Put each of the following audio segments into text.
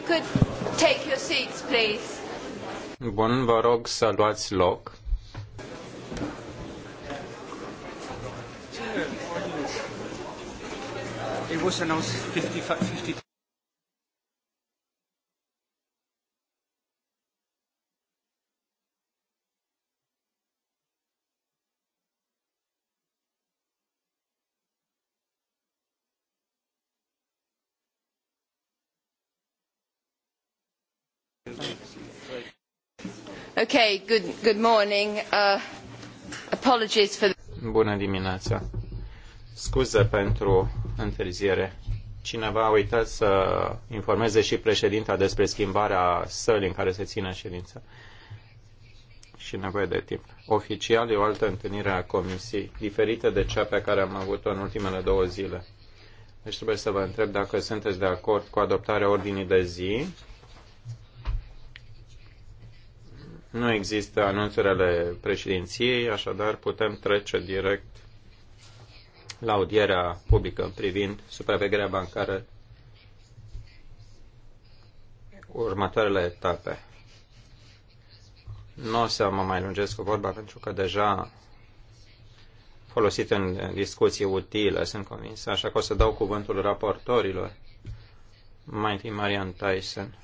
you could take your seats, please. Bun, vă rog să luați loc. It was announced 55, 50. Uh, Bună dimineața. Scuze pentru întârziere. Cineva a uitat să informeze și președinta despre schimbarea sălii în care se ține ședința și nevoie de timp. Oficial e o altă întâlnire a comisiei, diferită de cea pe care am avut-o în ultimele două zile. Deci trebuie să vă întreb dacă sunteți de acord cu adoptarea ordinii de zi Nu există anunțuri ale președinției, așadar putem trece direct la audierea publică privind supravegherea bancară următoarele etape. Nu o să mă mai lungesc cu vorba pentru că deja folosit în discuții utile, sunt convins, așa că o să dau cuvântul raportorilor. Mai întâi Marian Tyson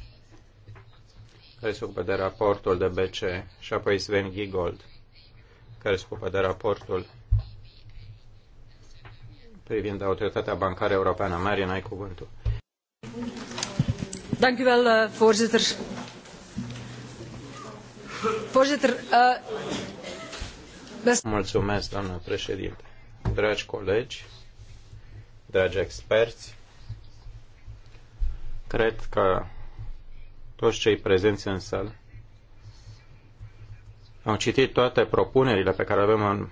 care se ocupă de raportul de BC, și apoi Sven gigold, care se ocupă de raportul privind Autoritatea Bancară Europeană. Marian, ai cuvântul. Dank u wel, eh, voorzitter. Voorzitter, uh... Mulțumesc, doamnă președinte. Dragi colegi, dragi experți, cred că toți cei prezenți în sală au citit toate propunerile pe care avem în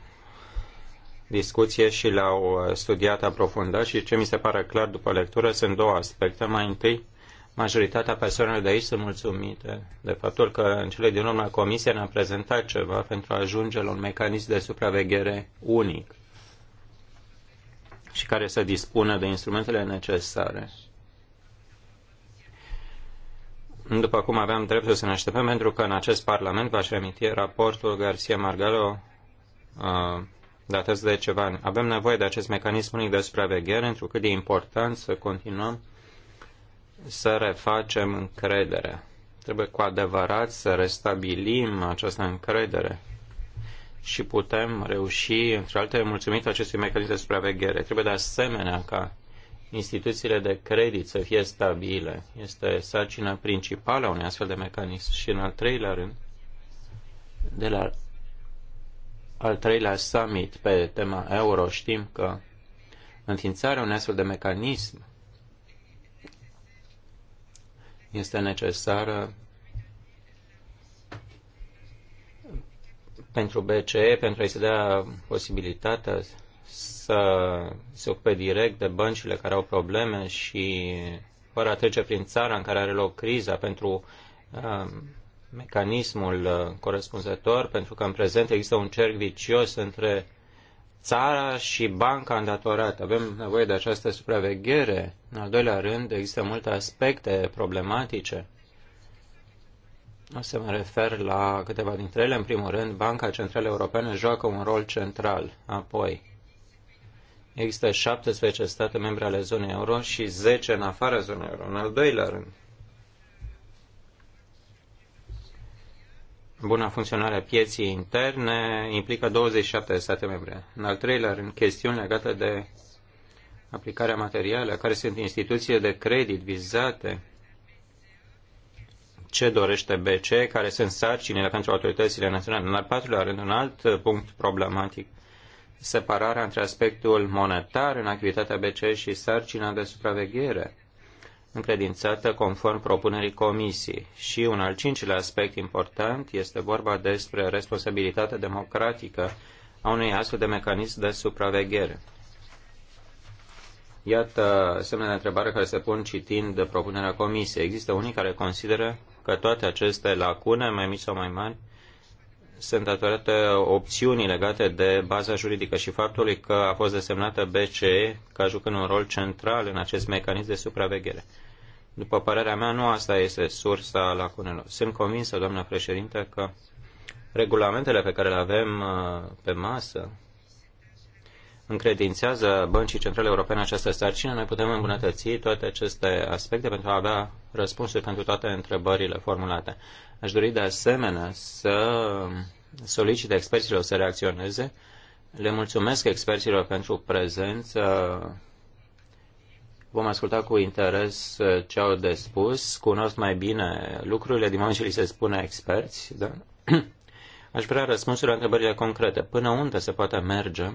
discuție și le-au uh, studiat aprofundat și ce mi se pare clar după lectură sunt două aspecte. Mai întâi, majoritatea persoanelor de aici sunt mulțumite de faptul că în cele din urmă Comisia ne-a prezentat ceva pentru a ajunge la un mecanism de supraveghere unic și care să dispună de instrumentele necesare după cum aveam dreptul să ne așteptăm, pentru că în acest Parlament, v-aș reminti, raportul Garcia Margalo uh, datat de ceva ani. Avem nevoie de acest mecanism unic de supraveghere, pentru că e important să continuăm să refacem încrederea. Trebuie cu adevărat să restabilim această încredere și putem reuși, între altele, mulțumit acestui mecanism de supraveghere. Trebuie de asemenea ca instituțiile de credit să fie stabile. Este sarcina principală a unui astfel de mecanism. Și în al treilea rând, de la al treilea summit pe tema euro, știm că înființarea unui astfel de mecanism este necesară pentru BCE, pentru a-i se da posibilitatea să se ocupe direct de băncile care au probleme și fără a trece prin țara în care are loc criza pentru uh, mecanismul uh, corespunzător, pentru că în prezent există un cerc vicios între țara și banca îndatorată. Avem nevoie de această supraveghere. În al doilea rând, există multe aspecte problematice. O să mă refer la câteva dintre ele. În primul rând, Banca Centrală Europeană joacă un rol central. Apoi, Există 17 state membre ale zonei euro și 10 în afara zonei euro. În al doilea rând, buna funcționare a pieții interne implică 27 de state membre. În al treilea rând, chestiuni legate de aplicarea materială, care sunt instituțiile de credit vizate, ce dorește BC, care sunt sarcinile pentru autoritățile naționale. În al patrulea rând, un alt punct problematic separarea între aspectul monetar în activitatea BCE și sarcina de supraveghere încredințată conform propunerii comisiei. Și un al cincilea aspect important este vorba despre responsabilitatea democratică a unui astfel de mecanism de supraveghere. Iată semne de întrebare care se pun citind de propunerea comisiei. Există unii care consideră că toate aceste lacune, mai mici sau mai mari, sunt datorate opțiunii legate de baza juridică și faptului că a fost desemnată BCE ca jucând un rol central în acest mecanism de supraveghere. După părerea mea, nu asta este sursa lacunelor. Sunt convinsă, doamna președinte, că regulamentele pe care le avem uh, pe masă încredințează băncii centrale europene această sarcină, noi putem îmbunătăți toate aceste aspecte pentru a avea răspunsuri pentru toate întrebările formulate. Aș dori de asemenea să solicit experților să reacționeze. Le mulțumesc experților pentru prezență. Vom asculta cu interes uh, ce au de spus. Cunosc mai bine lucrurile din moment ce li se spune experți. Da? Aș vrea răspunsuri la întrebările concrete. Până unde se poate merge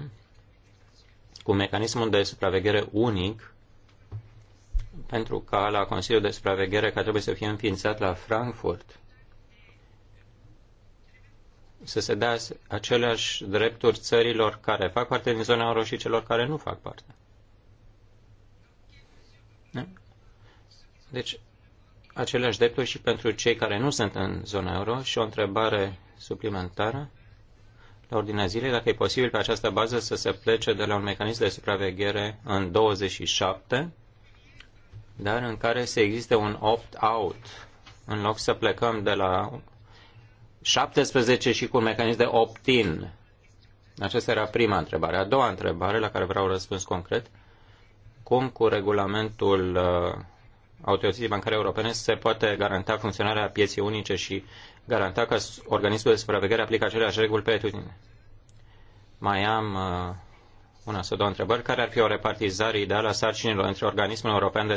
cu mecanismul de supraveghere unic pentru ca la Consiliul de Supraveghere care trebuie să fie înființat la Frankfurt să se dea aceleași drepturi țărilor care fac parte din zona euro și celor care nu fac parte. Da? Deci, aceleași drepturi și pentru cei care nu sunt în zona euro și o întrebare suplimentară la ordinea zilei, dacă e posibil pe această bază să se plece de la un mecanism de supraveghere în 27, dar în care să existe un opt-out, în loc să plecăm de la 17 și cu un mecanism de opt-in. Aceasta era prima întrebare. A doua întrebare, la care vreau răspuns concret, cum cu regulamentul uh, Autorității Bancare Europene se poate garanta funcționarea pieței unice și garanta că organismul de supraveghere aplică aceleași reguli pe etudine. Mai am uh, una sau două întrebări. Care ar fi o repartizare ideală a sarcinilor între organismul european de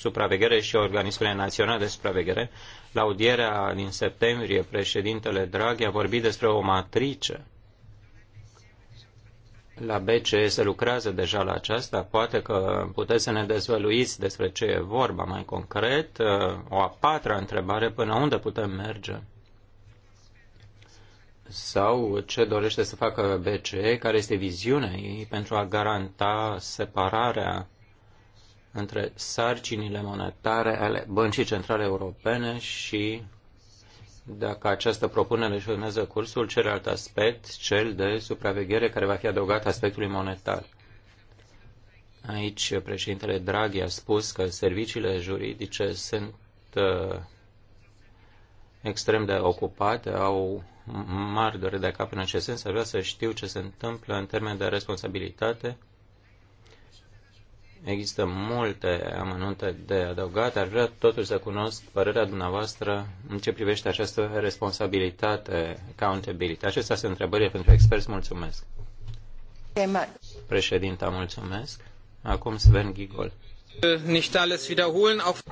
supraveghere și organismele naționale de supraveghere? La audierea din septembrie, președintele Draghi a vorbit despre o matrice. La BCE se lucrează deja la aceasta. Poate că puteți să ne dezvăluiți despre ce e vorba mai concret. O a patra întrebare, până unde putem merge? sau ce dorește să facă BCE, care este viziunea ei pentru a garanta separarea între sarcinile monetare ale Băncii Centrale Europene și dacă această propunere își urmează cursul, celălalt aspect, cel de supraveghere care va fi adăugat aspectului monetar. Aici președintele Draghi a spus că serviciile juridice sunt uh, extrem de ocupate, au mari dori de cap în acest sens, ar vrea să știu ce se întâmplă în termen de responsabilitate Există multe amănunte de adăugat. Ar vrea totuși să cunosc părerea dumneavoastră în ce privește această responsabilitate, accountability. Acestea sunt întrebările pentru experți. Mulțumesc. Președinta, mulțumesc. Acum Sven Gigol.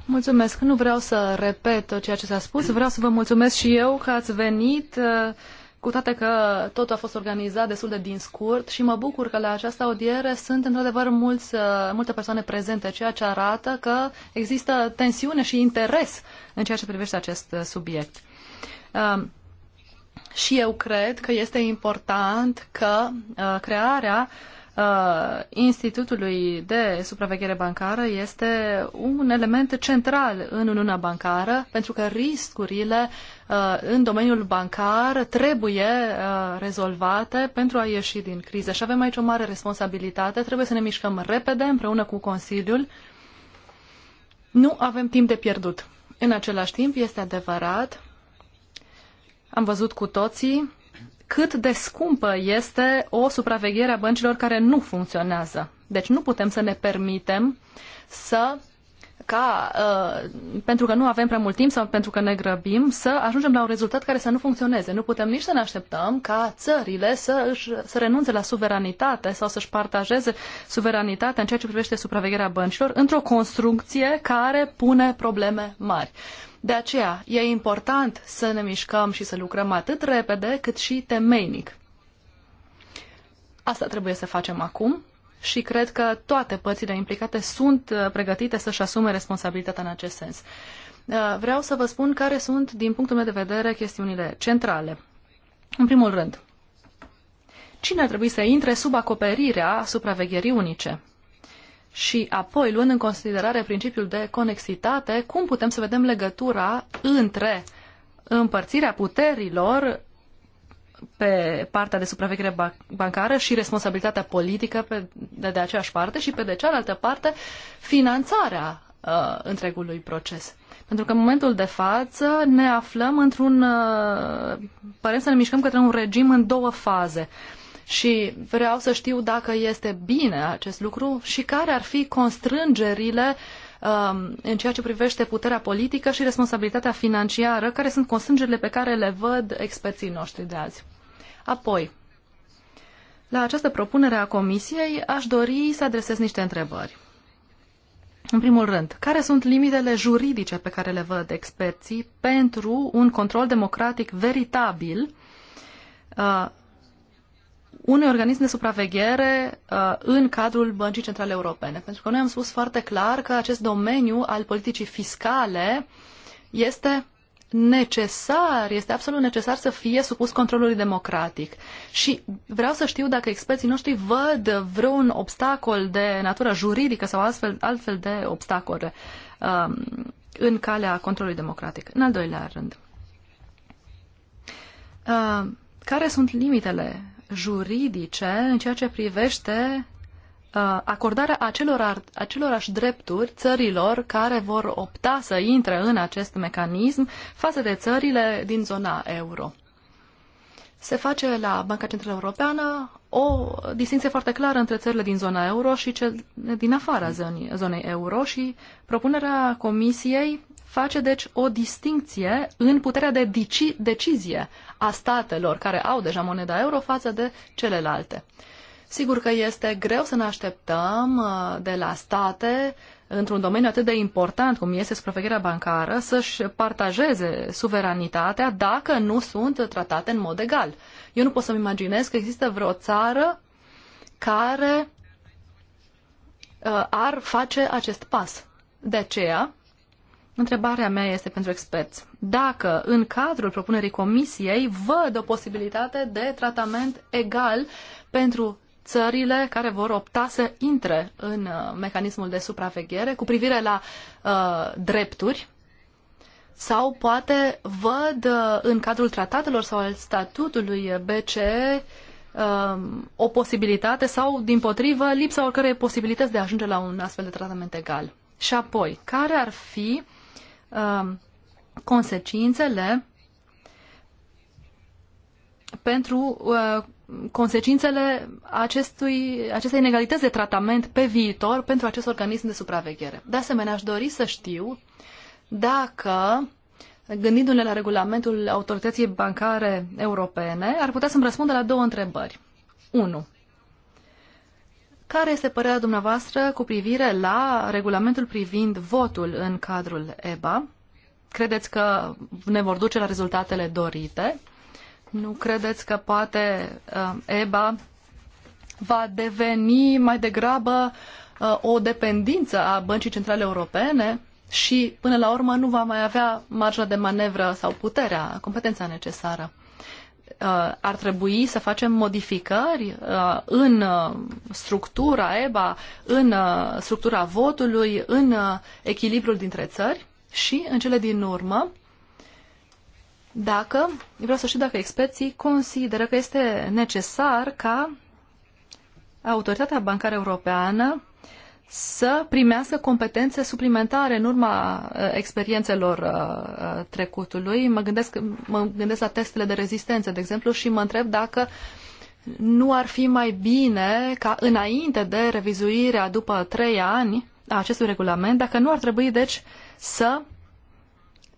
Mulțumesc. Nu vreau să repet tot ceea ce s-a spus. Vreau să vă mulțumesc și eu că ați venit uh, cu toate că totul a fost organizat destul de din scurt și mă bucur că la această audiere sunt într-adevăr mulți, uh, multe persoane prezente, ceea ce arată că există tensiune și interes în ceea ce privește acest uh, subiect. Um, și eu cred că este important că uh, crearea uh, uh, Institutului de Supraveghere Bancară este un element central în Uniunea Bancară, pentru că riscurile uh, în domeniul bancar trebuie uh, rezolvate pentru a ieși din criză. Și avem aici o mare responsabilitate, trebuie să ne mișcăm repede împreună cu Consiliul. Nu avem timp de pierdut. În același timp, este adevărat, am văzut cu toții cât de scumpă este o supraveghere a băncilor care nu funcționează. Deci nu putem să ne permitem să ca, uh, pentru că nu avem prea mult timp sau pentru că ne grăbim, să ajungem la un rezultat care să nu funcționeze. Nu putem nici să ne așteptăm ca țările să, își, să renunțe la suveranitate sau să-și partajeze suveranitatea în ceea ce privește supravegherea băncilor într-o construcție care pune probleme mari. Uh, de aceea e important să ne mișcăm și să lucrăm atât repede cât și temeinic. Asta trebuie să facem acum și cred că toate părțile implicate sunt uh, pregătite să-și asume responsabilitatea în acest sens. Uh, vreau să vă spun care sunt, din punctul meu de vedere, chestiunile centrale. În primul rând, cine ar trebui să intre sub acoperirea supravegherii unice? și apoi, luând în considerare principiul de conexitate, cum putem să vedem legătura între împărțirea puterilor pe partea de supraveghere bancară și responsabilitatea politică pe, de, de aceeași parte și pe de cealaltă parte finanțarea uh, întregului proces. Pentru că în momentul de față ne aflăm într-un... Uh, părem să ne mișcăm către un regim în două faze. Uh, și vreau să știu dacă este bine acest lucru și care ar fi constrângerile um, în ceea ce privește puterea politică și responsabilitatea financiară, care sunt constrângerile pe care le văd experții noștri de azi. Apoi, la această propunere a Comisiei aș dori să adresez niște întrebări. În primul rând, care sunt limitele juridice pe care le văd experții pentru un control democratic veritabil uh, unui organism de supraveghere uh, în cadrul Băncii Centrale Europene. Pentru că noi am spus foarte clar că acest domeniu al politicii fiscale este necesar, este absolut necesar să fie supus controlului democratic. Și vreau să știu dacă experții noștri văd vreun obstacol de natură juridică sau astfel, altfel de obstacole um, în calea controlului democratic. În al doilea rând, uh, care sunt limitele juridice în ceea ce privește uh, acordarea acelor, acelorași drepturi țărilor care vor opta să intre în acest mecanism față de țările din zona euro. Se face la Banca Centrală Europeană o distinție foarte clară între țările din zona euro și cele din afara zonei euro și propunerea Comisiei face deci o distincție în puterea de deci- decizie a statelor care au deja moneda euro față de celelalte. Sigur că este greu să ne așteptăm uh, de la state într-un domeniu atât de important cum este supravegherea bancară să-și partajeze suveranitatea dacă nu sunt tratate în mod egal. Eu nu pot să-mi imaginez că există vreo țară care uh, ar face acest pas. De aceea, Întrebarea mea este pentru experți. Dacă în cadrul propunerii comisiei văd o posibilitate de tratament egal pentru țările care vor opta să intre în uh, mecanismul de supraveghere cu privire la uh, drepturi sau poate văd uh, în cadrul tratatelor sau al statutului BCE uh, um, o posibilitate sau, din potrivă, lipsa oricărei posibilități de a ajunge la un astfel de tratament egal. Și apoi, care ar fi uh, Um, consecințele pentru uh, consecințele acestui, acestei inegalități de tratament pe viitor pentru acest organism de supraveghere. De asemenea, aș dori să știu dacă, gândindu-ne la regulamentul autorității bancare europene, ar putea să-mi răspundă la două întrebări. 1. Care este părerea dumneavoastră cu privire la regulamentul privind votul în cadrul EBA? Credeți că ne vor duce la rezultatele dorite? Nu credeți că poate uh, EBA va deveni mai degrabă uh, o dependență a Băncii Centrale Europene și până la urmă nu va mai avea marja de manevră sau puterea, competența necesară? Uh, ar trebui să facem modificări uh, în uh, structura EBA, în structura votului, în echilibrul dintre țări și, în cele din urmă, dacă, vreau să știu dacă experții consideră că este necesar ca Autoritatea Bancară Europeană să primească competențe suplimentare în urma uh, experiențelor uh, uh, trecutului. Mă gândesc, mă gândesc la testele de rezistență, de exemplu, și mă întreb dacă nu ar fi mai bine ca înainte de revizuirea după trei ani a acestui regulament, dacă nu ar trebui, deci, să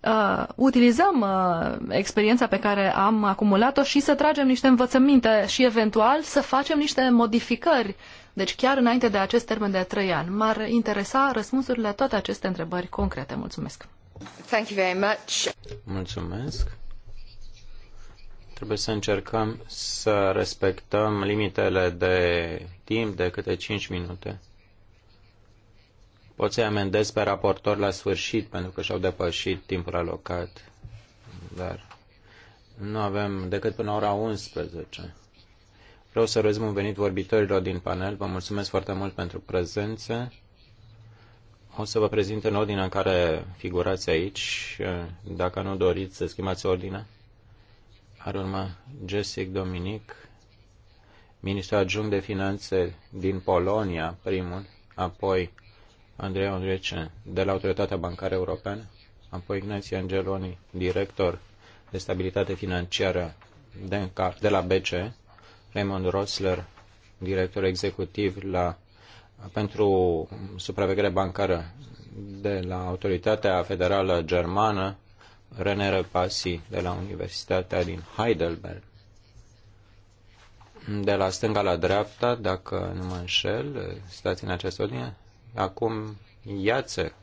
uh, utilizăm uh, experiența pe care am acumulat-o și să tragem niște învățăminte și, eventual, să facem niște modificări uh, deci chiar înainte de acest termen de trei ani, m-ar interesa răspunsurile la toate aceste întrebări concrete. Mulțumesc! Thank you very much. Mulțumesc! Trebuie să încercăm să respectăm limitele de timp de câte 5 minute. Pot să-i amendez pe raportor la sfârșit pentru că și-au depășit timpul alocat, dar nu avem decât până ora 11. Vreau să răzim un venit vorbitorilor din panel. Vă mulțumesc foarte mult pentru prezență. O să vă prezint în ordinea în care figurați aici. Dacă nu doriți să schimbați ordinea, ar urma Jessic Dominic, ministru adjunct de finanțe din Polonia, primul, apoi Andrei Andrece de la Autoritatea Bancară Europeană, apoi Ignații Angeloni, director de stabilitate financiară de la BCE, Raymond Rosler, director executiv la, pentru supraveghere bancară de la Autoritatea Federală Germană, René Repasi de la Universitatea din Heidelberg. De la stânga la dreapta, dacă nu mă înșel, stați în această ordine, acum Iațec.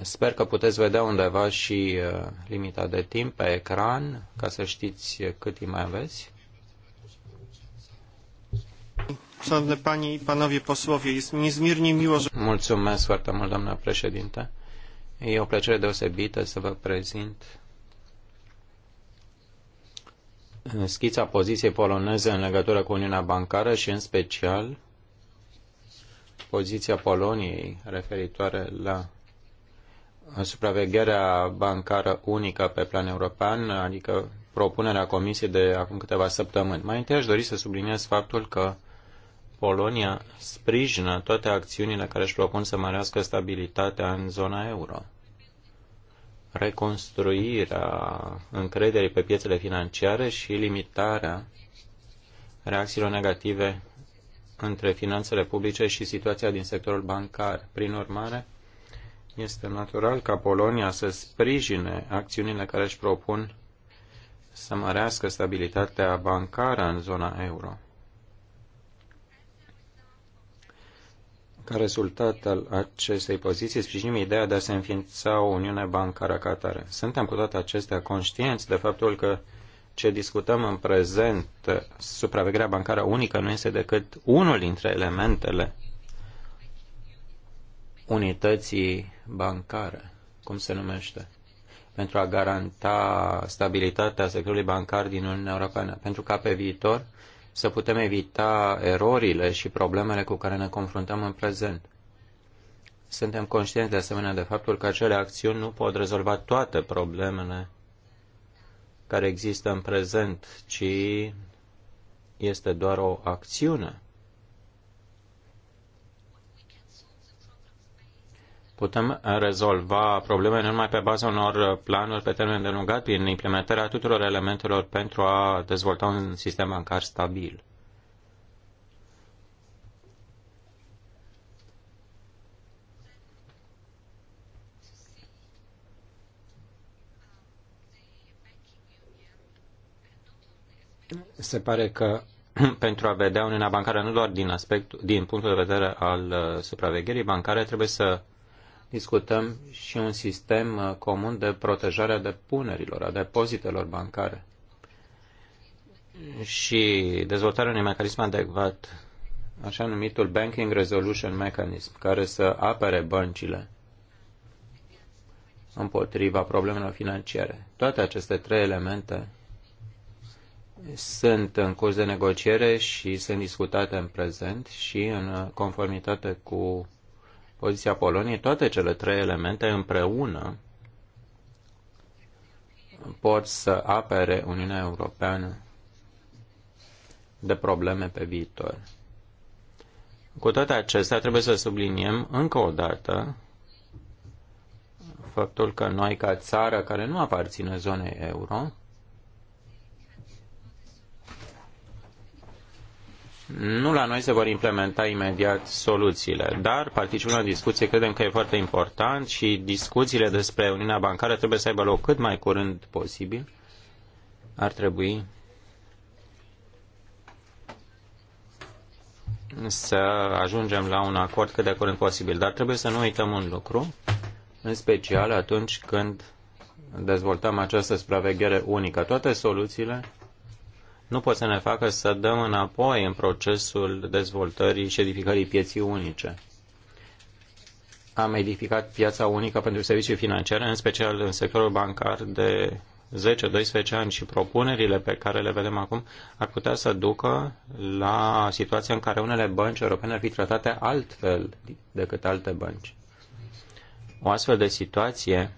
Sper că puteți vedea undeva și uh, limita de timp pe ecran, ca să știți cât timp mai aveți. Szanowne Panie i Panowie Posłowie, jest niezmiernie miło, że... Mulțumesc foarte mult, doamna președinte. E o plăcere deosebită să vă prezint schița poziției poloneze în legătură cu Uniunea Bancară și, în special, poziția Poloniei referitoare la supravegherea bancară unică pe plan european, adică propunerea Comisiei de acum câteva săptămâni. Mai întâi aș dori să subliniez faptul că Polonia sprijină toate acțiunile care își propun să mărească stabilitatea în zona euro. Reconstruirea încrederii pe piețele financiare și limitarea reacțiilor negative între finanțele publice și situația din sectorul bancar. Prin urmare, este natural ca Polonia să sprijine acțiunile care își propun să mărească stabilitatea bancară în zona euro. Ca rezultat al acestei poziții, sprijinim ideea de a se înființa o Uniune Bancară ca atare. Suntem cu toate acestea conștienți de faptul că ce discutăm în prezent, supravegherea bancară unică, nu este decât unul dintre elementele unității bancare, cum se numește, pentru a garanta stabilitatea sectorului bancar din Uniunea Europeană. Pentru ca pe viitor să putem evita erorile și problemele cu care ne confruntăm în prezent. Suntem conștienți de asemenea de faptul că acele acțiuni nu pot rezolva toate problemele care există în prezent, ci este doar o acțiune Putem rezolva probleme nu numai pe baza unor planuri pe termen lungat, prin implementarea tuturor elementelor pentru a dezvolta un sistem bancar stabil. se pare că pentru a vedea Uniunea Bancară nu doar din, aspect, din punctul de vedere al uh, supravegherii bancare, trebuie să discutăm și un sistem uh, comun de protejare a depunerilor, a depozitelor bancare și dezvoltarea unui mecanism adecvat, așa numitul Banking Resolution Mechanism, care să apere băncile împotriva problemelor financiare. Toate aceste trei elemente sunt în curs de negociere și sunt discutate în prezent și în uh, conformitate cu poziția Poloniei, toate cele trei elemente împreună pot să apere Uniunea Europeană de probleme pe viitor. Cu toate acestea, trebuie să subliniem încă o dată faptul că noi, ca țară care nu aparține zonei euro, Nu la noi se vor implementa imediat soluțiile, dar participăm la discuție, credem că e foarte important și discuțiile despre Uniunea Bancară trebuie să aibă loc cât mai curând posibil. Ar trebui să ajungem la un acord cât de curând posibil. Dar trebuie să nu uităm un lucru, în special atunci când dezvoltăm această supraveghere unică. Toate soluțiile nu pot să ne facă să dăm înapoi în procesul dezvoltării și edificării pieții unice. Am edificat piața unică pentru servicii financiare, în special în sectorul bancar, de 10-12 ani și propunerile pe care le vedem acum ar putea să ducă la situația în care unele bănci europene ar fi tratate altfel decât alte bănci. O astfel de situație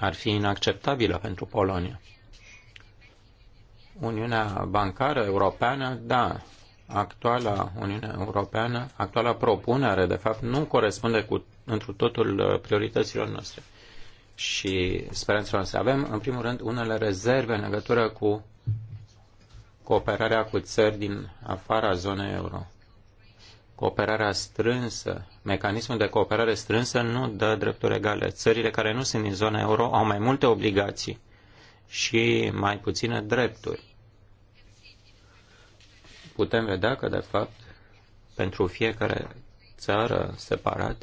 ar fi inacceptabilă pentru Polonia. Uniunea bancară europeană, da, actuala Uniune Europeană, actuala propunere, de fapt, nu corespunde cu întru totul uh, priorităților noastre și speranțelor noastre. Avem, în primul rând, unele rezerve în legătură cu cooperarea cu țări din afara zonei euro. Cooperarea strânsă, mecanismul de cooperare strânsă nu dă drepturi egale. Țările care nu sunt din zona euro au mai multe obligații și mai puține drepturi. Putem vedea că, de fapt, pentru fiecare țară separat,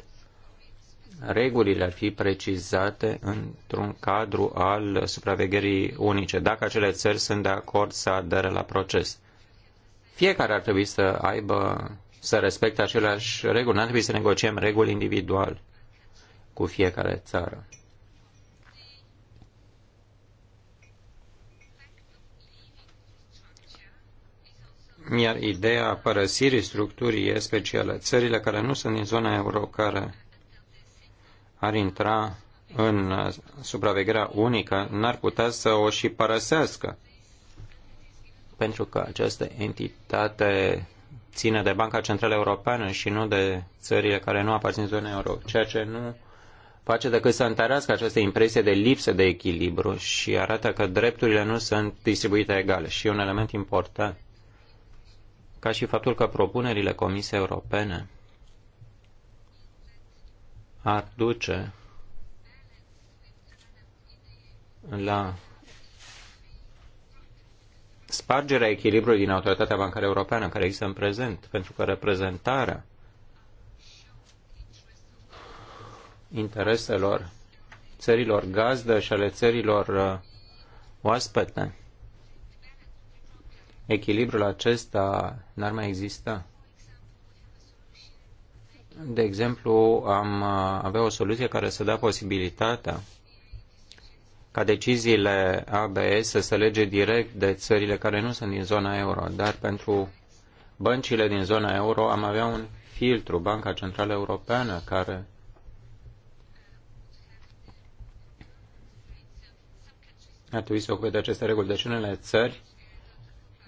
regulile ar fi precizate într-un cadru al supravegherii unice, dacă acele țări sunt de acord să adere la proces. Fiecare ar trebui să aibă, să respecte aceleași reguli, Nu ar trebui să negociem reguli individual cu fiecare țară. Iar ideea părăsirii structurii e specială. Țările care nu sunt din zona euro, care ar intra în supravegherea unică, n-ar putea să o și părăsească. Pentru că această entitate ține de Banca Centrală Europeană și nu de țările care nu aparțin zonei euro, ceea ce nu face decât să întărească această impresie de lipsă de echilibru și arată că drepturile nu sunt distribuite egale și e un element important ca și faptul că propunerile Comisiei Europene ar duce la spargerea echilibrului din autoritatea bancară europeană care există în prezent, pentru că reprezentarea intereselor țărilor gazdă și ale țărilor uh, oaspete Echilibrul acesta n-ar mai exista? De exemplu, am uh, avea o soluție care să dea posibilitatea ca deciziile ABS să se lege direct de țările care nu sunt din zona euro, dar pentru băncile din zona euro am avea un filtru, Banca Centrală Europeană, care ar trebui să ocupe de aceste reguli. Deci unele țări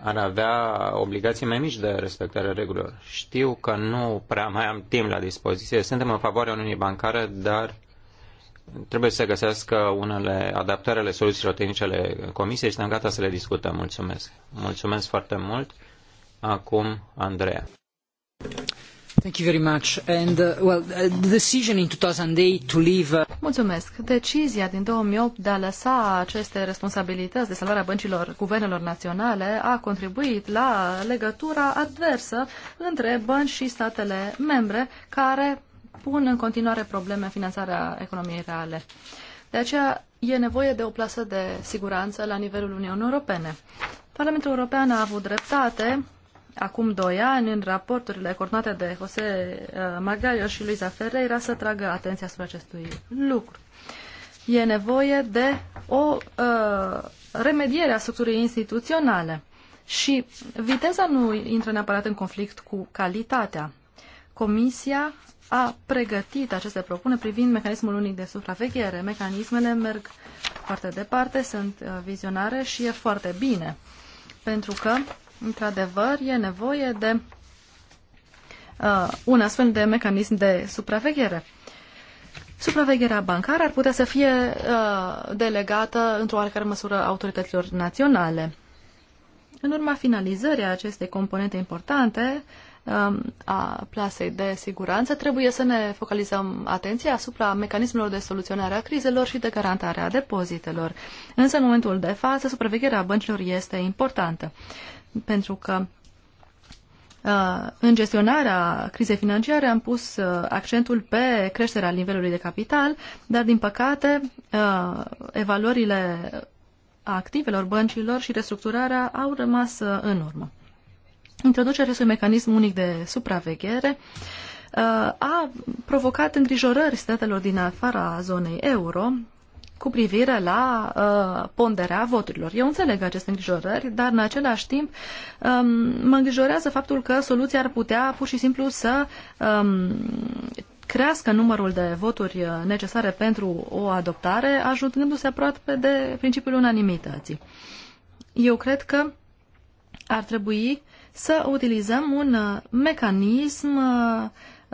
ar avea obligații mai mici de respectarea regulilor. Știu că nu prea mai am timp la dispoziție. Suntem în favoarea Uniunii Bancare, dar trebuie să găsească unele adaptări ale soluțiilor tehnice ale Comisiei și suntem gata să le discutăm. Mulțumesc. Mulțumesc foarte mult. Acum, Andreea. Thank you very much. And uh, well, uh, the decision in 2008 to leave. Uh... Mulțumesc. Decizia din 2008 de a lăsa aceste responsabilități de salvare a băncilor guvernelor naționale a contribuit la legătura adversă între bănci și statele membre care pun în continuare probleme în finanțarea economiei reale. De aceea e nevoie de o plasă de siguranță la nivelul Uniunii Europene. Parlamentul European a avut dreptate acum doi ani, în raporturile coordonate de José uh, Magalho și Luisa Ferreira, să tragă atenția asupra acestui lucru. E nevoie de o uh, remediere a structurii instituționale. Și viteza nu intră neapărat în conflict cu calitatea. Comisia a pregătit aceste propuneri privind mecanismul unic de supraveghere. Mecanismele merg foarte departe, sunt uh, vizionare și e foarte bine, pentru că într-adevăr, e nevoie de uh, un astfel de mecanism de supraveghere. Supravegherea bancară ar putea să fie uh, delegată într-o oarecare măsură autorităților naționale. În urma finalizării acestei componente importante uh, a plasei de siguranță, trebuie să ne focalizăm atenția asupra mecanismelor de soluționare a crizelor și de garantare a depozitelor. Însă, în momentul de față, supravegherea băncilor este importantă pentru că uh, în gestionarea crizei financiare am pus uh, accentul pe creșterea nivelului de capital, dar din păcate uh, evaluările activelor băncilor și restructurarea au rămas în urmă. Introducerea acestui mecanism unic de supraveghere a provocat îngrijorări statelor din afara zonei euro, cu privire la uh, ponderea voturilor. Eu înțeleg aceste îngrijorări, dar în același timp um, mă îngrijorează faptul că soluția ar putea pur și simplu să um, crească numărul de voturi necesare pentru o adoptare, ajutându se aproape de principiul unanimității. Eu cred că ar trebui să utilizăm un uh, mecanism uh,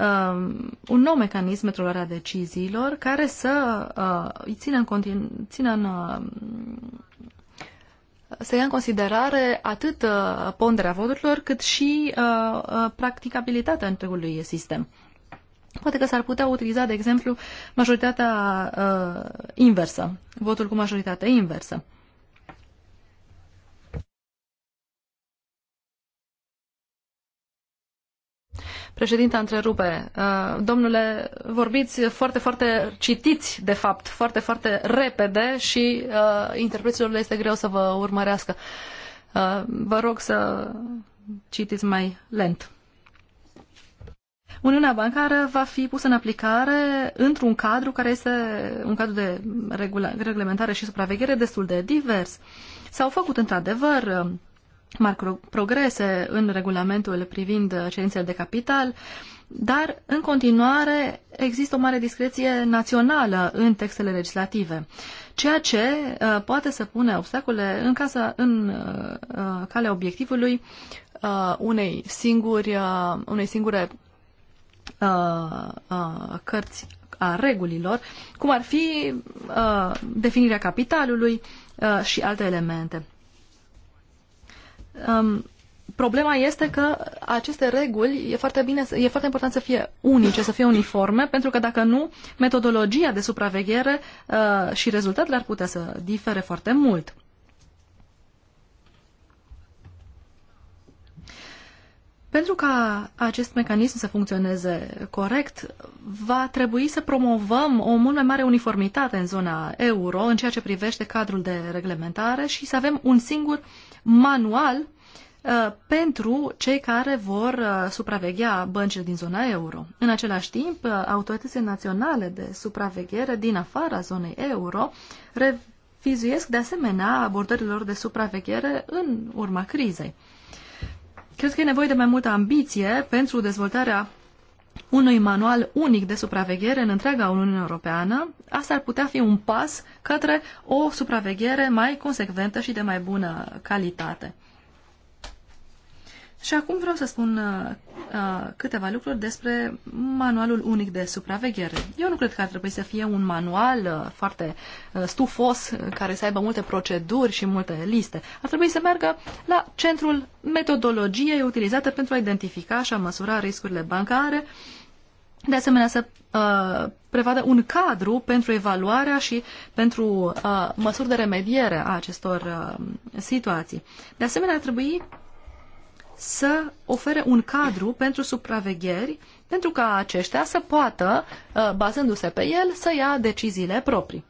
Um, un nou mecanism pentru luarea deciziilor care să uh, îi țină în, continu- țină în um, să ia în considerare atât uh, ponderea voturilor, cât și uh, uh, practicabilitatea întregului sistem. Poate că s-ar putea utiliza, de exemplu, majoritatea uh, inversă, votul cu majoritatea inversă. Uh, Președinta întrerupe. Uh, domnule, vorbiți foarte, foarte citiți, de fapt, foarte, foarte repede și uh, interpreților le este greu să vă urmărească. Uh, vă rog să citiți mai lent. Uniunea bancară va fi pusă în aplicare într-un cadru care este un cadru de reglementare și supraveghere destul de divers. S-au făcut într-adevăr mari progrese în regulamentul privind cerințele de capital, dar în continuare există o mare discreție națională în textele legislative, ceea ce uh, poate să pune obstacole în, casa, în uh, uh calea obiectivului uh, unei, singuri, uh, unei singure uh, uh, cărți a regulilor, cum ar fi uh, definirea capitalului uh, și alte elemente um, problema este că aceste reguli e foarte, bine, e foarte important să fie unice, să fie uniforme, pentru că dacă nu, metodologia de supraveghere uh, și rezultatele ar putea să difere foarte mult. Pentru ca acest mecanism să funcționeze corect, va trebui să promovăm o mult mai mare uniformitate în zona euro în ceea ce privește cadrul de reglementare și să avem un singur uh, manual uh, pentru cei care vor uh, supraveghea băncile din zona euro. În același timp, uh, autoritățile naționale de supraveghere din afara zonei euro revizuiesc de asemenea abordărilor de supraveghere în urma crizei. Cred că e nevoie de mai multă ambiție pentru dezvoltarea unui manual unic de supraveghere în întreaga Uniune Europeană, asta ar putea fi un pas către o supraveghere mai consecventă și de mai bună calitate. Și acum vreau să spun uh, uh, câteva lucruri despre manualul unic de supraveghere. Eu nu cred că ar trebui să fie un manual uh, foarte uh, stufos, uh, care să aibă multe proceduri și multe liste. Ar trebui să meargă la centrul metodologiei utilizate pentru a identifica și a măsura riscurile bancare, de asemenea să uh, prevadă un cadru pentru evaluarea și pentru uh, măsuri de remediere a acestor uh, situații. De asemenea, ar trebui să ofere un cadru pentru supravegheri, pentru ca aceștia să poată, uh, bazându-se pe el, să ia deciziile proprii.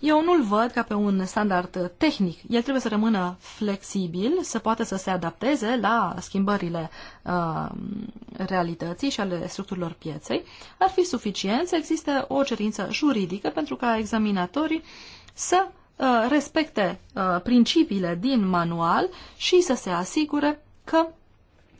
Eu nu-l văd ca pe un standard tehnic. El trebuie să rămână flexibil, să poată să se adapteze la schimbările uh, realității și ale structurilor pieței. Ar fi suficient să existe o cerință juridică pentru ca examinatorii să uh, respecte uh, principiile din manual și să se asigure că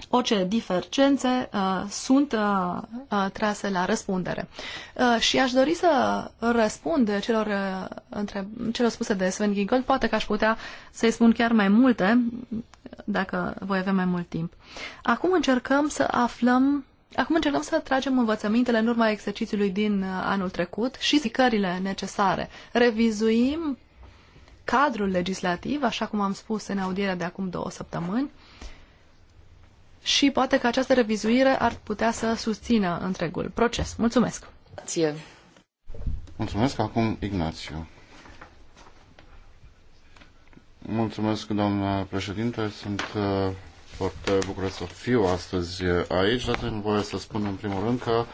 orice diferențe uh, sunt uh, uh, trase la răspundere. Uh, și aș dori să răspund celor, uh, între, celor spuse de Sven Gingold, poate că aș putea să-i spun chiar mai multe, dacă voi avea mai mult timp. Acum încercăm să aflăm Acum încercăm să tragem învățămintele în urma exercițiului din uh, anul trecut și zicările necesare. Revizuim cadrul legislativ, așa cum am spus în audierea de acum două săptămâni, și poate că această revizuire ar putea să susțină întregul proces. Mulțumesc! Ție. Mulțumesc acum Ignațiu. Mulțumesc, doamna președinte. Sunt uh, foarte bucuros să fiu astăzi aici. Dați-mi voie să spun în primul rând că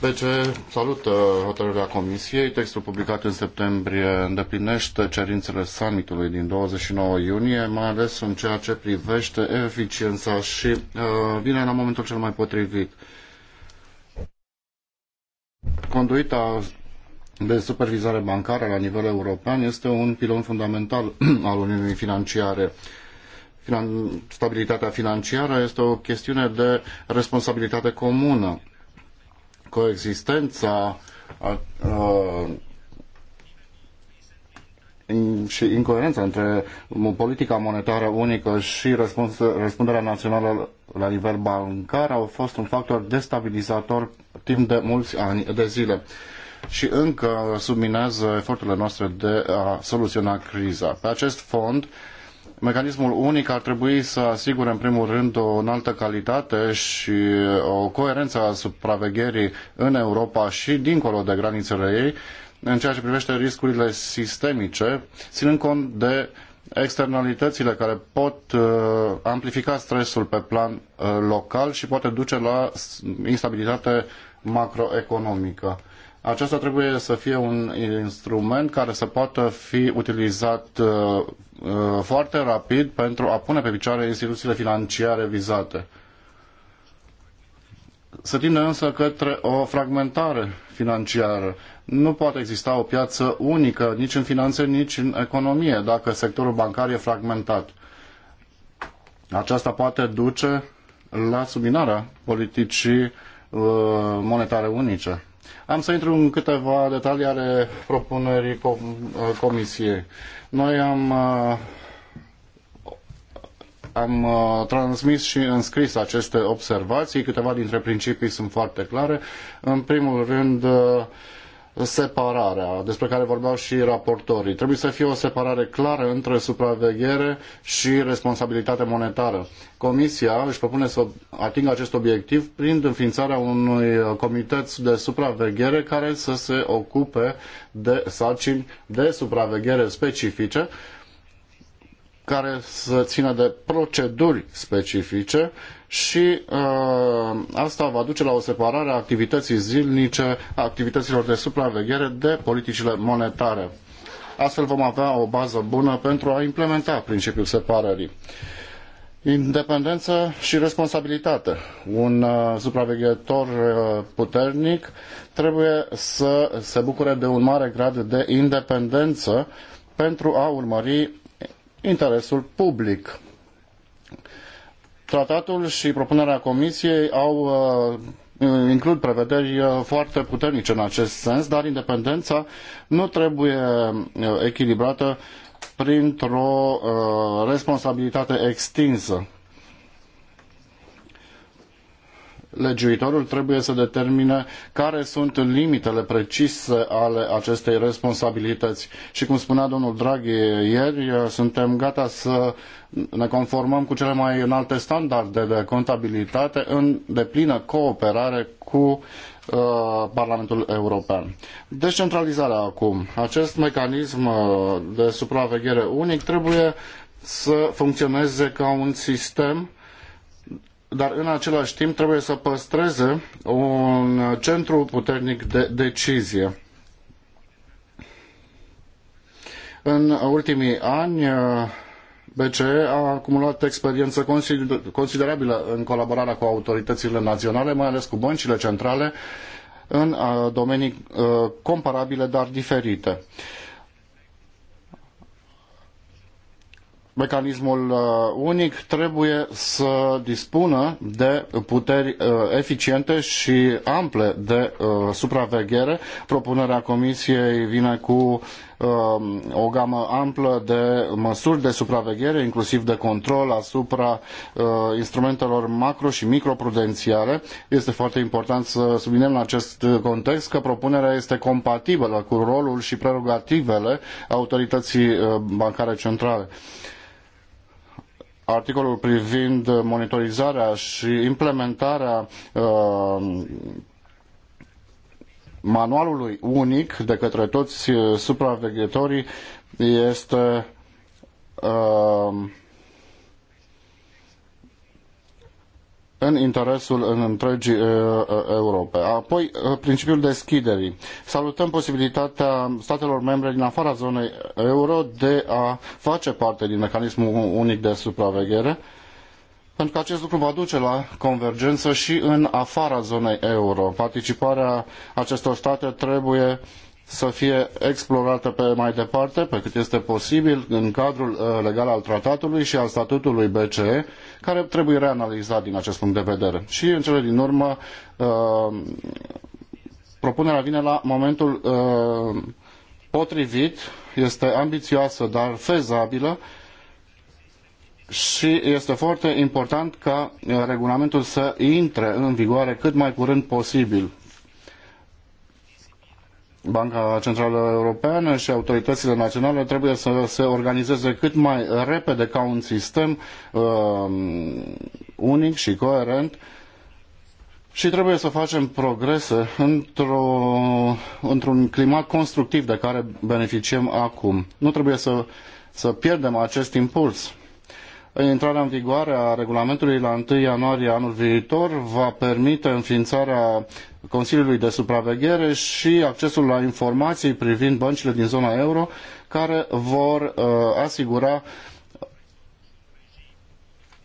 BCE deci, salută uh, hotărârea Comisiei. Textul publicat în septembrie îndeplinește cerințele summitului din 29 iunie, mai ales în ceea ce privește eficiența și uh, vine la momentul cel mai potrivit. Conduita de supervizare bancară la nivel european este un pilon fundamental al Uniunii Financiare stabilitatea financiară este o chestiune de responsabilitate comună coexistența uh, și incoerența între politica monetară unică și răspuns, răspunderea națională la nivel bancar au fost un factor destabilizator timp de mulți ani de zile și încă subminează eforturile noastre de a soluționa criza. Pe acest fond, uh, Mecanismul unic ar trebui să asigure, în primul rând, o înaltă calitate și o coerență a supravegherii în Europa și dincolo de granițele ei, în ceea ce privește riscurile sistemice, ținând cont de externalitățile care pot uh, amplifica stresul pe plan uh, local și poate duce la instabilitate macroeconomică. Aceasta trebuie să fie un instrument care să poată fi utilizat uh, uh, foarte rapid pentru a pune pe picioare instituțiile financiare vizate. Se tinde însă către o fragmentare financiară. Nu poate exista o piață unică nici în finanțe, nici în economie, dacă sectorul bancar e fragmentat. Aceasta poate duce la subminarea politicii uh, monetare unice. Am să intru în câteva detalii ale propunerii uh, comisiei. Noi am, uh, am uh, transmis și înscris aceste observații. Câteva dintre principii sunt foarte clare. În primul rând, separarea despre care vorbeau și raportorii. Trebuie să fie o separare clară între supraveghere și responsabilitate monetară. Comisia își propune să atingă acest obiectiv prin înființarea unui comitet de supraveghere care să se ocupe de sarcini de supraveghere specifice care să țină de proceduri specifice și uh, asta va duce la o separare a activității zilnice, a activităților de supraveghere de politicile monetare. Astfel vom avea o bază bună pentru a implementa principiul separării. Independență și responsabilitate. Un uh, supraveghetor uh, puternic trebuie să se bucure de un mare grad de independență pentru a urmări interesul public. Tratatul și propunerea Comisiei au uh, includ prevederi uh, foarte puternice în acest sens, dar independența nu trebuie uh, echilibrată printr-o responsabilitate extinsă. legiuitorul trebuie să determine care sunt limitele precise ale acestei responsabilități. Și cum spunea domnul Draghi ieri, suntem gata să ne conformăm cu cele mai înalte standarde de contabilitate în deplină cooperare cu uh, Parlamentul European. Decentralizarea acum. Acest mecanism uh, de supraveghere unic trebuie să funcționeze ca un sistem dar în același timp trebuie să păstreze un centru puternic de decizie. În ultimii ani, BCE a acumulat experiență considerabilă în colaborarea cu autoritățile naționale, mai ales cu băncile centrale, în uh, domenii uh, comparabile, dar diferite. mecanismul uh, unic trebuie să dispună de puteri uh, eficiente și ample de uh, supraveghere. Propunerea Comisiei vine cu o gamă amplă de măsuri de supraveghere, inclusiv de control asupra instrumentelor macro și microprudențiale. Este foarte important să subliniem în acest context că propunerea este compatibilă cu rolul și prerogativele autorității bancare centrale articolul privind monitorizarea și implementarea uh, manualului unic de către toți uh, supraveghetorii este uh, în interesul în întregii uh, uh, Europe. Apoi, uh, principiul deschiderii. Salutăm posibilitatea statelor membre din afara zonei euro de a face parte din mecanismul unic de supraveghere, pentru că acest lucru va duce la convergență și în afara zonei euro. Participarea acestor state trebuie uh, să fie explorată pe mai departe, pe cât este posibil, în cadrul uh, legal al tratatului și al statutului BCE, care trebuie reanalizat din acest punct de vedere. Și în cele din urmă, uh, propunerea vine la momentul uh, potrivit, este ambițioasă, dar fezabilă, și este foarte important ca regulamentul să intre în vigoare cât mai curând posibil. Banca Centrală Europeană și autoritățile naționale trebuie să se organizeze cât mai repede ca un sistem uh, unic și coerent și trebuie să facem progrese într-un într climat constructiv de care beneficiem acum. Nu trebuie să, să pierdem acest impuls. Intrarea în vigoare a regulamentului la 1 ianuarie anul viitor va permite înființarea Consiliului de Supraveghere și accesul la informații privind băncile din zona euro care vor uh, asigura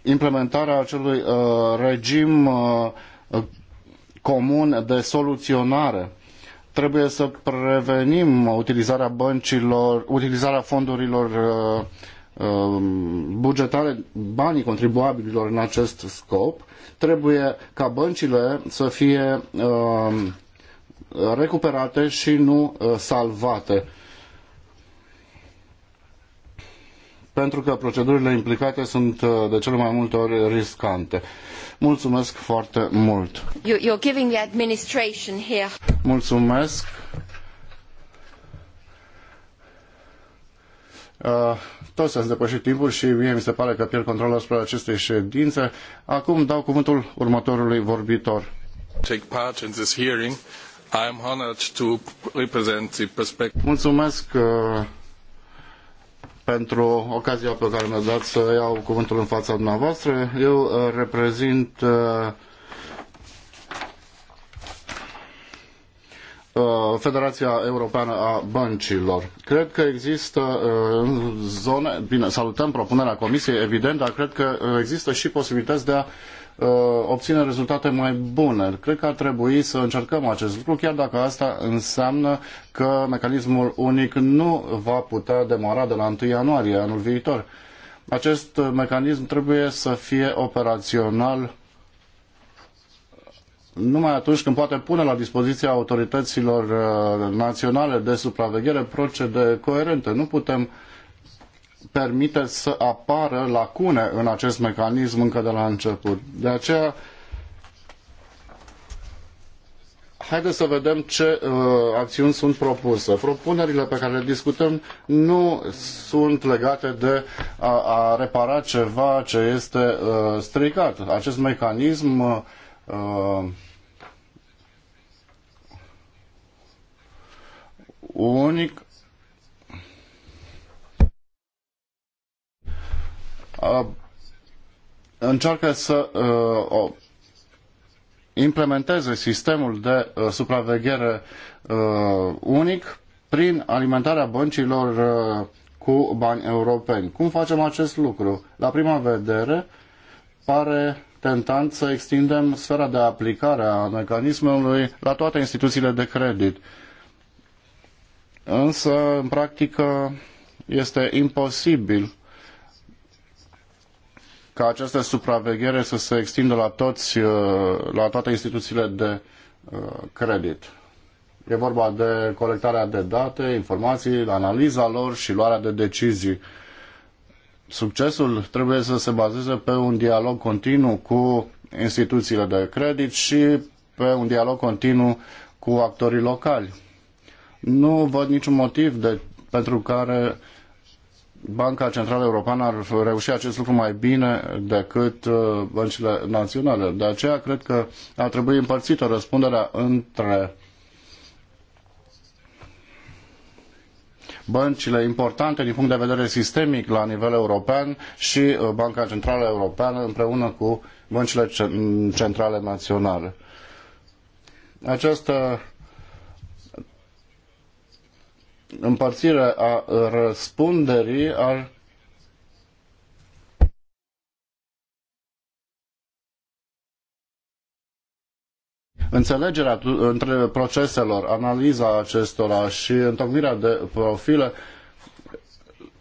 implementarea acelui uh, regim uh, comun de soluționare. Trebuie să prevenim utilizarea băncilor, utilizarea fondurilor uh, Um, bugetare banii contribuabililor în acest scop, trebuie ca băncile să fie um, recuperate și nu uh, salvate. Pentru că procedurile implicate sunt uh, de cele mai multe ori riscante. Mulțumesc foarte mult. You're giving the administration here. Mulțumesc. Uh, toți ați depășit timpul și mie mi se pare că pierd controlul asupra acestei ședințe. Acum dau cuvântul următorului vorbitor. Take part in this hearing. I am honored to represent the perspective. Mulțumesc uh, pentru ocazia pe care mi-a dat să iau cuvântul în fața dumneavoastră. Eu uh, reprezint Uh, Federația Europeană a Băncilor. Cred că există uh, zone, bine, salutăm propunerea Comisiei, evident, dar cred că uh, există și posibilități de a obține rezultate mai bune. Cred că ar trebui să încercăm acest lucru, chiar dacă asta înseamnă că mecanismul unic nu va putea demara de la 1 ianuarie anul viitor. Acest mecanism trebuie să fie operațional numai atunci când poate pune la dispoziția autorităților uh, naționale de supraveghere procede coerente. Nu putem permite să apară lacune în acest mecanism încă de la început. De aceea, haideți să vedem ce uh, acțiuni sunt propuse. Propunerile pe care le discutăm nu sunt legate de a, a repara ceva ce este uh, stricat. Acest mecanism uh, unic încearcă să uh, implementeze sistemul de uh, supraveghere uh, unic prin alimentarea băncilor cu bani europeni. Cum facem acest lucru? La prima vedere, pare tentant să extindem sfera de aplicare a mecanismului la toate instituțiile de credit însă în practică este imposibil ca această supraveghere să se extindă la, toți, uh, la toate instituțiile de uh, credit. E vorba de colectarea de date, informații, analiza lor și luarea de decizii. Succesul trebuie să se bazeze pe un dialog continuu cu instituțiile de credit și pe un dialog continuu cu actorii locali. Nu văd niciun motiv de, pentru care Banca Centrală Europeană ar reuși acest lucru mai bine decât uh, băncile naționale. De aceea cred că ar trebui împărțită răspunderea între băncile importante din punct de vedere sistemic la nivel european și uh, Banca Centrală Europeană împreună cu băncile centrale naționale. Această împărțire a răspunderii ar înțelegerea între proceselor, analiza acestora și întocmirea de profile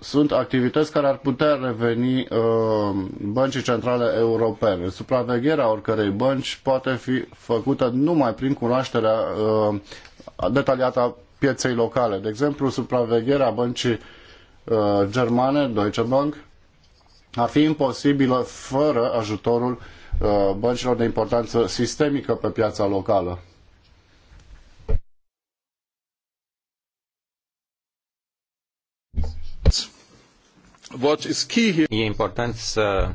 sunt activități care ar putea reveni uh, băncii centrale europene. Supravegherea oricărei bănci poate fi făcută numai prin cunoașterea uh, detaliată a pieței locale. De exemplu, supravegherea băncii uh, germane, Deutsche Bank, ar fi imposibilă fără ajutorul uh, băncilor de importanță sistemică pe piața locală. What is key here? E important să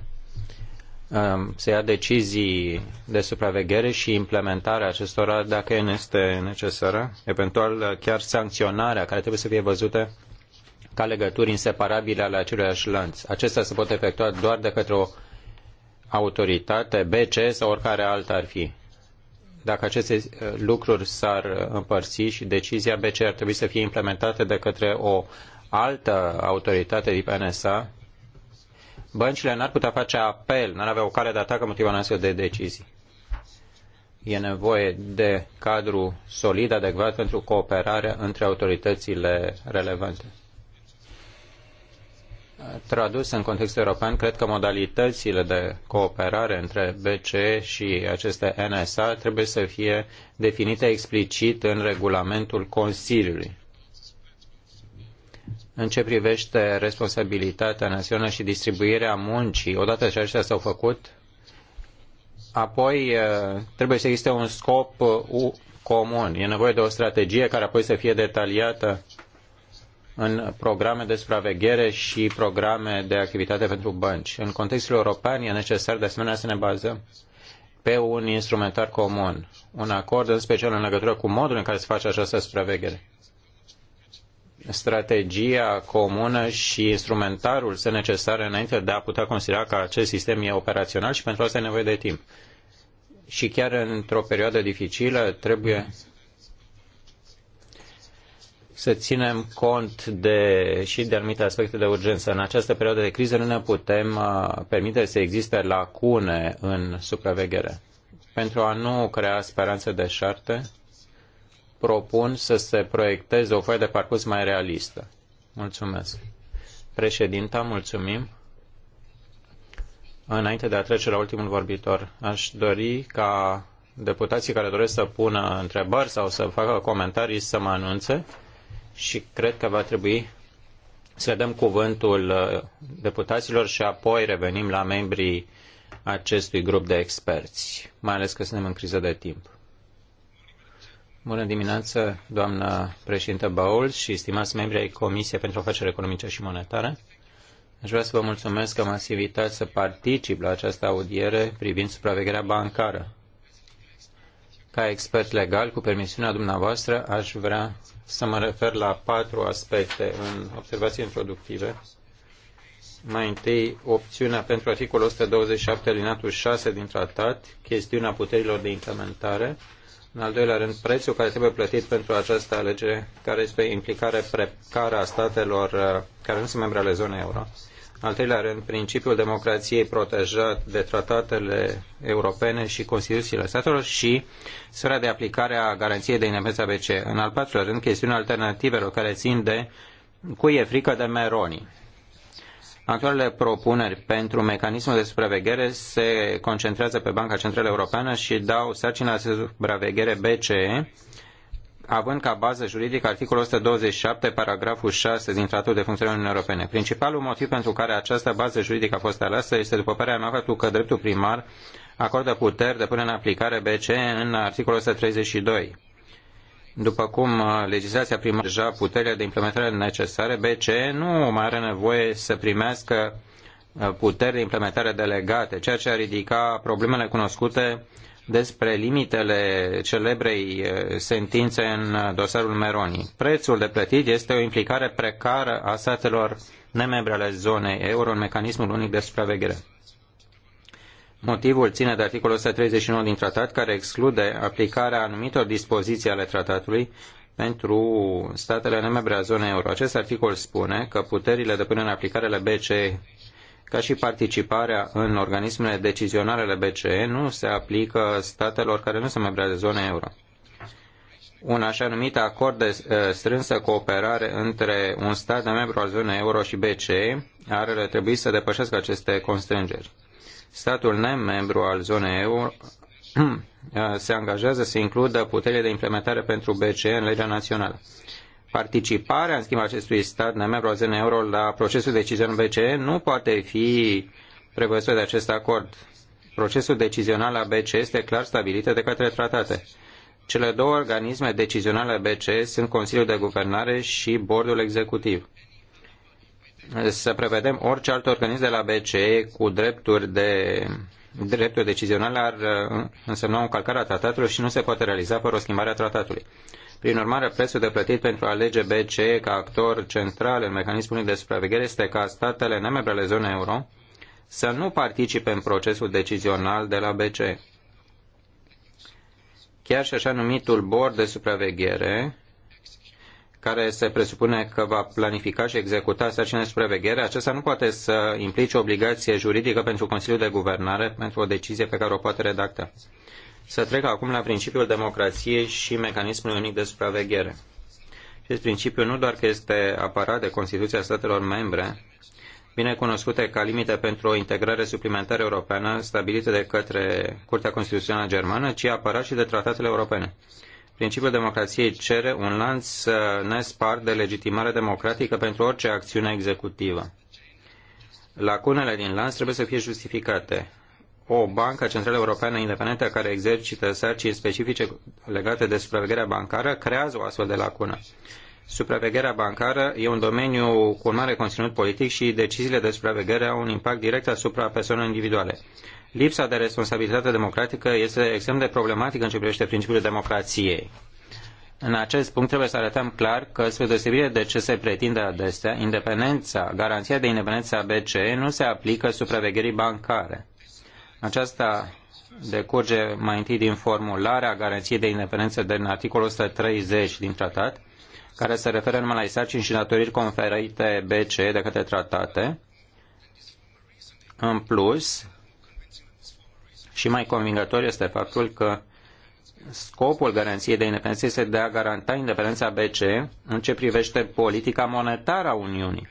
Um, se ia decizii de supraveghere și implementarea acestora dacă este necesară, eventual uh, chiar sancționarea care trebuie să fie văzută ca legături inseparabile ale aceluiași lanț. Acestea se pot efectua doar de către o autoritate, BC sau oricare alta ar fi. Dacă aceste uh, lucruri s-ar uh, împărți și decizia BC ar trebui să fie implementată de către o altă autoritate din NSA, băncile n-ar putea face apel, n-ar avea o cale de atac împotriva astfel de decizii. E nevoie de cadru solid, adecvat pentru cooperarea între autoritățile relevante. Tradus în context european, cred că modalitățile de cooperare între BCE și aceste NSA trebuie să fie definite explicit în regulamentul Consiliului în ce privește responsabilitatea națională și distribuirea muncii, odată ce acestea s-au făcut, apoi uh, trebuie să existe un scop uh, comun. E nevoie de o strategie care apoi să fie detaliată în programe de supraveghere și programe de activitate pentru bănci. În contextul european e necesar de asemenea să ne bazăm pe un instrumentar comun, un acord în special în legătură cu modul în care se face această supraveghere strategia comună și instrumentarul sunt necesare înainte de a putea considera că acest sistem e operațional și pentru asta e nevoie de timp. Și chiar într-o perioadă dificilă trebuie să ținem cont de, și de anumite aspecte de urgență. În această perioadă de criză nu ne putem uh, permite să existe lacune în supraveghere. Pentru a nu crea speranțe deșarte, propun să se proiecteze o foaie de parcurs mai realistă. Mulțumesc. Președinta, mulțumim. Înainte de a trece la ultimul vorbitor, aș dori ca deputații care doresc să pună întrebări sau să facă comentarii să mă anunțe și cred că va trebui să dăm cuvântul uh, deputaților și apoi revenim la membrii acestui grup de experți, mai ales că suntem în criză de timp. Bună dimineața, doamnă președintă Baul și stimați membri ai Comisiei pentru Afaceri Economice și Monetare. Aș vrea să vă mulțumesc că m-ați invitat să particip la această audiere privind supravegherea bancară. Ca expert legal, cu permisiunea dumneavoastră, aș vrea să mă refer la patru aspecte în observații introductive. Mai întâi, opțiunea pentru articolul 127 alineatul 6 din tratat, chestiunea puterilor de implementare, în al doilea rând, prețul care trebuie plătit pentru această alegere, care este implicarea precară a statelor uh, care nu sunt membre ale zonei euro. În al treilea rând, principiul democrației protejat de tratatele europene și Constituțiile statelor și sfera de aplicare a garanției de independență BC. În al patrulea rând, chestiunea alternativelor care țin de cui e frică de Meroni. Actualele propuneri pentru mecanismul de supraveghere se concentrează pe Banca Centrală Europeană și dau sarcina de supraveghere BCE, având ca bază juridică articolul 127, paragraful 6 din Tratatul de Funcționare Uniunii Europene. Principalul motiv pentru care această bază juridică a fost aleasă este, după părerea mea, faptul că dreptul primar acordă puteri de până în aplicare BCE în articolul 132 după cum uh, legislația primară deja puterea de implementare necesare, BCE nu mai are nevoie să primească uh, puteri de implementare delegate, ceea ce ar ridica problemele cunoscute despre limitele celebrei uh, sentințe în dosarul Meroni. Prețul de plătit este o implicare precară a statelor nemembre ale zonei euro în mecanismul unic de supraveghere. Motivul ține de articolul 139 din tratat, care exclude aplicarea anumitor dispoziții ale tratatului pentru statele nemembre a zonei euro. Acest articol spune că puterile de până în aplicare ale BCE, ca și participarea în organismele decizionale ale BCE, nu se aplică statelor care nu sunt membre ale zonei euro. Un așa numit acord de eh, strânsă cooperare între un stat de membru al zonei euro și BCE ar trebui să depășească aceste constrângeri statul nemembru al zonei euro se angajează să includă puterile de implementare pentru BCE în legea națională. Participarea, în schimb, acestui stat membru al zonei euro la procesul decizional BCE nu poate fi prevăzută de acest acord. Procesul decizional la BCE este clar stabilit de către tratate. Cele două organisme decizionale BCE sunt Consiliul de Guvernare și Bordul Executiv să prevedem orice alt organism de la BCE cu drepturi de drepturi decizionale ar uh, însemna o încălcare a tratatului și nu se poate realiza fără o schimbare a tratatului. Prin urmare, prețul de plătit pentru a alege BCE ca actor central în mecanismul de supraveghere este ca statele nemembre ale zonei euro să nu participe în procesul decizional de la BCE. Chiar și așa numitul bord de supraveghere care se presupune că va planifica și executa sarcina de supraveghere, acesta nu poate să implice obligație juridică pentru Consiliul de Guvernare pentru o decizie pe care o poate redacta. Să trec acum la principiul democrației și mecanismului unic de supraveghere. Acest principiu nu doar că este aparat de Constituția statelor membre, bine cunoscute ca limite pentru o integrare suplimentară europeană stabilită de către Curtea Constituțională Germană, ci apărat și de tratatele europene. Principiul democrației cere un lanț nespart de legitimare democratică pentru orice acțiune executivă. Lacunele din lanț trebuie să fie justificate. O bancă centrală europeană independentă care exercită sarcini specifice legate de supravegherea bancară creează o astfel de lacună. Supravegherea bancară e un domeniu cu un mare conținut politic și deciziile de supraveghere au un impact direct asupra persoanelor individuale. Lipsa de responsabilitate democratică este extrem de problematică în ce privește principiul democrației. În acest punct trebuie să arătăm clar că, spre deosebire de ce se pretinde adesea, independența, garanția de independență a BCE nu se aplică supravegherii bancare. Aceasta decurge mai întâi din formularea garanției de independență din articolul 130 din tratat, care se referă numai la sarcini și datorii conferite BCE de către tratate. În plus, și mai convingător este faptul că scopul garanției de independență este de a garanta independența BCE în ce privește politica monetară a Uniunii.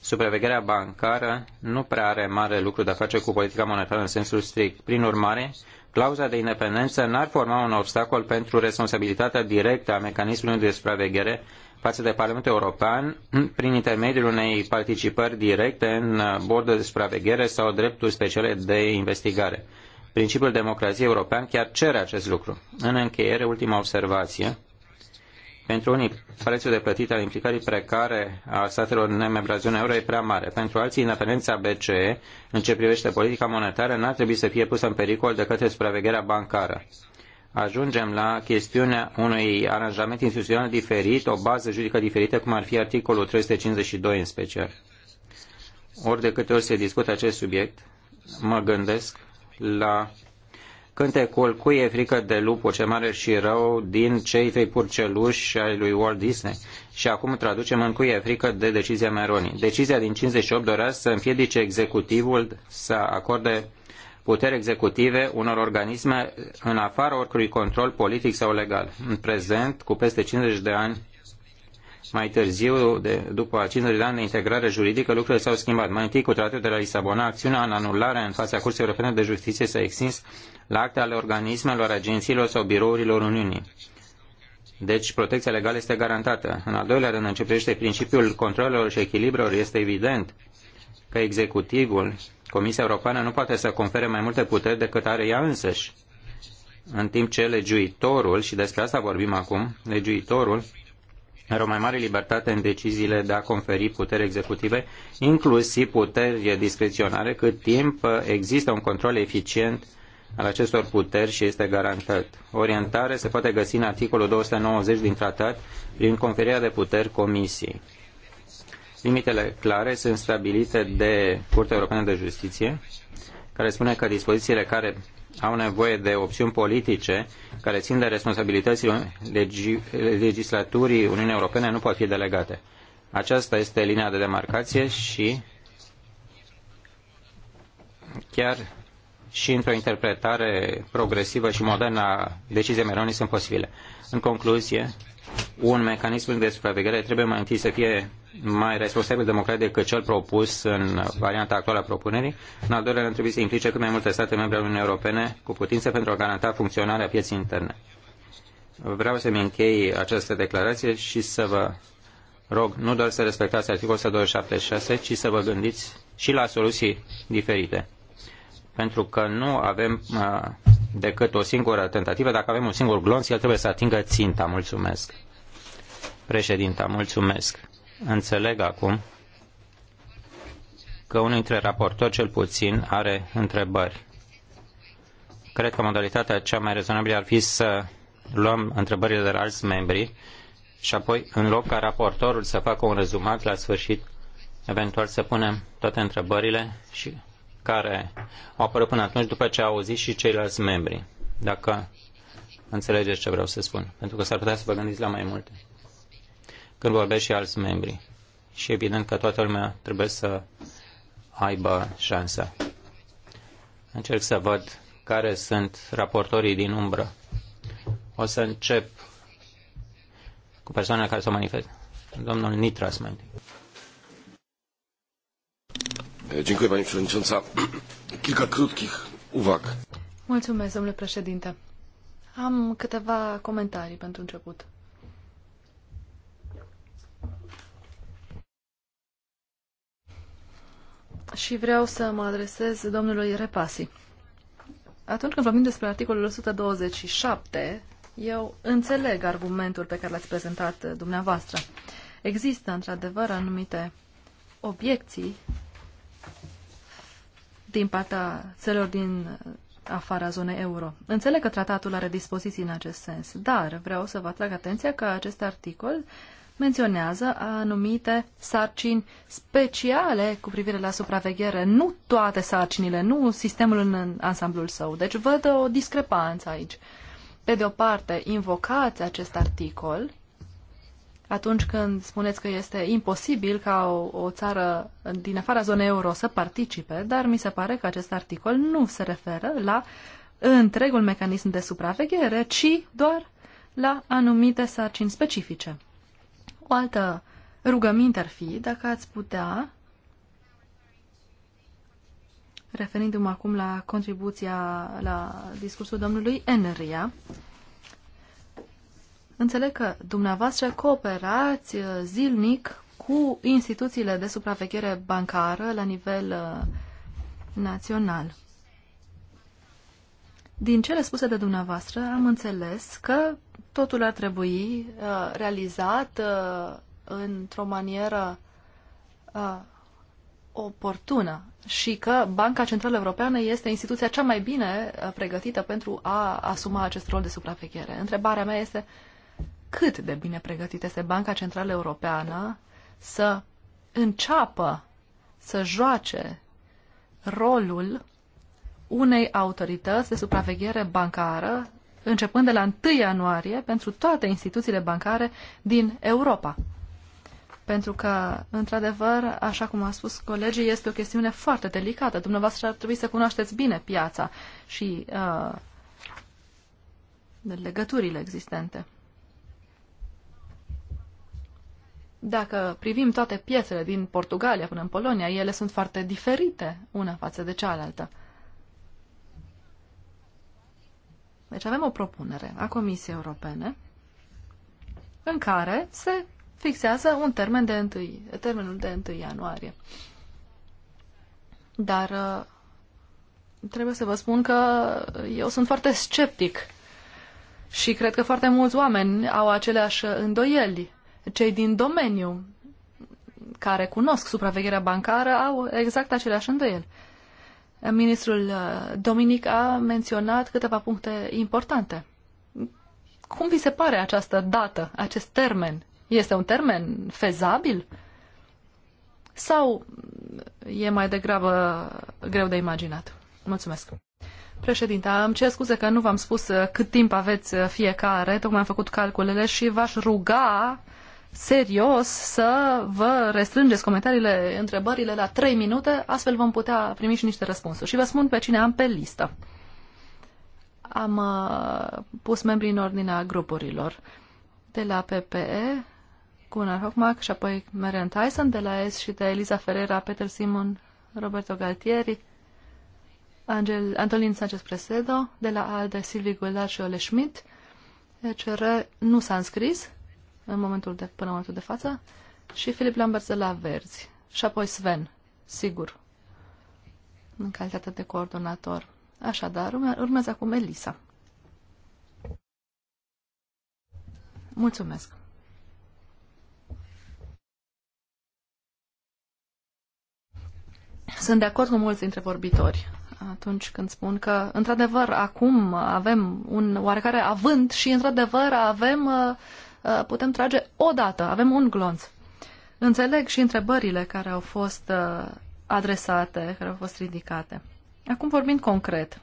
Supravegherea bancară nu prea are mare lucru de a face cu politica monetară în sensul strict. Prin urmare, clauza de independență n-ar forma un obstacol pentru responsabilitatea directă a mecanismului de supraveghere față de Parlamentul European prin intermediul unei participări directe în bordul de supraveghere sau dreptul speciale de investigare. Principiul democrației european chiar cere acest lucru. În încheiere, ultima observație. Pentru unii, prețul de plătit al implicării precare a statelor nemembre zonei euro e prea mare. Pentru alții, independența BCE, în ce privește politica monetară, n-ar trebui să fie pusă în pericol de către supravegherea bancară ajungem la chestiunea unui aranjament instituțional diferit, o bază juridică diferită, cum ar fi articolul 352 în special. Ori de câte ori se discută acest subiect, mă gândesc la cântecul Cui e frică de lupul ce mare și rău din cei trei purceluși ai lui Walt Disney și acum traducem în Cui e frică de decizia Meroni. Decizia din 58 dorea să împiedice executivul să acorde puteri executive unor organisme în afara oricui control politic sau legal. În prezent, cu peste 50 de ani mai târziu, de, după 50 de ani de integrare juridică, lucrurile s-au schimbat. Mai întâi, cu tratatul de la Lisabona, acțiunea în anulare în fața Curții Europene de Justiție s-a extins la acte ale organismelor, agențiilor sau birourilor Uniunii. Deci, protecția legală este garantată. În al doilea rând, în ce principiul controlelor și echilibrelor, este evident că executivul Comisia Europeană nu poate să confere mai multe puteri decât are ea însăși. În timp ce legiuitorul, și despre asta vorbim acum, legiuitorul are o mai mare libertate în deciziile de a conferi puteri executive, inclusiv puteri discreționare, cât timp există un control eficient al acestor puteri și este garantat. Orientare se poate găsi în articolul 290 din tratat prin conferirea de puteri comisiei. Limitele clare sunt stabilite de Curtea Europeană de Justiție, care spune că dispozițiile care au nevoie de opțiuni politice care țin de responsabilitățile legi legislaturii Uniunii Europene nu pot fi delegate. Aceasta este linia de demarcație și chiar și într-o interpretare progresivă și modernă a deciziei Meroni sunt posibile. În concluzie, un mecanism de supraveghere trebuie mai întâi să fie mai responsabil democrat decât cel propus în varianta actuală a propunerii. În al doilea rând, trebuie să implice cât mai multe state membre ale Uniunii Europene cu putință pentru a garanta funcționarea pieței interne. Vreau să-mi închei această declarație și să vă rog nu doar să respectați articolul 1276, ci să vă gândiți și la soluții diferite. Pentru că nu avem uh, decât o singură tentativă. Dacă avem un singur glonț, el trebuie să atingă ținta. Mulțumesc. Președinta, mulțumesc. Înțeleg acum că unul dintre raportori, cel puțin, are întrebări. Cred că modalitatea cea mai rezonabilă ar fi să luăm întrebările de la alți membri și apoi, în loc ca raportorul să facă un rezumat la sfârșit, eventual să punem toate întrebările și care au apărut până atunci după ce au auzit și ceilalți membri. Dacă înțelegeți ce vreau să spun, pentru că s-ar putea să vă gândiți la mai multe când vorbesc și alți membri. Și evident că toată lumea trebuie să aibă șansa. Încerc să văd care sunt raportorii din umbră. O să încep cu persoana care s-o manifestă. Domnul Nitras, mai Dziękuję Pani Przewodnicząca. Kilka krótkich uwag. Mulțumesc, domnule președinte. Am câteva comentarii pentru început. și vreau să mă adresez domnului Repasi. Atunci când vorbim despre articolul 127, eu înțeleg argumentul pe care l-ați prezentat dumneavoastră. Există, într-adevăr, anumite obiecții din partea țărilor din afara zonei euro. Înțeleg că tratatul are dispoziții în acest sens, dar vreau să vă atrag atenția că acest articol uh, menționează anumite sarcini speciale cu privire la supraveghere, nu toate sarcinile, nu sistemul în ansamblul său. Deci văd o discrepanță aici. Pe de o parte, invocați acest articol atunci când spuneți că este imposibil ca o, o țară din afara zonei euro să participe, dar mi se pare că acest articol nu se referă la întregul mecanism de supraveghere, ci doar la anumite sarcini specifice. O altă rugăminte ar fi dacă ați putea, referindu-mă acum la contribuția la discursul domnului Enria, înțeleg că dumneavoastră cooperați uh, zilnic cu instituțiile de supraveghere bancară la nivel uh, național. Din cele spuse de dumneavoastră am înțeles că totul ar trebui uh, realizat uh, într-o manieră uh, oportună și că Banca Centrală Europeană este instituția cea mai bine uh, pregătită pentru a asuma acest rol de supraveghere. Întrebarea mea este cât de bine pregătită este Banca Centrală Europeană să înceapă să joace rolul unei autorități de supraveghere bancară începând de la 1 ianuarie pentru toate instituțiile bancare din Europa. Pentru că, într-adevăr, așa cum a spus colegii, este o chestiune foarte delicată. Dumneavoastră ar trebui să cunoașteți bine piața și uh, legăturile existente. Dacă privim toate piețele din Portugalia până în Polonia, ele sunt foarte diferite una față de cealaltă. Deci avem o propunere a Comisiei Europene în care se fixează un termen de întâi, termenul de 1 ianuarie. Dar uh, trebuie să vă spun că eu sunt foarte sceptic și cred că foarte mulți oameni au aceleași îndoieli. Cei din domeniu care cunosc supravegherea bancară au exact aceleași îndoieli. Ministrul uh, Dominic a menționat câteva puncte importante. Cum vi se pare această dată, acest termen? Este un termen fezabil? Sau e mai degrabă greu de imaginat? Mulțumesc. Președinte, îmi cer scuze că nu v-am spus uh, cât timp aveți uh, fiecare, tocmai am făcut calculele și v-aș ruga uh, serios să vă restrângeți comentariile, întrebările la 3 minute, astfel vom putea primi și niște răspunsuri. Și vă spun pe cine am pe listă. Am uh, pus membrii în ordinea grupurilor. De la PPE, Gunnar Hochmark și apoi Marian Tyson, de la S și de Eliza Ferreira, Peter Simon, Roberto Galtieri, Angel, Antolin Sanchez Presedo, de la ALDE, Silvi Gular și Ole Schmidt. ECR nu s-a înscris în momentul de, până în momentul de față și Filip Lambert de la Verzi și apoi Sven, sigur, în calitate de coordonator. Așadar, urmează acum Elisa. Mulțumesc! Sunt de acord cu mulți dintre vorbitori atunci când spun că, într-adevăr, acum avem un oarecare avânt și, într-adevăr, avem uh, Uh, putem trage o dată, avem un glonț. Înțeleg și întrebările care au fost uh, adresate, care au fost ridicate. Acum vorbind concret.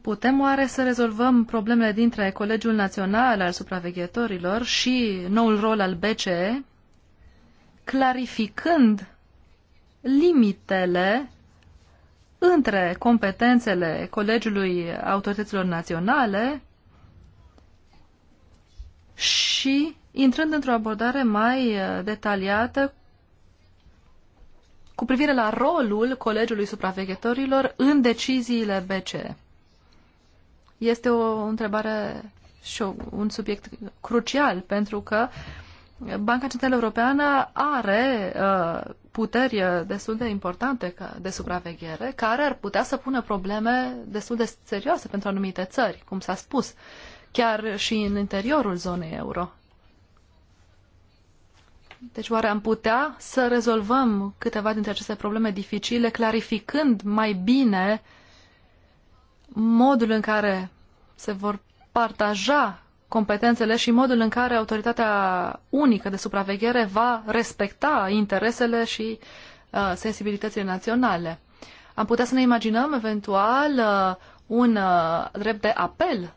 Putem oare să rezolvăm problemele dintre Colegiul Național al Supraveghetorilor și noul rol al BCE, clarificând limitele între competențele Colegiului Autorităților Naționale și intrând într-o abordare mai uh, detaliată cu privire la rolul Colegiului Supraveghetorilor în deciziile BCE. Este o întrebare și un subiect crucial pentru că Banca Centrală Europeană are uh, puteri eh, destul de importante de supraveghere, care ar putea să pună probleme destul de serioase pentru anumite țări, cum s-a spus, chiar și în interiorul zonei euro. Deci oare am putea să rezolvăm câteva dintre aceste probleme dificile, clarificând mai bine modul în care se vor partaja competențele și modul în care autoritatea unică de supraveghere va respecta interesele și uh, sensibilitățile naționale. Am putea să ne imaginăm eventual uh, un uh, drept de apel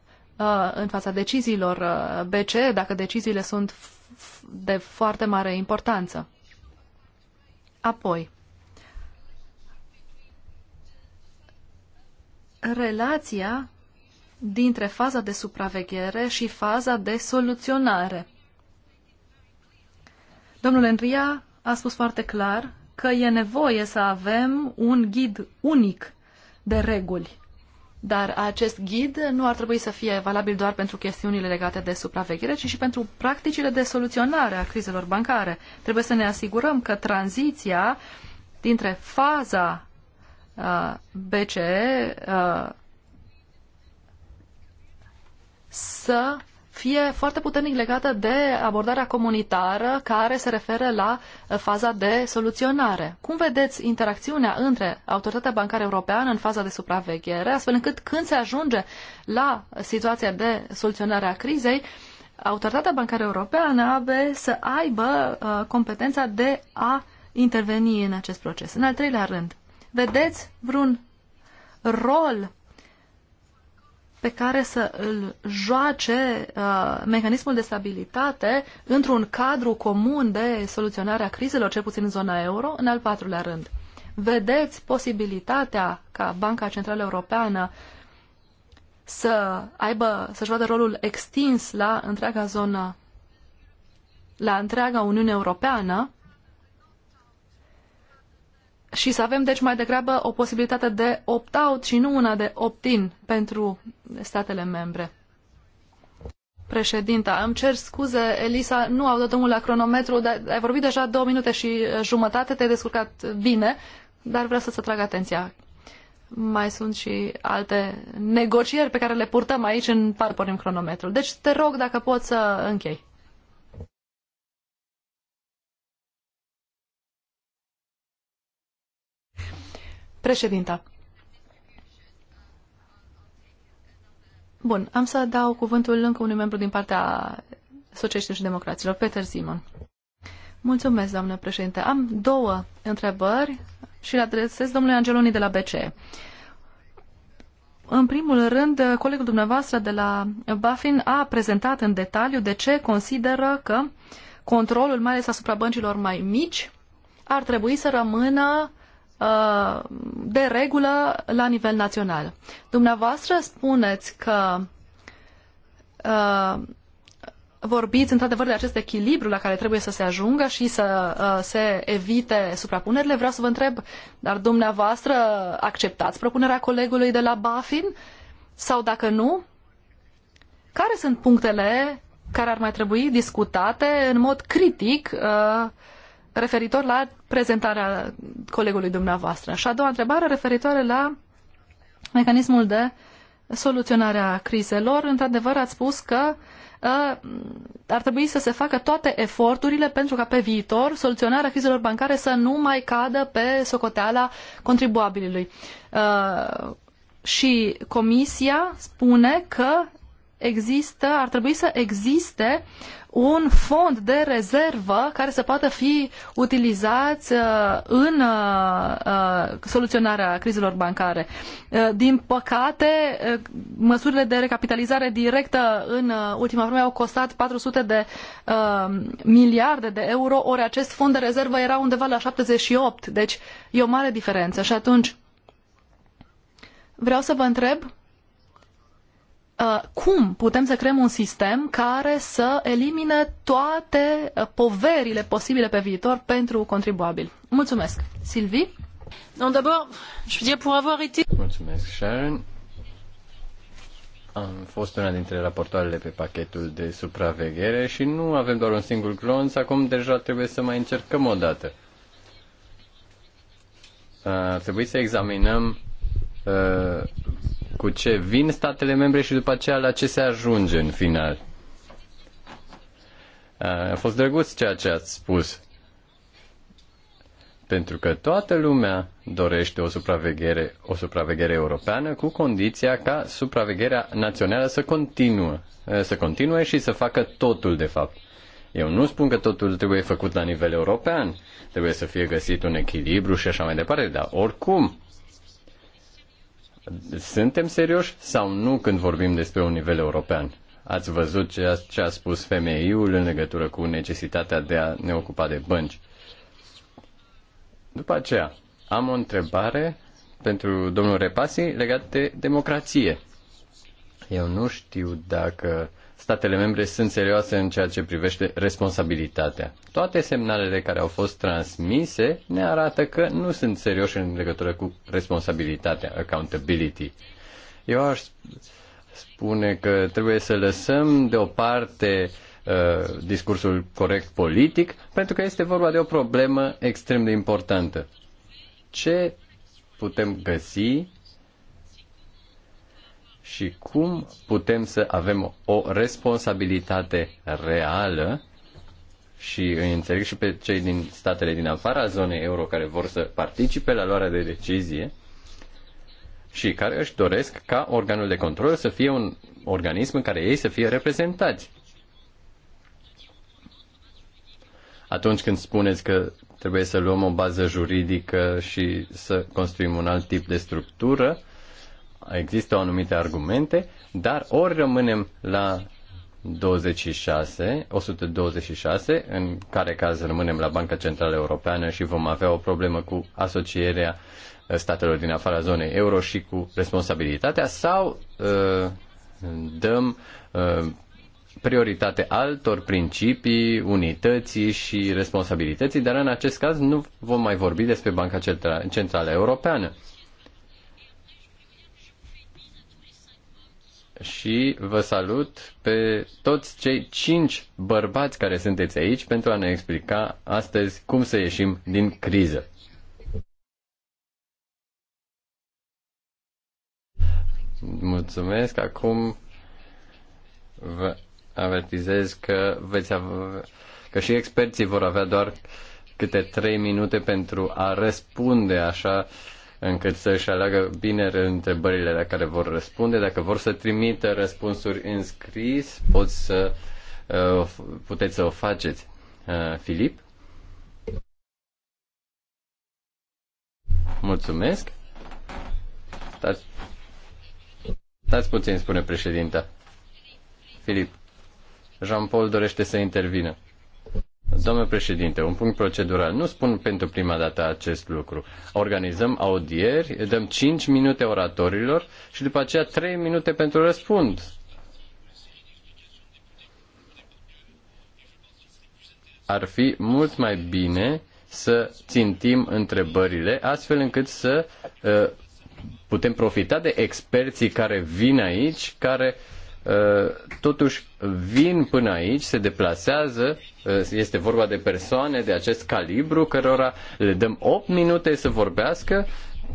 în fața deciziilor BC, BCE, dacă deciziile sunt de foarte mare importanță. Apoi, relația dintre faza de supraveghere și faza de soluționare. Domnul Enria a spus foarte clar că e nevoie să avem un ghid unic de reguli. Dar acest ghid nu ar trebui să fie valabil doar pentru chestiunile legate de supraveghere, ci și pentru practicile de soluționare a crizelor bancare. Trebuie să ne asigurăm că tranziția dintre faza uh, BCE uh, să fie foarte puternic legată de abordarea comunitară care se referă la uh, faza de soluționare. Cum vedeți interacțiunea între Autoritatea Bancară Europeană în faza de supraveghere, astfel încât când se ajunge la situația de soluționare a crizei, Autoritatea Bancară Europeană abe să aibă uh, competența de a interveni în acest proces. În al treilea rând, vedeți vreun rol pe care să îl joace uh, mecanismul de stabilitate într-un cadru comun de soluționare a crizelor, cel puțin în zona euro, în al patrulea rând. Vedeți posibilitatea ca Banca Centrală Europeană să aibă, să-și vadă rolul extins la întreaga zonă, la întreaga Uniune Europeană, și să avem deci mai degrabă o posibilitate de opt-out și nu una de opt-in pentru statele membre. Președinta, îmi cer scuze, Elisa, nu au dat omul la cronometru, dar ai vorbit deja două minute și uh, jumătate, te-ai descurcat bine, dar vreau să-ți atrag atenția. Mai sunt și alte negocieri pe care le purtăm aici în par cronometrul. Deci te rog dacă poți să închei. Președinta. Bun, am să dau cuvântul încă unui membru din partea Socialiștilor și Democraților, Peter Simon. Mulțumesc, doamnă președinte. Am două întrebări și le adresez domnului Angeloni de la BCE. În primul rând, colegul dumneavoastră de la Bafin a prezentat în detaliu de ce consideră că controlul, mai ales asupra băncilor mai mici, ar trebui să rămână uh, Uh, de regulă la nivel național. Dumneavoastră spuneți că uh, vorbiți într-adevăr de acest echilibru la care trebuie să se ajungă și să uh, se evite suprapunerile, vreau să vă întreb, dar dumneavoastră acceptați propunerea colegului de la Bafin? Sau dacă nu, care sunt punctele care ar mai trebui discutate în mod critic uh, referitor la prezentarea colegului dumneavoastră. Și a doua întrebare referitoare la mecanismul de soluționare a crizelor. Într-adevăr, ați spus că ă, ar trebui să se facă toate eforturile pentru ca pe viitor soluționarea crizelor bancare să nu mai cadă pe socoteala contribuabililui. Ă, și Comisia spune că există, ar trebui să existe un fond de rezervă care să poată fi utilizat uh, în uh, uh, soluționarea crizelor bancare. Din păcate, măsurile de recapitalizare directă în ultima vreme au costat 400 de miliarde de euro, ori acest fond de rezervă era undeva la 78, deci e o mare diferență. Și atunci, vreau să vă întreb Uh, cum putem să creăm un sistem care să elimine toate uh, poverile posibile pe viitor pentru contribuabil. Mulțumesc. Sylvie? Non, d'abord, je veux dire, pour avoir été... Mulțumesc, Sharon. Am fost una dintre raportoarele pe pachetul de supraveghere și nu avem doar un singur glonț, acum deja trebuie să mai încercăm o dată. Uh, ar trebui să examinăm uh, cu ce vin statele membre și după aceea la ce se ajunge în final. A fost drăguț ceea ce ați spus. Pentru că toată lumea dorește o supraveghere, o supraveghere europeană cu condiția ca supravegherea națională să continue, să continue și să facă totul de fapt. Eu nu spun că totul trebuie făcut la nivel european, trebuie să fie găsit un echilibru și așa mai departe, dar oricum suntem serioși sau nu când vorbim despre un nivel european? Ați văzut ce a, ce a spus femeiul în legătură cu necesitatea de a ne ocupa de bănci. După aceea, am o întrebare pentru domnul Repasi legat de democrație. Eu nu știu dacă uh, statele membre sunt serioase în ceea ce privește responsabilitatea. Toate semnalele care au fost transmise ne arată că nu sunt serioși în legătură cu responsabilitatea, accountability. Eu aș spune că trebuie să lăsăm deoparte uh, discursul corect politic, pentru că este vorba de o problemă extrem de importantă. Ce putem găsi și cum putem să avem o responsabilitate reală și îi înțeleg și pe cei din statele din afara zonei euro care vor să participe la luarea de decizie și care își doresc ca organul de control să fie un organism în care ei să fie reprezentați. Atunci când spuneți că trebuie să luăm o bază juridică și să construim un alt tip de structură, există anumite argumente, dar ori rămânem la 26, 126, în care caz rămânem la Banca Centrală Europeană și vom avea o problemă cu asocierea uh, statelor din afara zonei euro și cu responsabilitatea sau uh, dăm uh, prioritate altor principii, unității și responsabilității, dar în acest caz nu vom mai vorbi despre Banca Centrală Europeană. și vă salut pe toți cei cinci bărbați care sunteți aici pentru a ne explica astăzi cum să ieșim din criză. Mulțumesc. Acum vă avertizez că, veți avea, că și experții vor avea doar câte trei minute pentru a răspunde, așa încât să-și aleagă bine întrebările la care vor răspunde. Dacă vor să trimită răspunsuri în scris, pot să, uh, puteți să o faceți. Uh, Filip? Mulțumesc. Stați, stați puțin, spune președinta. Filip, Jean-Paul dorește să intervină. Domnule președinte, un punct procedural. Nu spun pentru prima dată acest lucru. Organizăm audieri, dăm 5 minute oratorilor și după aceea 3 minute pentru răspund. Ar fi mult mai bine să țintim întrebările astfel încât să uh, putem profita de experții care vin aici, care uh, Uh, totuși vin până aici, se deplasează, uh, este vorba de persoane de acest calibru, cărora le dăm 8 minute să vorbească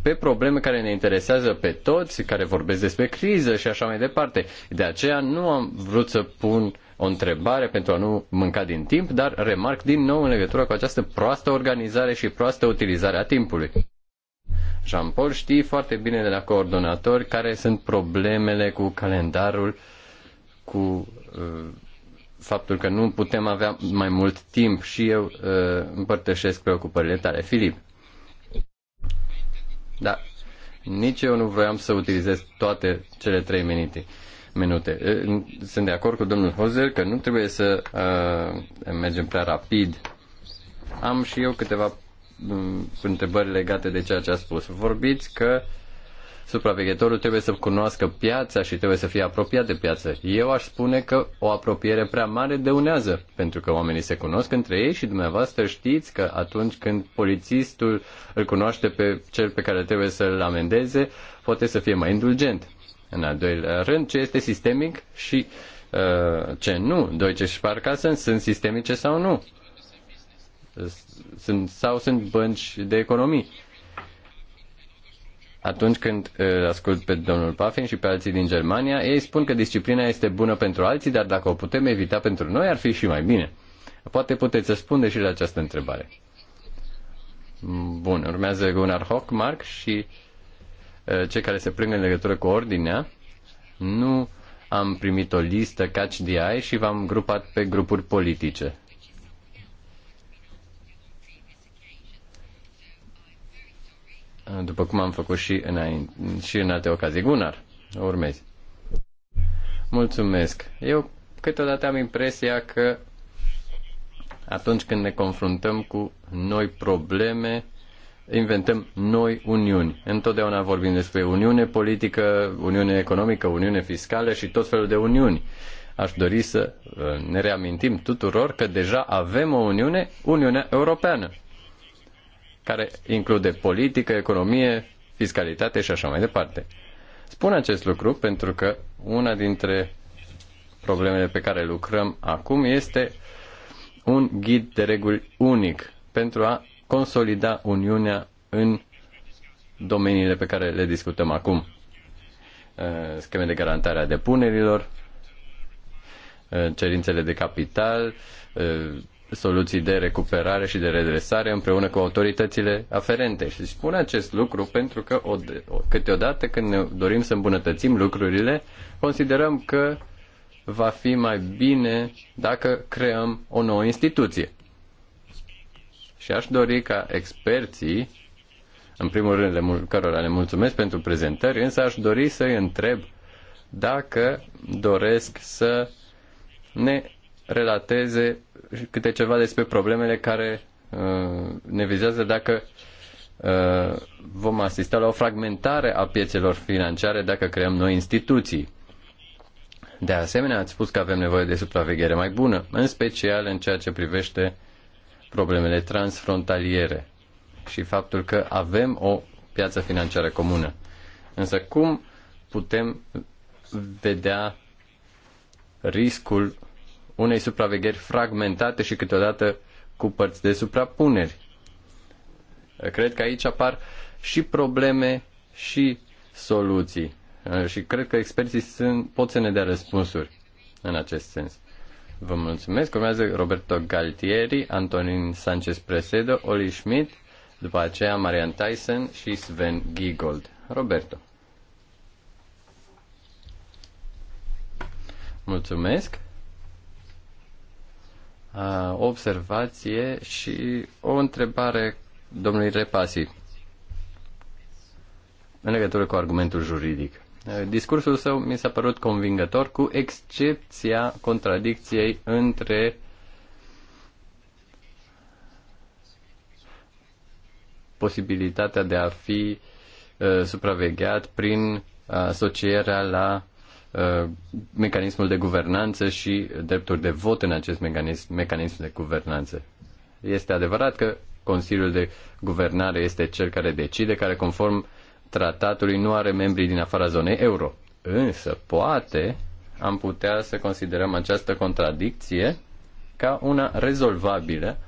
pe probleme care ne interesează pe toți, care vorbesc despre criză și așa mai departe. De aceea nu am vrut să pun o întrebare pentru a nu mânca din timp, dar remarc din nou în legătură cu această proastă organizare și proastă utilizare a timpului. Jean-Paul știe foarte bine de la coordonatori care sunt problemele cu calendarul uh, cu uh, faptul că nu putem avea mai mult timp și eu uh, împărtășesc preocupările tale, Filip. Da, nici eu nu voiam să utilizez toate cele trei minute. minute. Uh, sunt de acord cu domnul Hozer că nu trebuie să uh, mergem prea rapid. Am și eu câteva mm, întrebări legate de ceea ce a spus. Vorbiți că uh, supraveghetorul trebuie să cunoască piața și trebuie să fie apropiat de piață. Eu aș spune că o apropiere prea mare dăunează, pentru că oamenii se cunosc între ei și dumneavoastră știți că atunci când polițistul îl cunoaște pe cel pe care trebuie să-l amendeze, poate să fie mai indulgent. În al doilea rând, ce este sistemic și uh, ce nu. Deutsche Sparkassen sunt sistemice sau nu? Sunt, sau sunt bănci de economii atunci când uh, ascult pe domnul Pafin și pe alții din Germania, ei spun că disciplina este bună pentru alții, dar dacă o putem evita pentru noi, ar fi și mai bine. Poate puteți răspunde și la această întrebare. Bun, urmează Gunnar Mark și uh, cei care se plâng în legătură cu ordinea. Nu am primit o listă catch eye și v-am grupat pe grupuri politice. după cum am făcut și, înainte, și în alte ocazii. Gunar, urmezi. Mulțumesc. Eu câteodată am impresia că atunci când ne confruntăm cu noi probleme, inventăm noi uniuni. Întotdeauna vorbim despre uniune politică, uniune economică, uniune fiscală și tot felul de uniuni. Aș dori să uh, ne reamintim tuturor că deja avem o uniune, Uniunea Europeană care include politică, economie, fiscalitate și așa mai departe. Spun acest lucru pentru că una dintre problemele pe care lucrăm acum este un ghid de reguli unic pentru a consolida Uniunea în domeniile pe care le discutăm acum. Uh, scheme de garantare a depunerilor, uh, cerințele de capital, uh, soluții de recuperare și de redresare împreună cu autoritățile aferente. Și spun acest lucru pentru că o, câteodată când ne dorim să îmbunătățim lucrurile, considerăm că va fi mai bine dacă creăm o nouă instituție. Și aș dori ca experții, în primul rând le, cărora le mulțumesc pentru prezentări, însă aș dori să-i întreb dacă doresc să ne relateze câte ceva despre problemele care uh, ne vizează dacă uh, vom asista la o fragmentare a piețelor financiare dacă creăm noi instituții. De asemenea, ați spus că avem nevoie de supraveghere mai bună, în special în ceea ce privește problemele transfrontaliere și faptul că avem o piață financiară comună. Însă cum putem vedea riscul unei supravegheri fragmentate și câteodată cu părți de suprapuneri. Cred că aici apar și probleme și soluții uh, și cred că experții sunt, pot să ne dea răspunsuri în acest sens. Vă mulțumesc. Urmează Roberto Galtieri, Antonin Sanchez Presedo, Oli Schmidt, după aceea Marian Tyson și Sven Giegold. Roberto. Mulțumesc uh, observație și o întrebare domnului Repasi în legătură cu argumentul juridic. Discursul său mi s-a părut convingător, cu excepția contradicției între posibilitatea de a fi uh, supravegheat prin asocierea la Uh, mecanismul de guvernanță și drepturi de vot în acest mecanism, mecanism de guvernanță. Este adevărat că Consiliul de Guvernare este cel care decide, care conform tratatului nu are membrii din afara zonei euro. Însă, poate am putea să considerăm această contradicție ca una rezolvabilă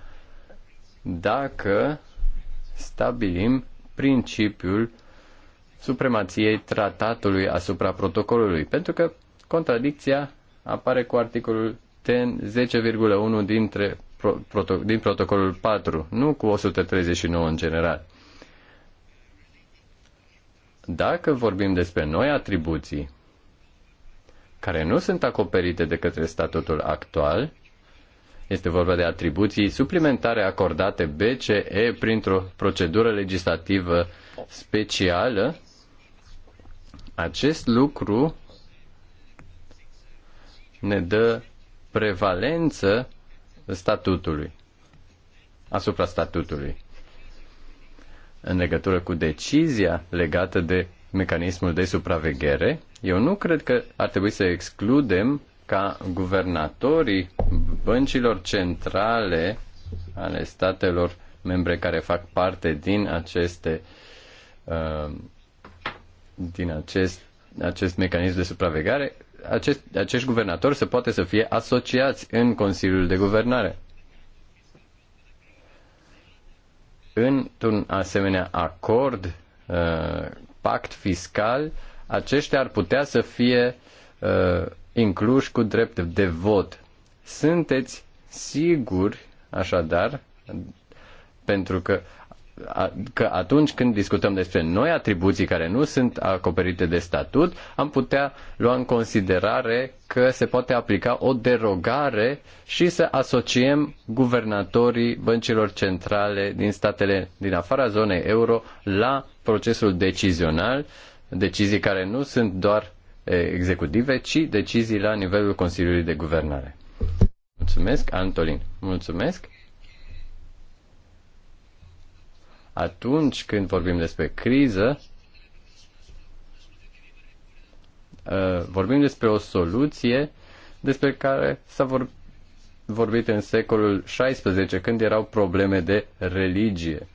dacă stabilim principiul supremației tratatului asupra protocolului, pentru că contradicția apare cu articolul 10.1 dintre din protocolul 4, nu cu 139 în general. Dacă vorbim despre noi atribuții care nu sunt acoperite de către statutul actual, este vorba de atribuții suplimentare acordate BCE printr-o procedură legislativă specială acest lucru ne dă prevalență statutului asupra statutului. În legătură cu decizia legată de mecanismul de supraveghere, eu nu cred că ar trebui să excludem ca guvernatorii băncilor centrale ale statelor membre care fac parte din aceste uh, din acest, acest mecanism de supravegare, acest, acești guvernatori se poate să fie asociați în Consiliul de Guvernare. Într-un asemenea acord, uh, pact fiscal, aceștia ar putea să fie uh, incluși cu drept de vot. Sunteți siguri, așadar, pentru că că atunci când discutăm despre noi atribuții care nu sunt acoperite de statut, am putea lua în considerare că se poate aplica o derogare și să asociem guvernatorii băncilor centrale din statele din afara zonei euro la procesul decizional, decizii care nu sunt doar executive, ci decizii la nivelul Consiliului de Guvernare. Mulțumesc, Antolin. Mulțumesc. Atunci când vorbim despre criză, uh, vorbim despre o soluție despre care s-a vorbit în secolul XVI, când erau probleme de religie.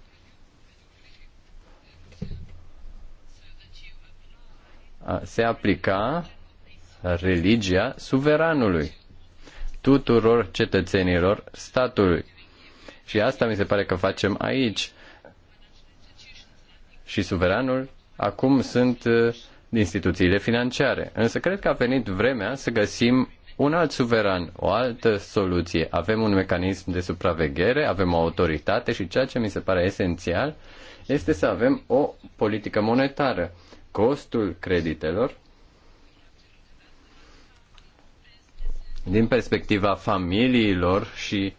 Se aplica religia suveranului, tuturor cetățenilor statului. Și asta mi se pare că facem aici și suveranul acum sunt uh, instituțiile financiare. Însă cred că a venit vremea să găsim un alt suveran, o altă soluție. Avem un mecanism de supraveghere, avem o autoritate și ceea ce mi se pare esențial este să avem o politică monetară. Costul creditelor din perspectiva familiilor și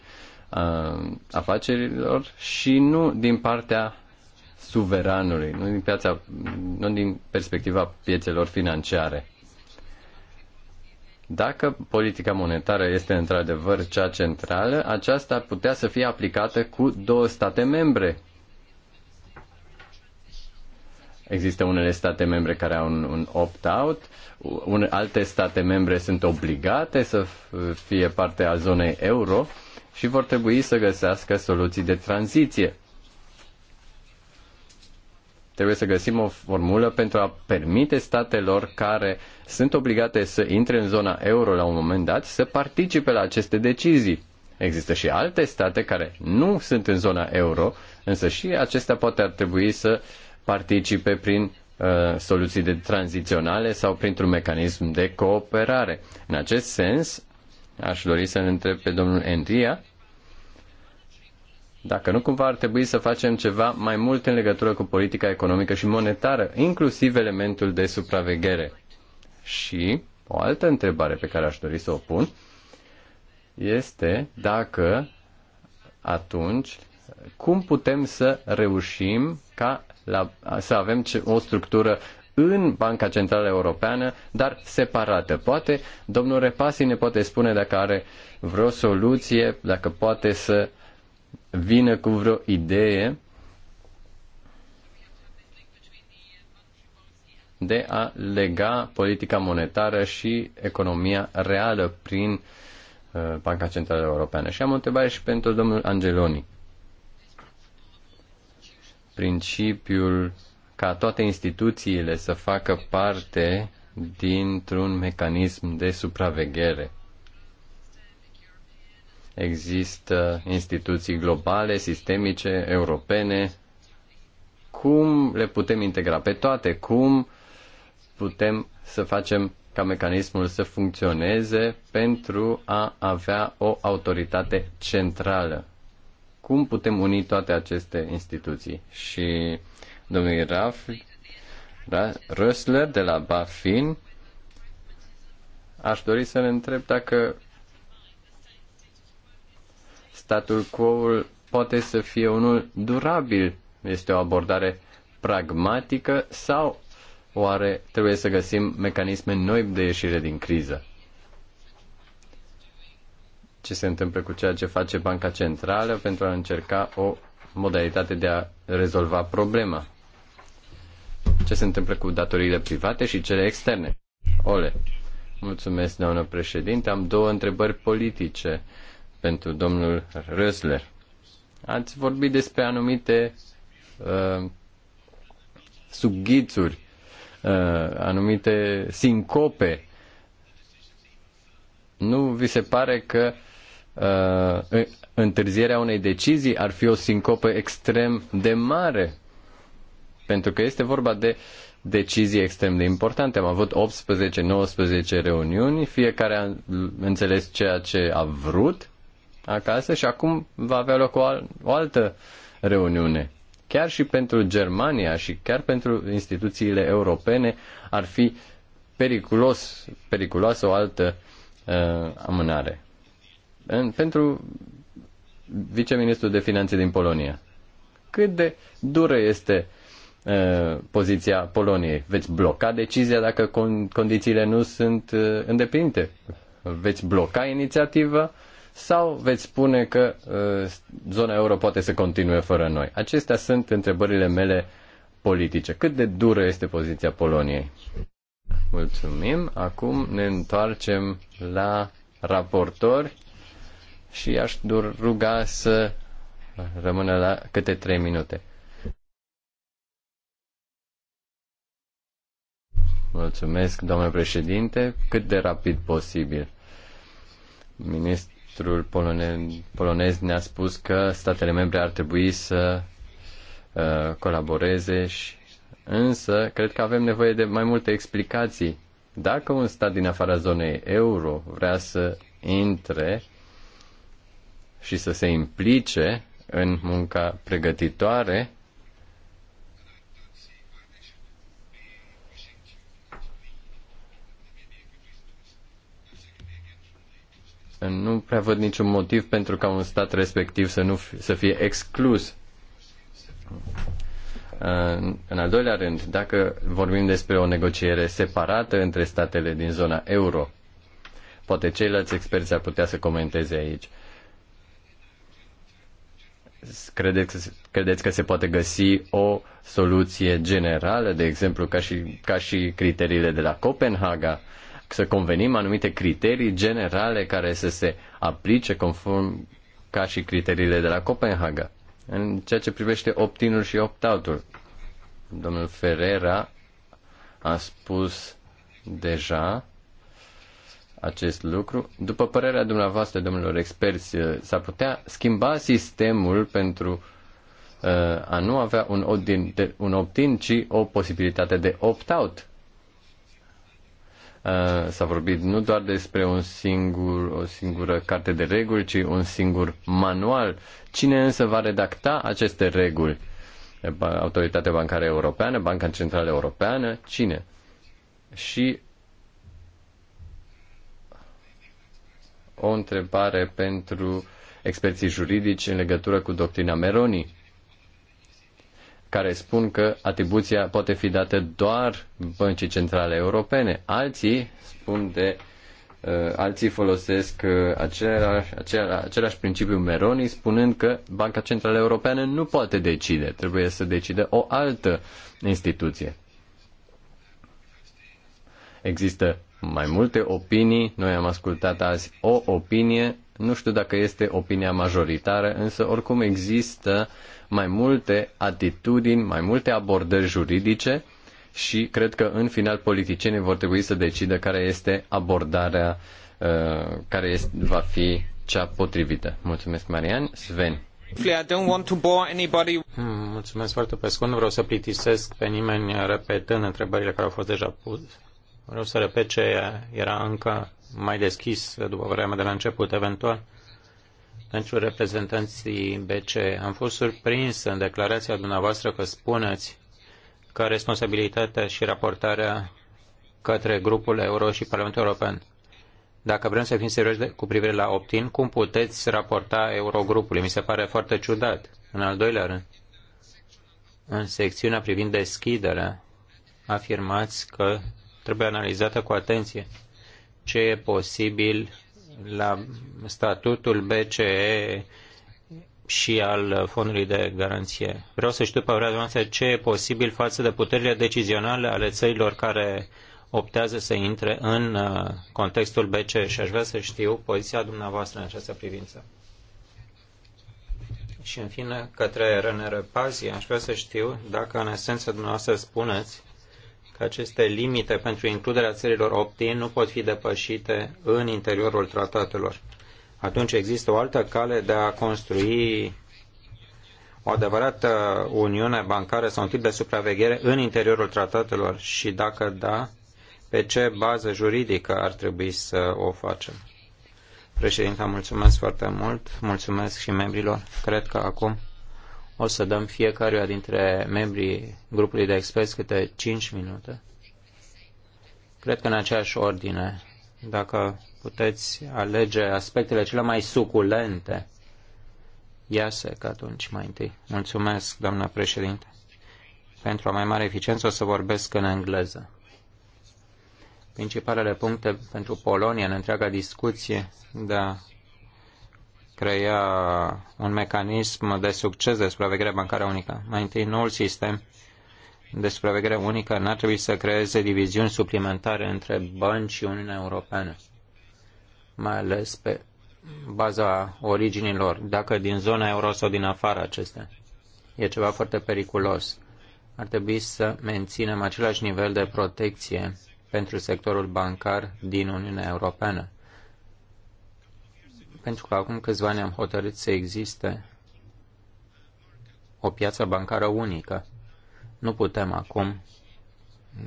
uh, afacerilor și nu din partea suveranului, nu din, piața, nu din perspectiva piețelor financiare. Dacă politica monetară este într-adevăr cea centrală, aceasta ar putea să fie aplicată cu două state membre. Există unele state membre care au un, un opt-out, alte state membre sunt obligate să fie parte a zonei euro și vor trebui să găsească soluții de tranziție Trebuie să găsim o formulă pentru a permite statelor care sunt obligate să intre în zona euro la un moment dat să participe la aceste decizii. Există și alte state care nu sunt în zona euro, însă și acestea poate ar trebui să participe prin uh, soluții de tranziționale sau printr-un mecanism de cooperare. În acest sens, aș dori să-l întreb pe domnul Enria dacă nu, cumva ar trebui să facem ceva mai mult în legătură cu politica economică și monetară, inclusiv elementul de supraveghere. Și o altă întrebare pe care aș dori să o pun este dacă atunci cum putem să reușim ca la, să avem o structură în Banca Centrală Europeană, dar separată. Poate domnul Repasi ne poate spune dacă are vreo soluție, dacă poate să vină cu vreo idee de a lega politica monetară și economia reală prin uh, Banca Centrală Europeană. Și am o întrebare și pentru domnul Angeloni. Principiul ca toate instituțiile să facă parte dintr-un mecanism de supraveghere Există instituții globale, sistemice, europene. Cum le putem integra pe toate? Cum putem să facem ca mecanismul să funcționeze pentru a avea o autoritate centrală? Cum putem uni toate aceste instituții? Și domnul Raf, da, Rösler de la Bafin, aș dori să ne întreb dacă Statul quo poate să fie unul durabil. Este o abordare pragmatică sau oare trebuie să găsim mecanisme noi de ieșire din criză? Ce se întâmplă cu ceea ce face Banca Centrală pentru a încerca o modalitate de a rezolva problema? Ce se întâmplă cu datoriile private și cele externe? Ole, mulțumesc, doamnă președinte. Am două întrebări politice pentru domnul Rösler. Ați vorbit despre anumite uh, subghițuri, uh, anumite sincope. Nu vi se pare că uh, întârzierea unei decizii ar fi o sincopă extrem de mare? Pentru că este vorba de decizii extrem de importante. Am avut 18-19 reuniuni, fiecare a înțeles ceea ce a vrut acasă și acum va avea loc o, al- o altă reuniune. Chiar și pentru Germania și chiar pentru instituțiile europene ar fi periculos, periculoasă o altă uh, amânare. În, pentru viceministrul de finanțe din Polonia. Cât de dură este uh, poziția Poloniei? Veți bloca decizia dacă con- condițiile nu sunt uh, îndeplinite? Veți bloca inițiativa sau veți spune că uh, zona euro poate să continue fără noi? Acestea sunt întrebările mele politice. Cât de dură este poziția Poloniei? Mulțumim. Acum ne întoarcem la raportori și aș ruga să rămână la câte trei minute. Mulțumesc, domnule președinte, cât de rapid posibil. Minist- Ministrul polone- polonez ne-a spus că statele membre ar trebui să uh, colaboreze și însă cred că avem nevoie de mai multe explicații. Dacă un stat din afara zonei euro vrea să intre și să se implice în munca pregătitoare, nu prea văd niciun motiv pentru ca un stat respectiv să, nu, să fie exclus. În al doilea rând, dacă vorbim despre o negociere separată între statele din zona euro, poate ceilalți experți ar putea să comenteze aici. Credeți, credeți că se poate găsi o soluție generală, de exemplu, ca și, ca și criteriile de la Copenhaga, uh, să convenim anumite criterii generale care să se aplice conform ca și criteriile de la Copenhaga. În ceea ce privește opt-in-ul și opt-out-ul, domnul Ferrera a spus deja acest lucru. După părerea dumneavoastră, domnilor experți, s-ar putea schimba sistemul pentru uh, a nu avea un opt-in, ci o posibilitate de opt-out Uh, s-a vorbit nu doar despre un singur, o singură carte de reguli, ci un singur manual. Cine însă va redacta aceste reguli? Autoritatea Bancară Europeană, Banca Centrală Europeană, cine? Și o întrebare pentru experții juridici în legătură cu doctrina Meroni care spun că atribuția poate fi dată doar băncii centrale europene. Alții spun de uh, alții folosesc uh, același, același, același principiu Meroni spunând că Banca Centrală Europeană nu poate decide, trebuie să decide o altă instituție. Există mai multe opinii, noi am ascultat azi o opinie, nu știu dacă este opinia majoritară, însă oricum există uh, mai multe atitudini, mai multe abordări juridice și cred că în final politicienii vor trebui să decidă care este abordarea uh, care este, va fi cea potrivită. Mulțumesc, Marian. Sven. Hmm, mulțumesc foarte pe scurt. Nu vreau să plictisesc pe nimeni repetând întrebările care au fost deja puse. Vreau să repet ce era încă mai deschis după vremea de la început, eventual pentru reprezentanții BC. Am fost surprins în declarația dumneavoastră că spuneți că responsabilitatea și raportarea către grupul euro și Parlamentul European. Dacă vrem să fim serioși cu privire la optin, cum puteți raporta Eurogrupului? Mi se pare foarte ciudat. În al doilea rând, în secțiunea privind deschiderea, afirmați că trebuie analizată cu atenție ce e posibil la statutul BCE și al fondului de garanție. Vreau să știu, părerea noastră, ce e posibil față de puterile decizionale ale țărilor care optează să intre în uh, contextul BCE și aș vrea să știu poziția dumneavoastră în această privință. Și în fine, către RNR Pazi, aș vrea să știu dacă în esență dumneavoastră spuneți că aceste limite pentru includerea țărilor opt-in nu pot fi depășite în interiorul tratatelor. Atunci există o altă cale de a construi o adevărată uniune bancară sau un tip de supraveghere în interiorul tratatelor și dacă da, pe ce bază juridică ar trebui să o facem. Președinte, mulțumesc foarte mult, mulțumesc și membrilor. Cred că acum o să dăm fiecăruia dintre membrii grupului de experți câte 5 minute. Cred că în aceeași ordine, dacă puteți alege aspectele cele mai suculente, că atunci mai întâi. Mulțumesc, doamna președinte. Pentru o mai mare eficiență o să vorbesc în engleză. Principalele puncte pentru Polonia în întreaga discuție, da, crea un mecanism de succes de supraveghere bancară unică. Mai întâi, noul sistem de supraveghere unică n-ar trebui să creeze diviziuni suplimentare între bănci și Uniunea Europeană, mai ales pe baza originilor, dacă din zona euro sau din afara acestea. E ceva foarte periculos. Ar trebui să menținem același nivel de protecție pentru sectorul bancar din Uniunea Europeană pentru că acum câțiva ani am hotărât să existe o piață bancară unică. Nu putem acum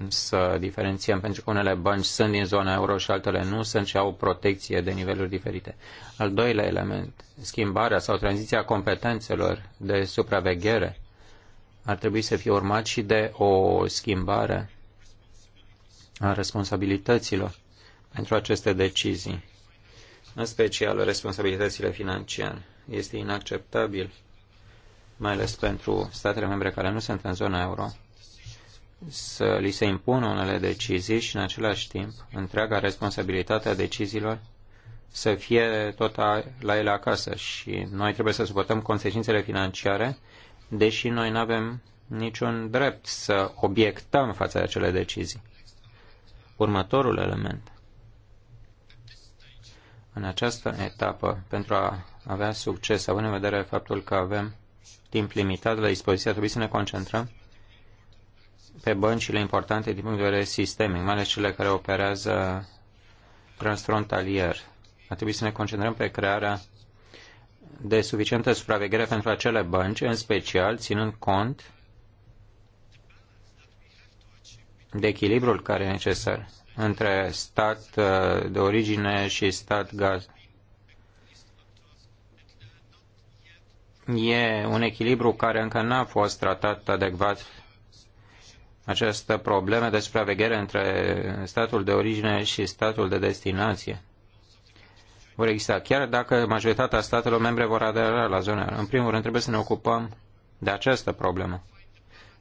să diferențiem, pentru că unele bănci sunt din zona euro și altele nu sunt și au protecție de niveluri diferite. Al doilea element, schimbarea sau tranziția competențelor de supraveghere ar trebui să fie urmat și de o schimbare a responsabilităților pentru aceste decizii în special responsabilitățile financiare. Este inacceptabil, mai ales pentru statele membre care nu sunt în zona euro, să li se impună unele decizii și în același timp întreaga responsabilitate a deciziilor să fie tot la ele acasă și noi trebuie să suportăm consecințele financiare, deși noi nu avem niciun drept să obiectăm față de acele decizii. Următorul element în această etapă, pentru a avea succes, având în vedere faptul că avem timp limitat la dispoziție, trebuie să ne concentrăm pe băncile importante din punct de vedere sistemic, mai ales cele care operează transfrontalier. A trebuit să ne concentrăm pe crearea de suficientă supraveghere pentru acele bănci, în special ținând cont de echilibrul care e necesar între stat uh, de origine și stat gaz. E un echilibru care încă n-a fost tratat adecvat această problemă de supraveghere între statul de origine și statul de destinație vor exista, chiar dacă majoritatea statelor membre vor adera la zona. În primul rând, trebuie să ne ocupăm de această problemă.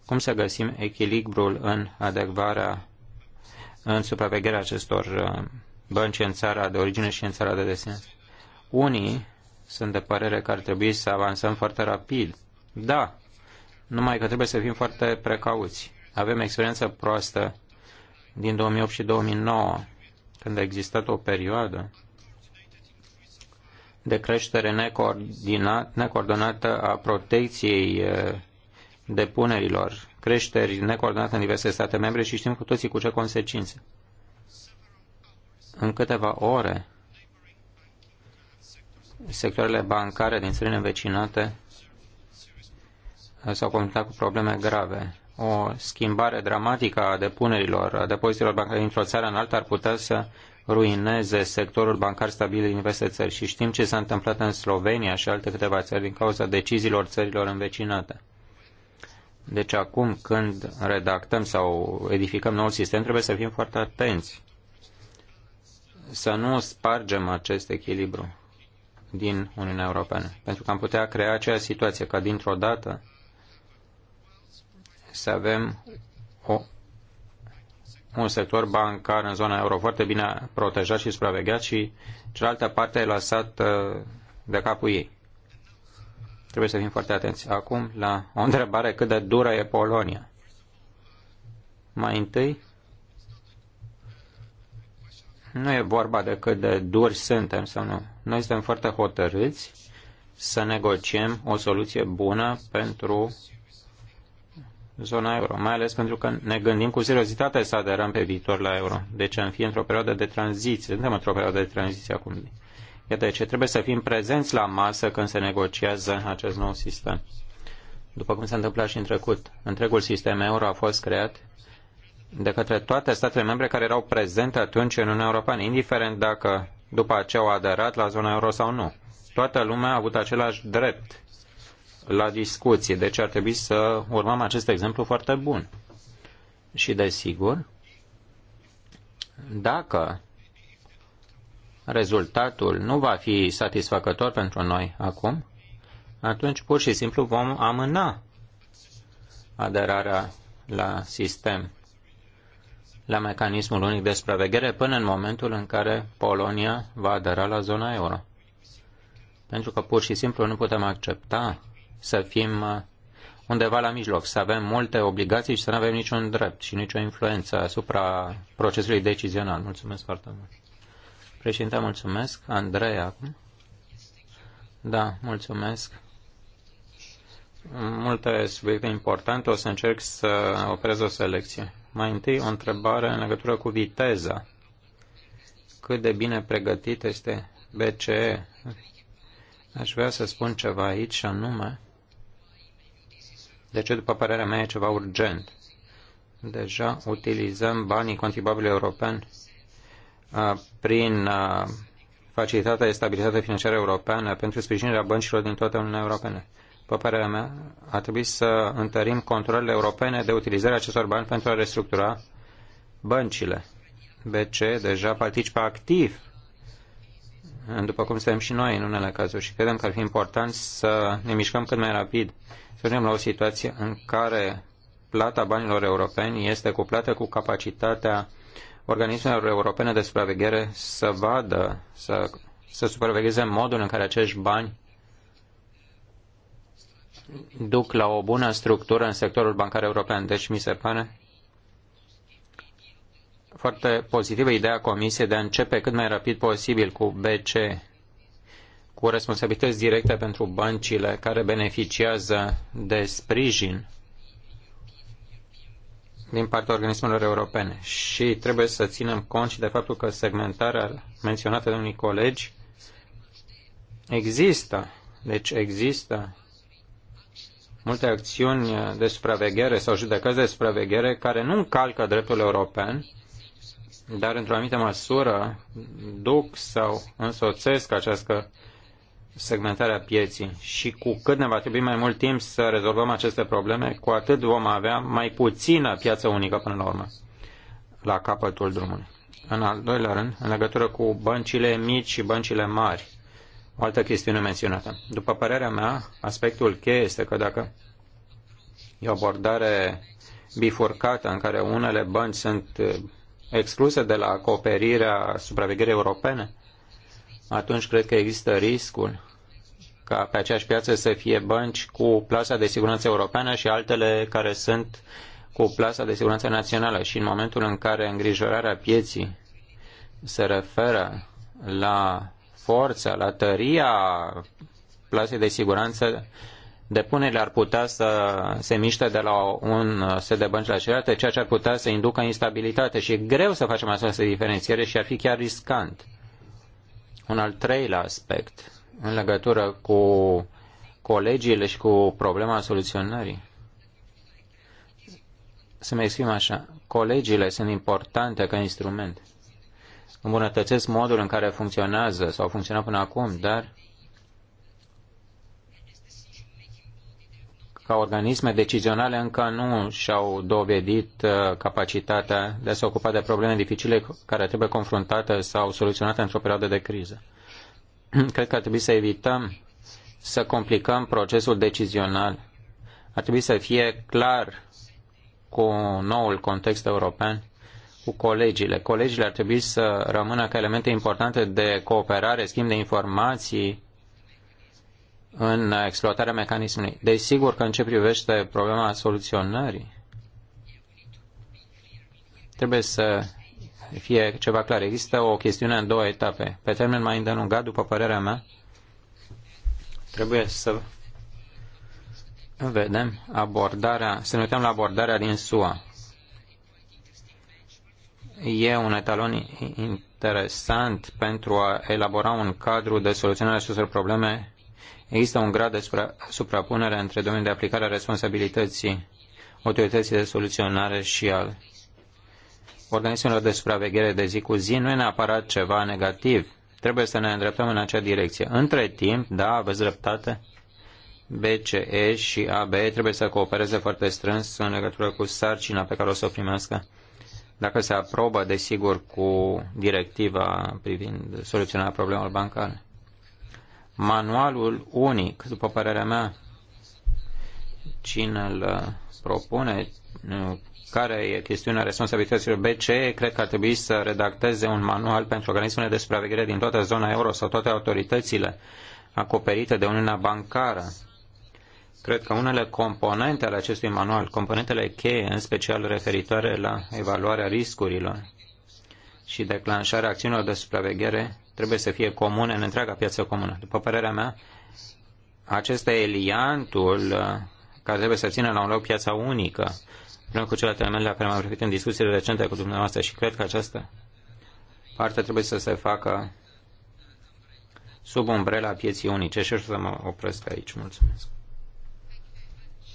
Cum să găsim echilibrul în adecvarea în supravegherea acestor uh, bănci în țara de origine și în țara de desen. Unii sunt de părere că ar trebui să avansăm foarte rapid. Da, numai că trebuie să fim foarte precauți. Avem experiență proastă din 2008 și 2009, când a existat o perioadă de creștere necoordonată a protecției uh, depunerilor creșteri necoordonate în diverse state membre și știm cu toții cu ce consecințe. În câteva ore, sectoarele bancare din țările învecinate s-au confruntat cu probleme grave. O schimbare dramatică a depunerilor, a depozitelor bancare dintr-o țară în alta ar putea să ruineze sectorul bancar stabil din diverse țări și știm ce s-a întâmplat în Slovenia și alte câteva țări din cauza deciziilor țărilor învecinate. Deci acum când redactăm sau edificăm noul sistem, trebuie să fim foarte atenți să nu spargem acest echilibru din Uniunea Europeană, pentru că am putea crea acea situație ca dintr-o dată să avem o, un sector bancar în zona euro foarte bine protejat și supravegheat și cealaltă parte e lăsat de capul ei. Trebuie să fim foarte atenți acum la o întrebare cât de dură e Polonia. Mai întâi, nu e vorba de cât de duri suntem sau nu. Noi suntem foarte hotărâți să negociem o soluție bună pentru zona euro, mai ales pentru că ne gândim cu seriozitate să aderăm pe viitor la euro. Deci am fi într-o perioadă de tranziție, suntem într-o perioadă de tranziție acum. Iată de ce trebuie să fim prezenți la masă când se negociază acest nou sistem. După cum s-a întâmplat și în trecut, întregul sistem euro a fost creat de către toate statele membre care erau prezente atunci în Uniunea Europeană, indiferent dacă după aceea au aderat la zona euro sau nu. Toată lumea a avut același drept la discuție, deci ar trebui să urmăm acest exemplu foarte bun. Și desigur, dacă rezultatul nu va fi satisfăcător pentru noi acum, atunci pur și simplu vom amâna aderarea la sistem, la mecanismul unic de supraveghere, până în momentul în care Polonia va adera la zona euro. Pentru că pur și simplu nu putem accepta să fim uh, undeva la mijloc, să avem multe obligații și să nu avem niciun drept și nicio influență asupra procesului decizional. Mulțumesc foarte mult. Președinte, mulțumesc. Andrei acum. Da, mulțumesc. Multe subiecte importante, o să încerc să oprez o selecție. Mai întâi, o întrebare în legătură cu viteza. Cât de bine pregătit este BCE? Aș vrea să spun ceva aici și anume, de ce, după părerea mea, e ceva urgent. Deja utilizăm banii contribuabili europeni prin Facilitatea de Stabilitate Financiară Europeană pentru sprijinirea băncilor din toată Uniunea Europeană. După părerea mea, ar trebui să întărim controlele europene de utilizare acestor bani pentru a restructura băncile. BC deja participă activ, după cum suntem și noi în unele cazuri, și credem că ar fi important să ne mișcăm cât mai rapid, să ajungem la o situație în care plata banilor europeni este cuplată cu capacitatea organismelor europene de supraveghere să vadă, să, să supravegheze modul în care acești bani duc la o bună structură în sectorul bancar european. Deci mi se pare foarte pozitivă ideea Comisiei de a începe cât mai rapid posibil cu BC, cu responsabilități directe pentru băncile care beneficiază de sprijin din partea organismelor europene și trebuie să ținem cont și de faptul că segmentarea menționată de unii colegi există. Deci există multe acțiuni de supraveghere sau judecăți de supraveghere care nu încalcă dreptul european, dar într-o anumită măsură duc sau însoțesc această segmentarea pieții și cu cât ne va trebui mai mult timp să rezolvăm aceste probleme, cu atât vom avea mai puțină piață unică până la urmă, la capătul drumului. În al doilea rând, în legătură cu băncile mici și băncile mari, o altă chestiune menționată. După părerea mea, aspectul cheie este că dacă e o abordare bifurcată în care unele bănci sunt eh, excluse de la acoperirea supravegherii europene, atunci cred că există riscul ca pe aceeași piață să fie bănci cu plasa de siguranță europeană și altele care sunt cu plasa de siguranță națională. Și în momentul în care îngrijorarea pieții se referă la forța, la tăria plasei de siguranță, depunerile ar putea să se miște de la un set de bănci la celelalte, ceea ce ar putea să inducă instabilitate și e greu să facem această diferențiere și ar fi chiar riscant. Un al treilea aspect în legătură cu colegiile și cu problema soluționării. Să mă exprim așa, colegiile sunt importante ca instrument. Îmbunătățesc modul în care funcționează sau funcționează până acum, dar ca organisme decizionale încă nu și-au dovedit uh, capacitatea de a se ocupa de probleme dificile care trebuie confruntate sau soluționate într-o perioadă de criză. Cred că ar trebui să evităm să complicăm procesul decizional. Ar trebui să fie clar cu noul context european cu colegiile. Colegiile ar trebui să rămână ca elemente importante de cooperare, schimb de informații în exploatarea mecanismului. Desigur că în ce privește problema soluționării, trebuie să fie ceva clar. Există o chestiune în două etape. Pe termen mai îndelungat, după părerea mea, trebuie să vedem abordarea, să ne uităm la abordarea din SUA. E un etalon interesant pentru a elabora un cadru de soluționare a acestor probleme. Există un grad de supra, suprapunere între domeniul de aplicare a responsabilității autorității de soluționare și al organismelor de supraveghere de zi cu zi nu e neapărat ceva negativ. Trebuie să ne îndreptăm în acea direcție. Între timp, da, aveți dreptate, BCE și ABE trebuie să coopereze foarte strâns în legătură cu sarcina pe care o să o primească dacă se aprobă, desigur, cu directiva privind soluționarea problemelor bancare. Manualul unic, după părerea mea, cine îl propune, care e chestiunea responsabilităților BCE, cred că ar trebui să redacteze un manual pentru organismele de supraveghere din toată zona euro sau toate autoritățile acoperite de Uniunea Bancară. Cred că unele componente ale acestui manual, componentele cheie, în special referitoare la evaluarea riscurilor și declanșarea acțiunilor de supraveghere, trebuie să fie comune în întreaga piață comună. După părerea mea, acesta e liantul uh, care trebuie să țină la un loc piața unică Vreau cu celelalte elemente la care m-am referit în discuțiile recente cu dumneavoastră și cred că această parte trebuie să se facă sub umbrela pieții unice și o să mă opresc aici. Mulțumesc.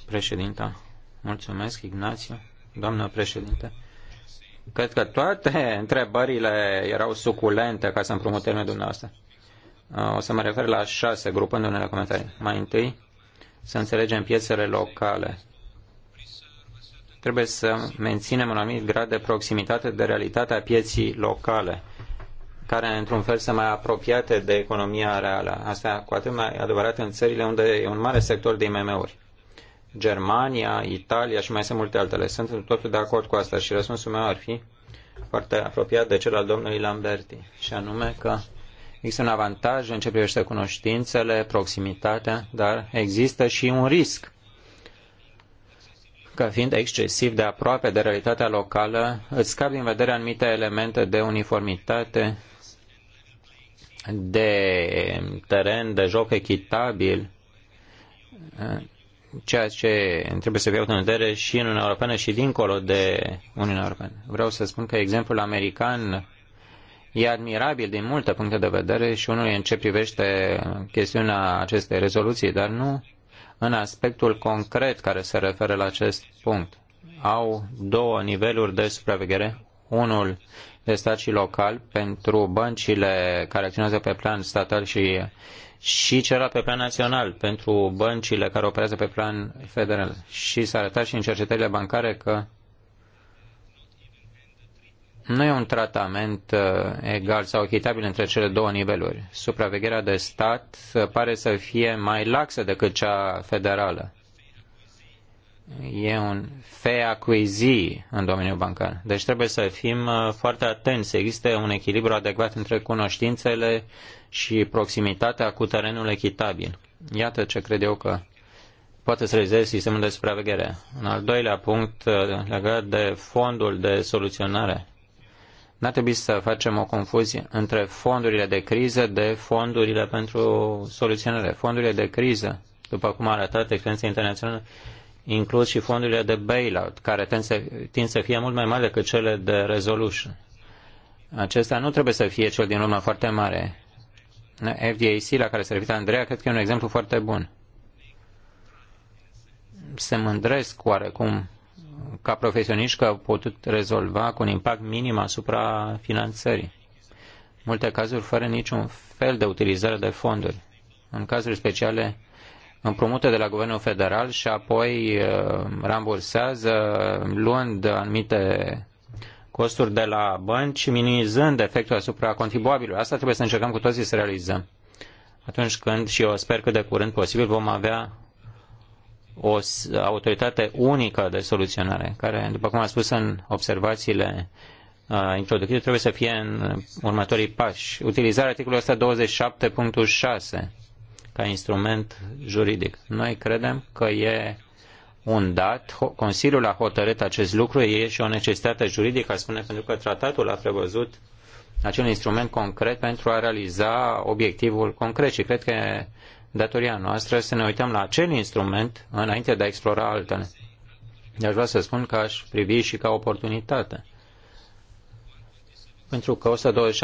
Președinta, mulțumesc, Ignațiu. Doamnă președinte, cred că toate întrebările erau suculente ca să împrumut termenul dumneavoastră. O să mă refer la șase, grupând unele comentarii. Mai întâi, să înțelegem piețele locale. Trebuie să menținem un anumit grad de proximitate de realitatea pieții locale, care într-un fel sunt mai apropiate de economia reală. Asta cu atât mai adevărat în țările unde e un mare sector de IMM-uri. Germania, Italia și mai sunt multe altele. Sunt totul de acord cu asta și răspunsul meu ar fi foarte apropiat de cel al domnului Lamberti, și anume că există un avantaj în ce privește cunoștințele, proximitatea, dar există și un risc că fiind excesiv de aproape de realitatea locală, îți scap din vedere anumite elemente de uniformitate, de teren, de joc echitabil, ceea ce trebuie să fie avut în vedere și în Uniunea Europeană și dincolo de Uniunea Europeană. Vreau să spun că exemplul american e admirabil din multe puncte de vedere și unul în ce privește chestiunea acestei rezoluții, dar nu în aspectul concret care se referă la acest punct. Au două niveluri de supraveghere, unul de stat și local pentru băncile care acționează pe plan statal și și celălalt pe plan național pentru băncile care operează pe plan federal. Și s-a arătat și în cercetările bancare că nu e un tratament uh, egal sau echitabil între cele două niveluri. Supravegherea de stat uh, pare să fie mai laxă decât cea federală. E un feacuizi în domeniul bancar. Deci trebuie să fim uh, foarte atenți. Să existe un echilibru adecvat între cunoștințele și proximitatea cu terenul echitabil. Iată ce cred eu că poate să realizeze sistemul de supraveghere. În al doilea punct legat de fondul de soluționare. N-ar trebui să facem o confuzie între fondurile de criză de fondurile pentru soluționare. Fondurile de criză, după cum a arătat experiența internațională, includ și fondurile de bailout, care tind să, tind să fie mult mai mari decât cele de resolution. Acesta nu trebuie să fie cel din urmă foarte mare. FDIC la care se referă Andreea, cred că e un exemplu foarte bun. Se mândresc oarecum ca profesioniști că au putut rezolva cu un impact minim asupra finanțării. Multe cazuri fără niciun fel de utilizare de fonduri. În cazuri speciale, împrumută de la guvernul federal și apoi uh, rambursează luând anumite costuri de la bănci, minimizând efectul asupra contribuabilului. Asta trebuie să încercăm cu toții să realizăm. Atunci când, și eu sper că de curând posibil, vom avea o autoritate unică de soluționare, care, după cum am spus în observațiile uh, introductive, trebuie să fie în următorii pași. Utilizarea articolului 127.6 ca instrument juridic. Noi credem că e un dat, Consiliul a hotărât acest lucru, e și o necesitate juridică, a spune, pentru că tratatul a prevăzut acel instrument concret pentru a realiza obiectivul concret și cred că datoria noastră să ne uităm la acel instrument înainte de a explora altele. aș deci vrea să spun că aș privi și ca oportunitate. Pentru că 127.6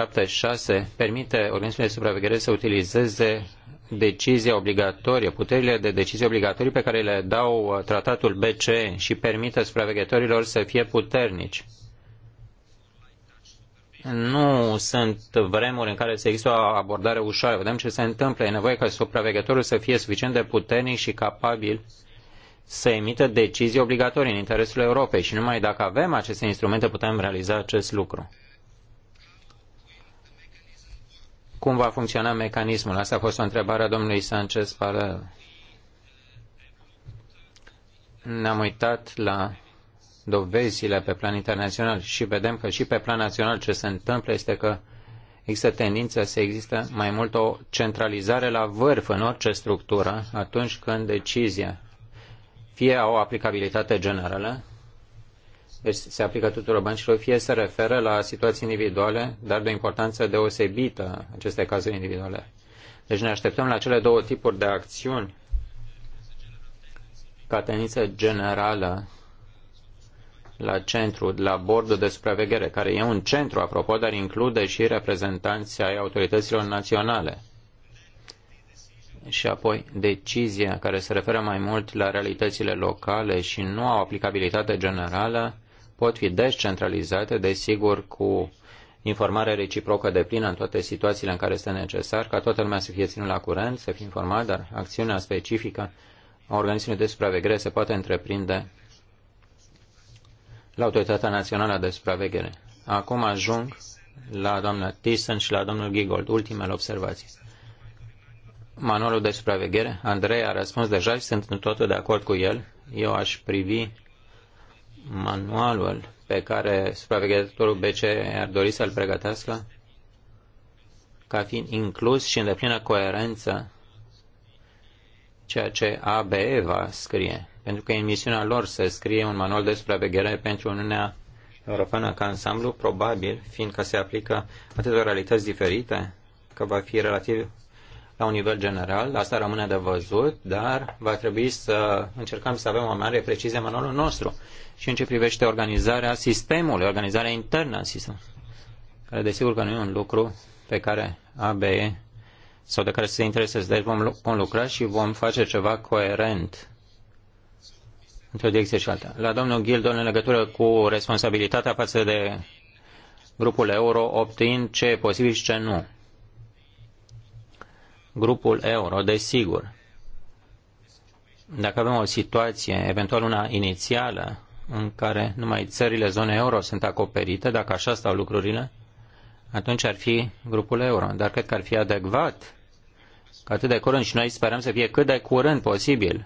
permite organismului de supraveghere să utilizeze decizia obligatorie, puterile de decizie obligatorii pe care le dau uh, tratatul BCE și permite supraveghetorilor să fie puternici nu sunt vremuri în care să există o abordare ușoară. Vedem ce se întâmplă. E nevoie ca supraveghetorul să fie suficient de puternic și capabil să emită decizii obligatorii în interesul Europei și numai dacă avem aceste instrumente putem realiza acest lucru. Cum va funcționa mecanismul? Asta a fost o întrebare a domnului Sanchez Parel. Ne-am uitat la dovezile pe plan internațional și vedem că și pe plan național ce se întâmplă este că există tendința să există mai mult o centralizare la vârf în orice structură atunci când decizia fie au aplicabilitate generală, deci se aplică tuturor băncilor, fie se referă la situații individuale, dar de o importanță deosebită aceste cazuri individuale. Deci ne așteptăm la cele două tipuri de acțiuni ca tendință generală la centru, la bordul de supraveghere, care e un centru, apropo, dar include și reprezentanții ai autorităților naționale. Și apoi decizia care se referă mai mult la realitățile locale și nu au aplicabilitate generală pot fi descentralizate, desigur, cu informare reciprocă de plină în toate situațiile în care este necesar, ca toată lumea să fie ținut la curent, să fie informat, dar acțiunea specifică a organismului de supraveghere se poate întreprinde la Autoritatea Națională de Supraveghere. Acum ajung la doamna Thyssen și la domnul Gigold. Ultimele observații. Manualul de supraveghere, Andrei a răspuns deja și sunt în totul de acord cu el. Eu aș privi manualul pe care supraveghetorul BC ar dori să-l pregătească ca fiind inclus și în deplină coerență ceea ce ABE va scrie pentru că e misiunea lor să scrie un manual de supraveghere pentru Uniunea Europeană ca ansamblu, probabil, fiindcă se aplică atâtea realități diferite, că va fi relativ la un nivel general, asta rămâne de văzut, dar va trebui să încercăm să avem o mare precizie în manualul nostru și în ce privește organizarea sistemului, organizarea internă a sistemului, care desigur că nu e un lucru pe care ABE sau de care se interesează, deci vom lucra și vom face ceva coerent într-o direcție și alta. La domnul Gildon, în legătură cu responsabilitatea față de grupul euro, obțin ce e posibil și ce nu. Grupul euro, desigur, dacă avem o situație, eventual una inițială, în care numai țările zonei euro sunt acoperite, dacă așa stau lucrurile, atunci ar fi grupul euro. Dar cred că ar fi adecvat că atât de curând și noi sperăm să fie cât de curând posibil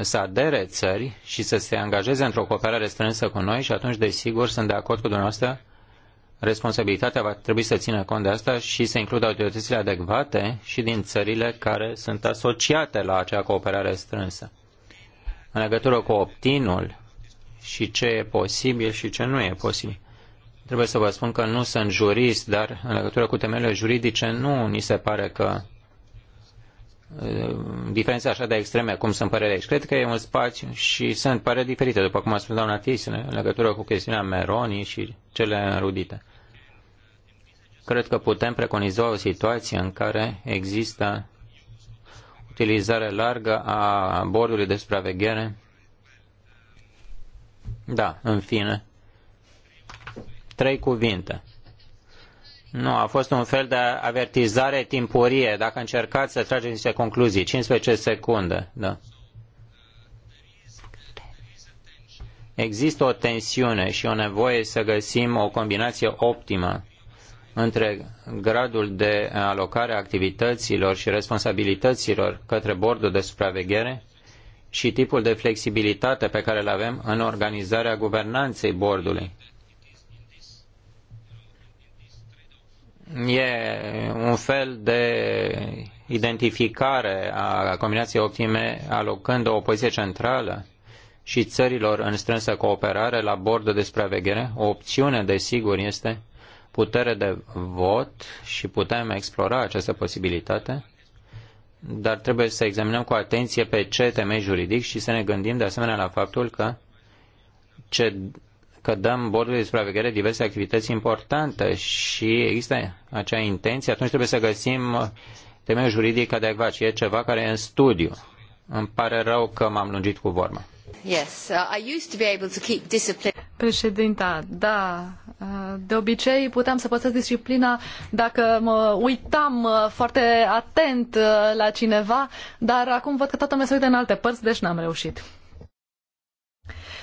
să adere țări și să se angajeze într-o cooperare strânsă cu noi și atunci, desigur, sunt de acord cu dumneavoastră, responsabilitatea va trebui să țină cont de asta și să includă autoritățile adecvate și din țările care sunt asociate la acea cooperare strânsă. În legătură cu optinul și ce e posibil și ce nu e posibil. Trebuie să vă spun că nu sunt jurist, dar în legătură cu temele juridice nu ni se pare că diferențe așa de extreme cum sunt părerile aici. Cred că e un spațiu și sunt păreri diferite, după cum a spus doamna Tisne, în legătură cu chestiunea Meroni și cele înrudite. Cred că putem preconiza o situație în care există utilizare largă a bordului de supraveghere. Da, în fine. Trei cuvinte nu, a fost un fel de avertizare timpurie, dacă încercați să trageți niște concluzii. 15 secunde, da. Există o tensiune și o nevoie să găsim o combinație optimă între gradul de alocare a activităților și responsabilităților către bordul de supraveghere și tipul de flexibilitate pe care îl avem în organizarea guvernanței bordului E un fel de identificare a combinației optime alocând o poziție centrală și țărilor în strânsă cooperare la bordul de supraveghere. O opțiune, desigur, este putere de vot și putem explora această posibilitate, dar trebuie să examinăm cu atenție pe ce temei juridic și să ne gândim de asemenea la faptul că ce că dăm bordul de supraveghere diverse activități importante și există acea intenție, atunci trebuie să găsim temeiul juridic adecvat și e ceva care e în studiu. Îmi pare rău că m-am lungit cu vorba. Yes, uh, I used to be able to keep discipline. Președinta, da, uh, de obicei puteam să păstrez disciplina dacă mă uitam uh, foarte atent la cineva, dar acum văd că toată lumea se uită în alte părți, deci n-am reușit.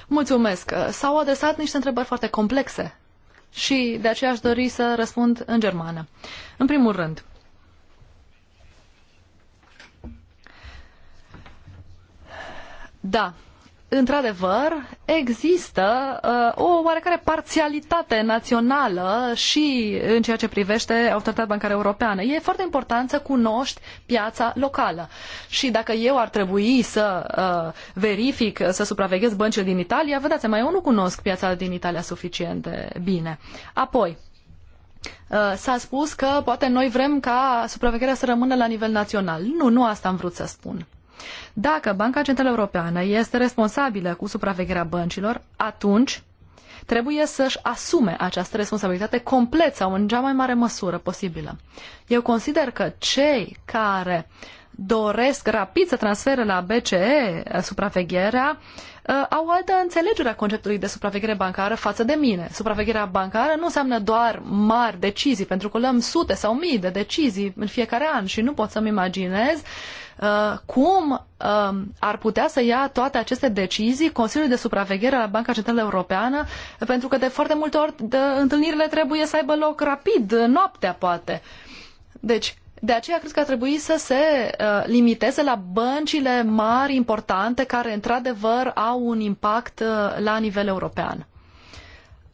Mulțumesc. Uh, s-au adresat niște întrebări foarte complexe și de aceea aș dori să răspund în germană. În primul rând, da, într-adevăr, există uh, o oarecare parțialitate națională și în ceea ce privește Autoritatea Bancară Europeană. E foarte important să cunoști piața locală. Și dacă eu ar trebui să uh, verific, să supraveghez băncile din Italia, vă dați seama, eu nu cunosc piața din Italia suficient de bine. Apoi, uh, S-a spus că poate noi vrem ca supravegherea să rămână la nivel național. Nu, nu asta am vrut să spun. Dacă Banca Centrală Europeană este responsabilă cu supravegherea băncilor, atunci trebuie să-și asume această responsabilitate complet sau în cea mai mare măsură posibilă. Eu consider că cei care doresc rapid să transfere la BCE supravegherea, ă, au o altă înțelegere a conceptului de supraveghere bancară față de mine. Supravegherea bancară nu înseamnă doar mari decizii, pentru că luăm sute sau mii de decizii în fiecare an și nu pot să-mi imaginez Uh, cum um, ar putea să ia toate aceste decizii Consiliul de Supraveghere la Banca Centrală Europeană, pentru că de foarte multe ori întâlnirile trebuie să aibă loc rapid, noaptea poate. Deci, de aceea cred că ar trebui să se uh, limiteze la băncile mari, importante, care într-adevăr au un impact uh, la nivel european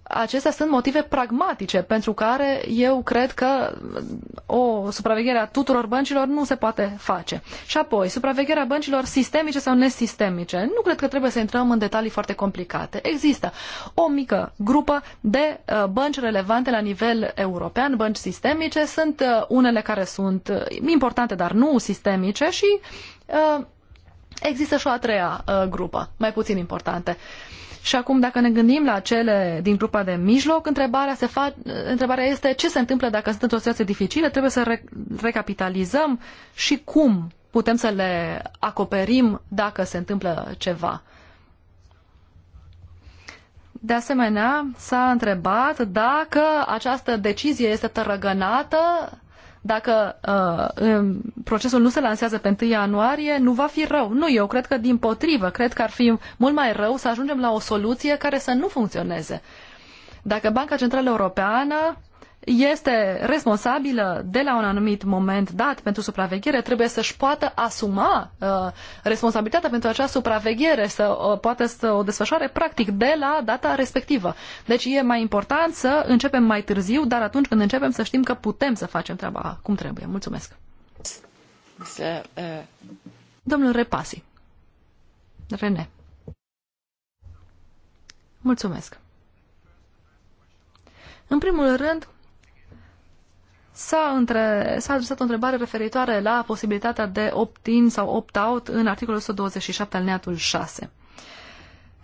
acestea sunt motive pragmatice pentru care eu cred că o supraveghere a tuturor băncilor nu se poate face. Și apoi, supravegherea băncilor sistemice sau nesistemice. Nu cred că trebuie să intrăm în detalii foarte complicate. Există o mică grupă de uh, bănci relevante la nivel european, bănci sistemice. Sunt uh, unele care sunt uh, importante, dar nu sistemice și există și o a treia grupă, mai puțin importante. Uh, și acum, dacă ne gândim la cele din grupa de mijloc, întrebarea, se fa- întrebarea este ce se întâmplă dacă sunt într-o situație dificilă, trebuie să re- recapitalizăm și cum putem să le acoperim dacă se întâmplă ceva. De asemenea, s-a întrebat dacă această decizie este tărăgănată dacă uh, procesul nu se lansează pe 1 ianuarie, nu va fi rău. Nu, eu cred că din potrivă, cred că ar fi mult mai rău să ajungem la o soluție care să nu funcționeze. Dacă Banca Centrală Europeană este responsabilă de la un anumit moment dat pentru supraveghere, trebuie să-și poată asuma uh, responsabilitatea pentru acea supraveghere, să uh, poată să o desfășoare practic de la data respectivă. Deci e mai important să începem mai târziu, dar atunci când începem să știm că putem să facem treaba cum trebuie. Mulțumesc. Domnul Repasi. Rene. Mulțumesc. În primul rând, S-a, între, s-a adresat o întrebare referitoare la posibilitatea de opt-in sau opt-out în articolul 127 al neatul 6.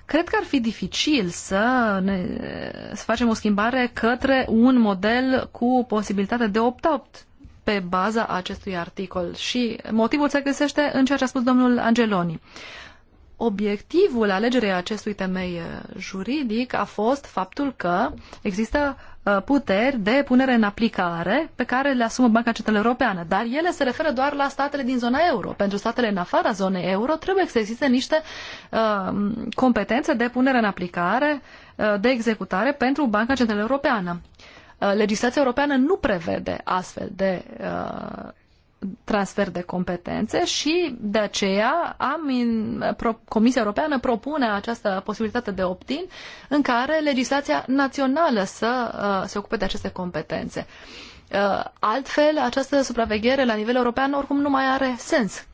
Cred că ar fi dificil să, ne, să facem o schimbare către un model cu posibilitatea de opt-out pe baza acestui articol și motivul se găsește în ceea ce a spus domnul Angeloni. Obiectivul alegerii acestui temei juridic a fost faptul că există Uh, puteri de punere în aplicare pe care le asumă Banca Centrală Europeană, dar ele se referă doar la statele din zona euro. Pentru statele în afara zonei euro trebuie să existe niște uh, competențe de punere în aplicare, uh, de executare pentru Banca Centrală Europeană. Uh, legislația europeană nu prevede astfel de uh, transfer de competențe și de aceea am in, pro, Comisia Europeană propune această posibilitate de optin în care legislația națională să uh, se ocupe de aceste competențe. Uh, altfel, această supraveghere la nivel european oricum nu mai are sens.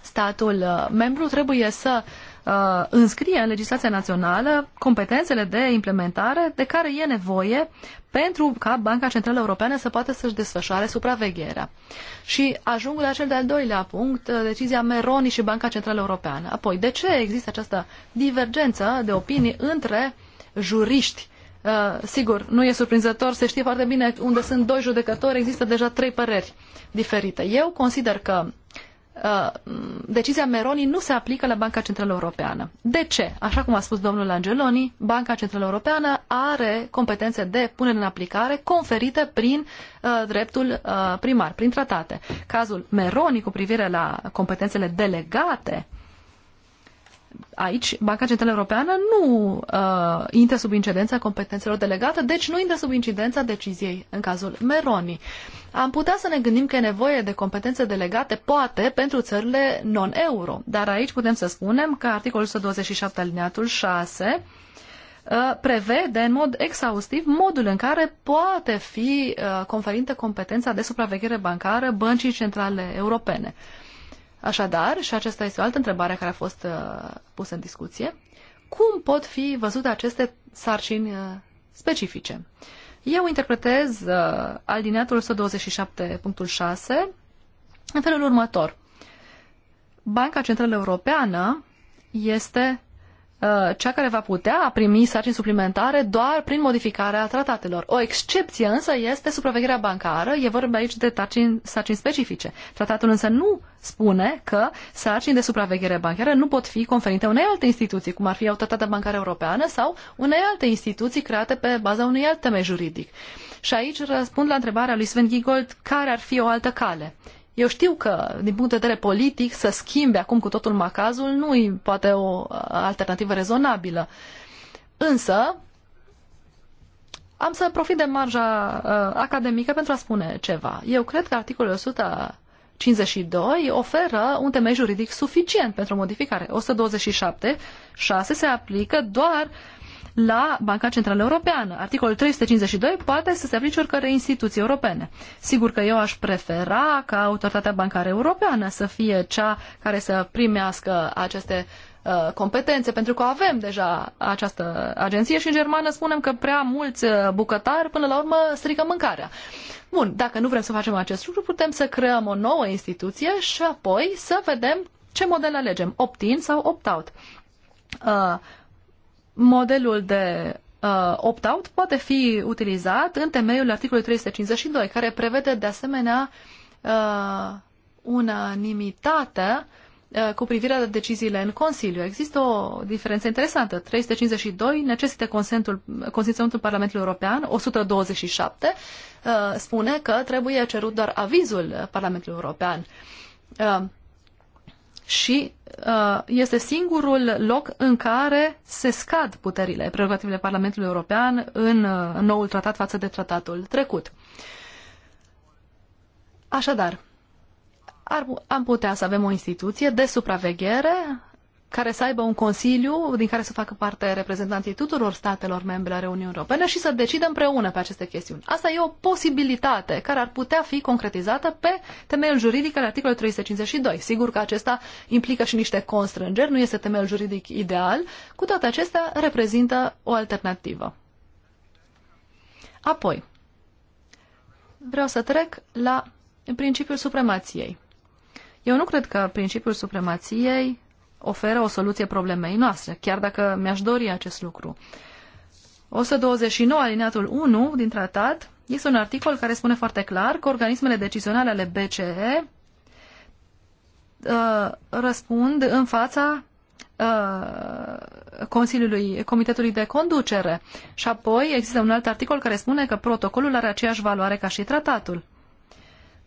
Statul uh, membru trebuie să uh, uh, înscrie în legislația națională competențele de implementare de care e nevoie pentru ca Banca Centrală Europeană să poată să-și desfășoare supravegherea. Și ajung la cel de-al doilea punct, uh, decizia Meroni și Banca Centrală Europeană. Apoi, de ce există această divergență de opinii între juriști Uh, sigur, nu e surprinzător, se știe foarte bine unde sunt doi judecători, există deja trei păreri diferite. Eu consider că Uh, decizia Meroni nu se aplică la Banca Centrală Europeană. De ce? Așa cum a spus domnul Angeloni, Banca Centrală Europeană are competențe de punere în aplicare conferite prin uh, dreptul uh, primar, prin tratate. Cazul Meroni cu privire la competențele delegate aici Banca Centrală Europeană nu uh, intră sub incidența competențelor delegate, deci nu intră sub incidența deciziei în cazul Meroni. Am putea să ne gândim că e nevoie de competențe delegate, poate, pentru țările non-euro, dar aici putem să spunem că articolul 127 alineatul 6 uh, prevede în mod exhaustiv modul în care poate fi uh, conferită competența de supraveghere bancară băncii centrale europene. Așadar, și aceasta este o altă întrebare care a fost uh, pusă în discuție, cum pot fi văzute aceste sarcini uh, specifice? Eu interpretez uh, alineatul 127.6 în felul următor. Banca Centrală Europeană este Uh, cea care va putea primi sarcini suplimentare doar prin modificarea tratatelor. O excepție însă este supravegherea bancară, e vorba aici de sarcini, sarcini specifice. Tratatul însă nu spune că sarcini de supraveghere bancară nu pot fi conferite unei alte instituții, cum ar fi Autoritatea Bancară Europeană sau unei alte instituții create pe baza unui alt mei juridic. Și aici răspund la întrebarea lui Sven Giegold, care ar fi o altă cale. Eu știu că, din punct de vedere politic, să schimbe acum cu totul macazul nu e poate o alternativă rezonabilă. Însă, am să profit de marja uh, academică pentru a spune ceva. Eu cred că articolul 152 oferă un temei juridic suficient pentru modificare. 127.6 se aplică doar uh, la Banca Centrală Europeană. Articolul 352 poate să se aplice oricărei instituții europene. Sigur că eu aș prefera ca Autoritatea Bancară Europeană să fie cea care să primească aceste uh, competențe, pentru că avem deja această agenție și în germană spunem că prea mulți uh, bucătari până la urmă strică mâncarea. Bun, dacă nu vrem să facem acest lucru, putem să creăm o nouă instituție și apoi să vedem ce model alegem, opt-in sau opt-out. Uh, modelul de uh, opt-out poate fi utilizat în temeiul articolului 352, care prevede de asemenea uh, unanimitate uh, cu privire la deciziile în Consiliu. Există o diferență interesantă. 352 necesită consentul, consimțământul Parlamentului European, 127 uh, spune că trebuie cerut doar avizul Parlamentului European. Uh, și uh, este singurul loc în care se scad puterile, prerogativele Parlamentului European în uh, noul tratat față de tratatul trecut. Așadar, ar, am putea să avem o instituție de supraveghere care să aibă un consiliu din care să facă parte reprezentanții tuturor statelor membre ale Uniunii Europene și să decidă împreună pe aceste chestiuni. Asta e o posibilitate care ar putea fi concretizată pe temeiul juridic al articolului 352. Sigur că acesta implică și niște constrângeri, nu este temeiul juridic ideal, cu toate acestea reprezintă o alternativă. Apoi, vreau să trec la principiul supremației. Eu nu cred că principiul supremației oferă o soluție problemei noastre, chiar dacă mi-aș dori acest lucru. 129 alineatul 1 din tratat este un articol care spune foarte clar că organismele decizionale ale BCE uh, răspund în fața uh, Consiliului, Comitetului de Conducere. Și apoi există un alt articol care spune că protocolul are aceeași valoare ca și tratatul.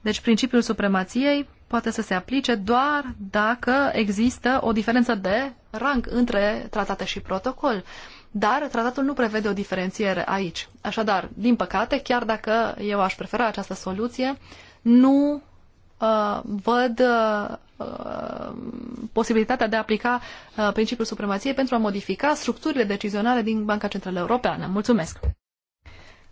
Deci principiul supremației poate să se aplice doar dacă există o diferență de rang între tratate și protocol. Dar tratatul nu prevede o diferențiere aici. Așadar, din păcate, chiar dacă eu aș prefera această soluție, nu uh, văd uh, posibilitatea de a aplica uh, principiul supremației pentru a modifica structurile decizionale din Banca Centrală Europeană. Mulțumesc!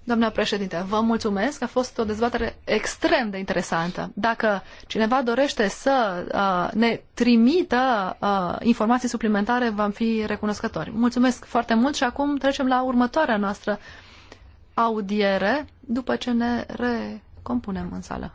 Doamna președinte, vă mulțumesc. A fost o dezbatere extrem de interesantă. Dacă cineva dorește să uh, ne trimită uh, informații suplimentare, vom fi recunoscători. Mulțumesc foarte mult și acum trecem la următoarea noastră audiere după ce ne recompunem în sală.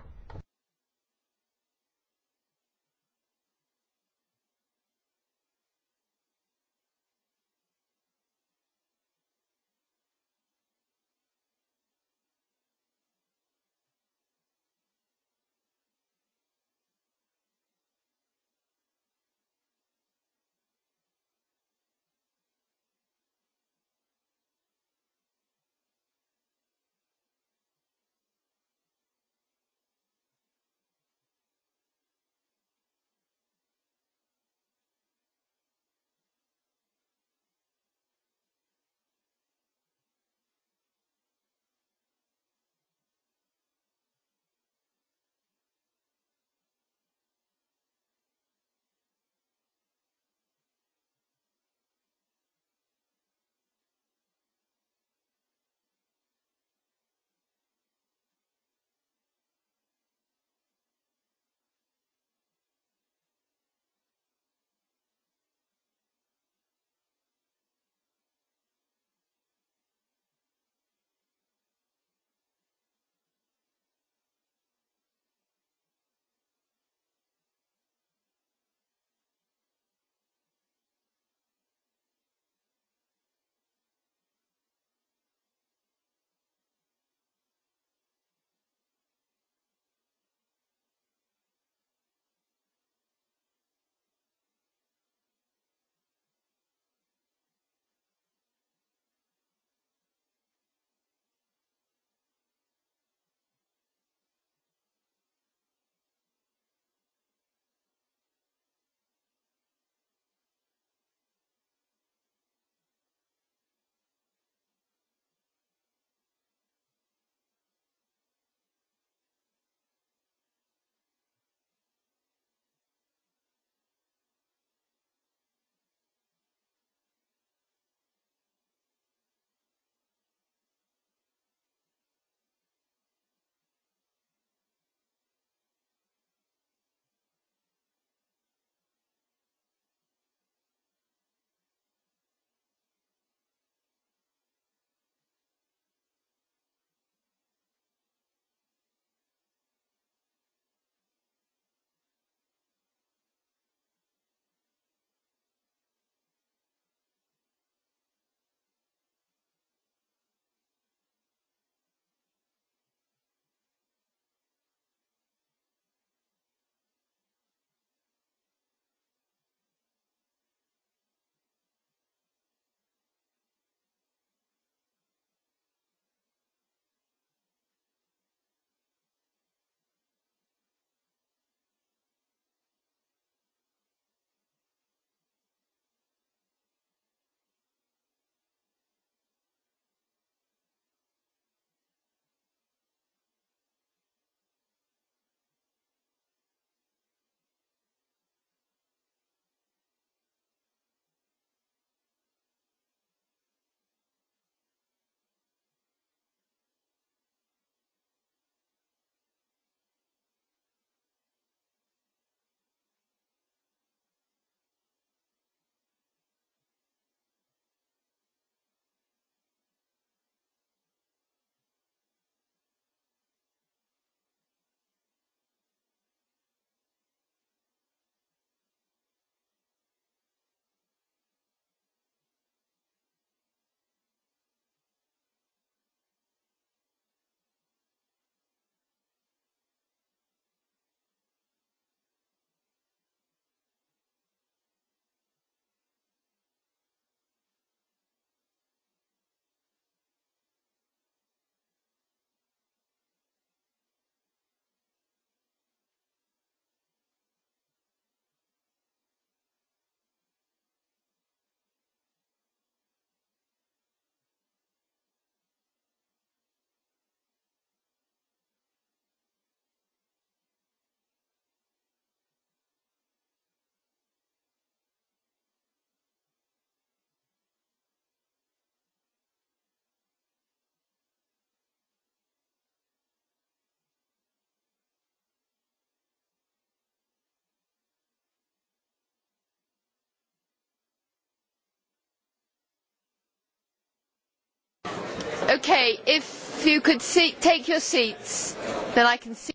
Okay, if you could see, take your seats, then I can see.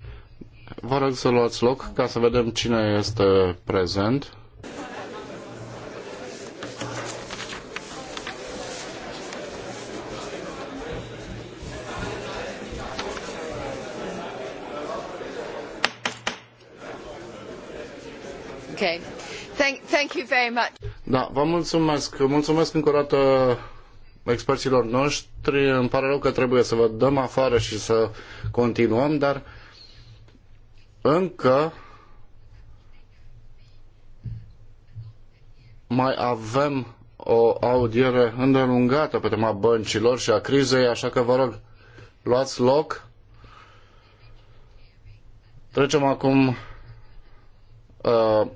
Vă rog să luați loc ca să vedem cine este prezent. Okay. Thank, thank you very much. Da, vă mulțumesc. Mulțumesc încă o dată experților noștri. Îmi pare rău că trebuie să vă dăm afară și să continuăm, dar încă mai avem o audiere îndelungată pe tema băncilor și a crizei, așa că vă rog, luați loc. Trecem acum uh,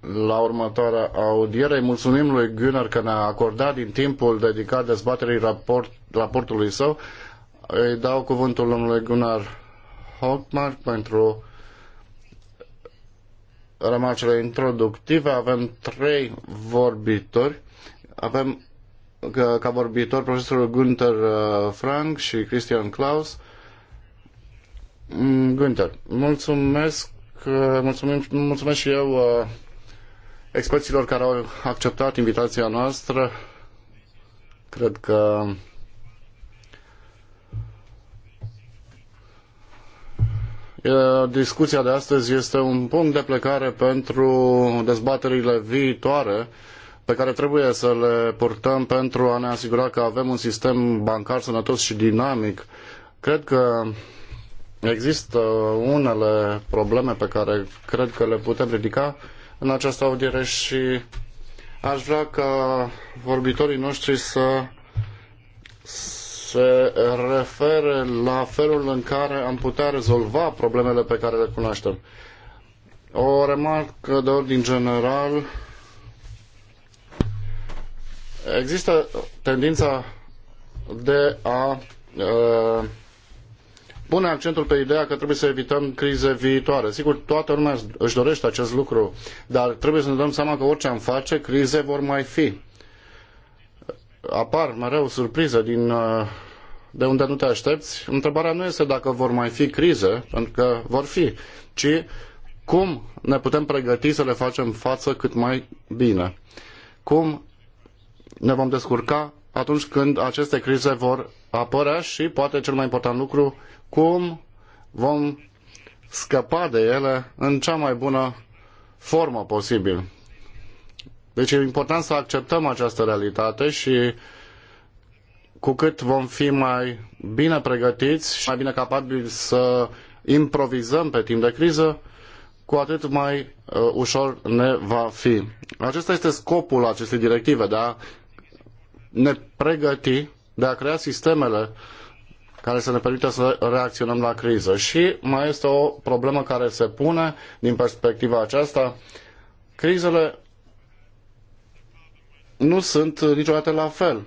la următoarea audiere. Mulțumim lui Gunnar că ne-a acordat din timpul dedicat dezbaterii raport, raportului său. Îi dau cuvântul lui Gunnar Hockmark pentru rămacele introductive. Avem trei vorbitori. Avem ca vorbitor profesorul Günther uh, Frank și Christian Klaus. Mm, Günther, mulțumesc, uh, mulțumim, mulțumesc și eu uh, experților care au acceptat invitația noastră. Cred că discuția de astăzi este un punct de plecare pentru dezbaterile viitoare pe care trebuie să le purtăm pentru a ne asigura că avem un sistem bancar sănătos și dinamic. Cred că există unele probleme pe care cred că le putem ridica în această audiere și aș vrea ca vorbitorii noștri să se refere la felul în care am putea rezolva problemele pe care le cunoaștem. O remarcă de ordin general. Există tendința de a uh, pune accentul pe ideea că trebuie să evităm crize viitoare. Sigur, toată lumea își dorește acest lucru, dar trebuie să ne dăm seama că orice am face, crize vor mai fi. Apar mereu surprize din, uh, de unde nu te aștepți. Întrebarea nu este dacă vor mai fi crize, pentru că vor fi, ci cum ne putem pregăti să le facem față cât mai bine. Cum ne vom descurca atunci când aceste crize vor apărea și, poate cel mai important lucru, cum vom scăpa de ele în cea mai bună formă posibil. Deci e important să acceptăm această realitate și cu cât vom fi mai bine pregătiți și mai bine capabili să improvizăm pe timp de criză, cu atât mai uh, ușor ne va fi. Acesta este scopul acestei directive, de a ne pregăti, de a crea sistemele uh, care să ne permită să reacționăm la criză. Și mai este o problemă care se pune din perspectiva aceasta. Crizele nu sunt niciodată la fel.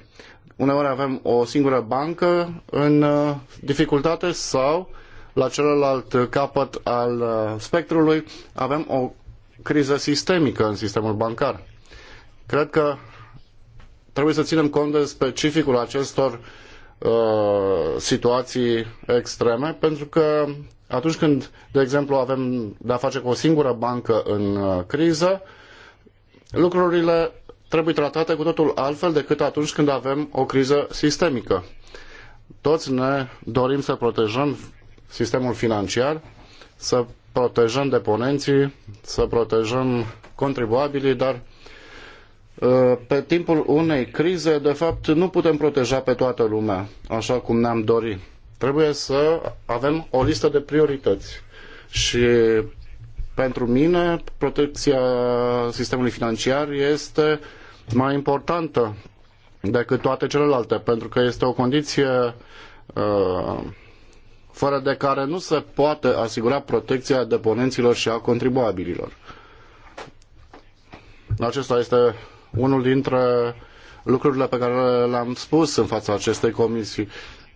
Uneori avem o singură bancă în uh, dificultate sau la celălalt capăt al uh, spectrului avem o criză sistemică în sistemul bancar. Cred că trebuie să ținem cont de specificul acestor Uh, situații extreme, pentru că atunci când, de exemplu, avem de-a face cu o singură bancă în uh, criză, lucrurile trebuie tratate cu totul altfel decât atunci când avem o criză sistemică. Toți ne dorim să protejăm sistemul financiar, să protejăm deponenții, să protejăm contribuabilii, dar Uh, pe timpul unei crize, de fapt, nu putem proteja pe toată lumea, așa cum ne-am dorit. Trebuie să avem o listă de priorități. Și pentru mine, protecția sistemului financiar este mai importantă decât toate celelalte, pentru că este o condiție uh, fără de care nu se poate asigura protecția deponenților și a contribuabililor. Acesta este unul dintre lucrurile pe care le-am spus în fața acestei comisii.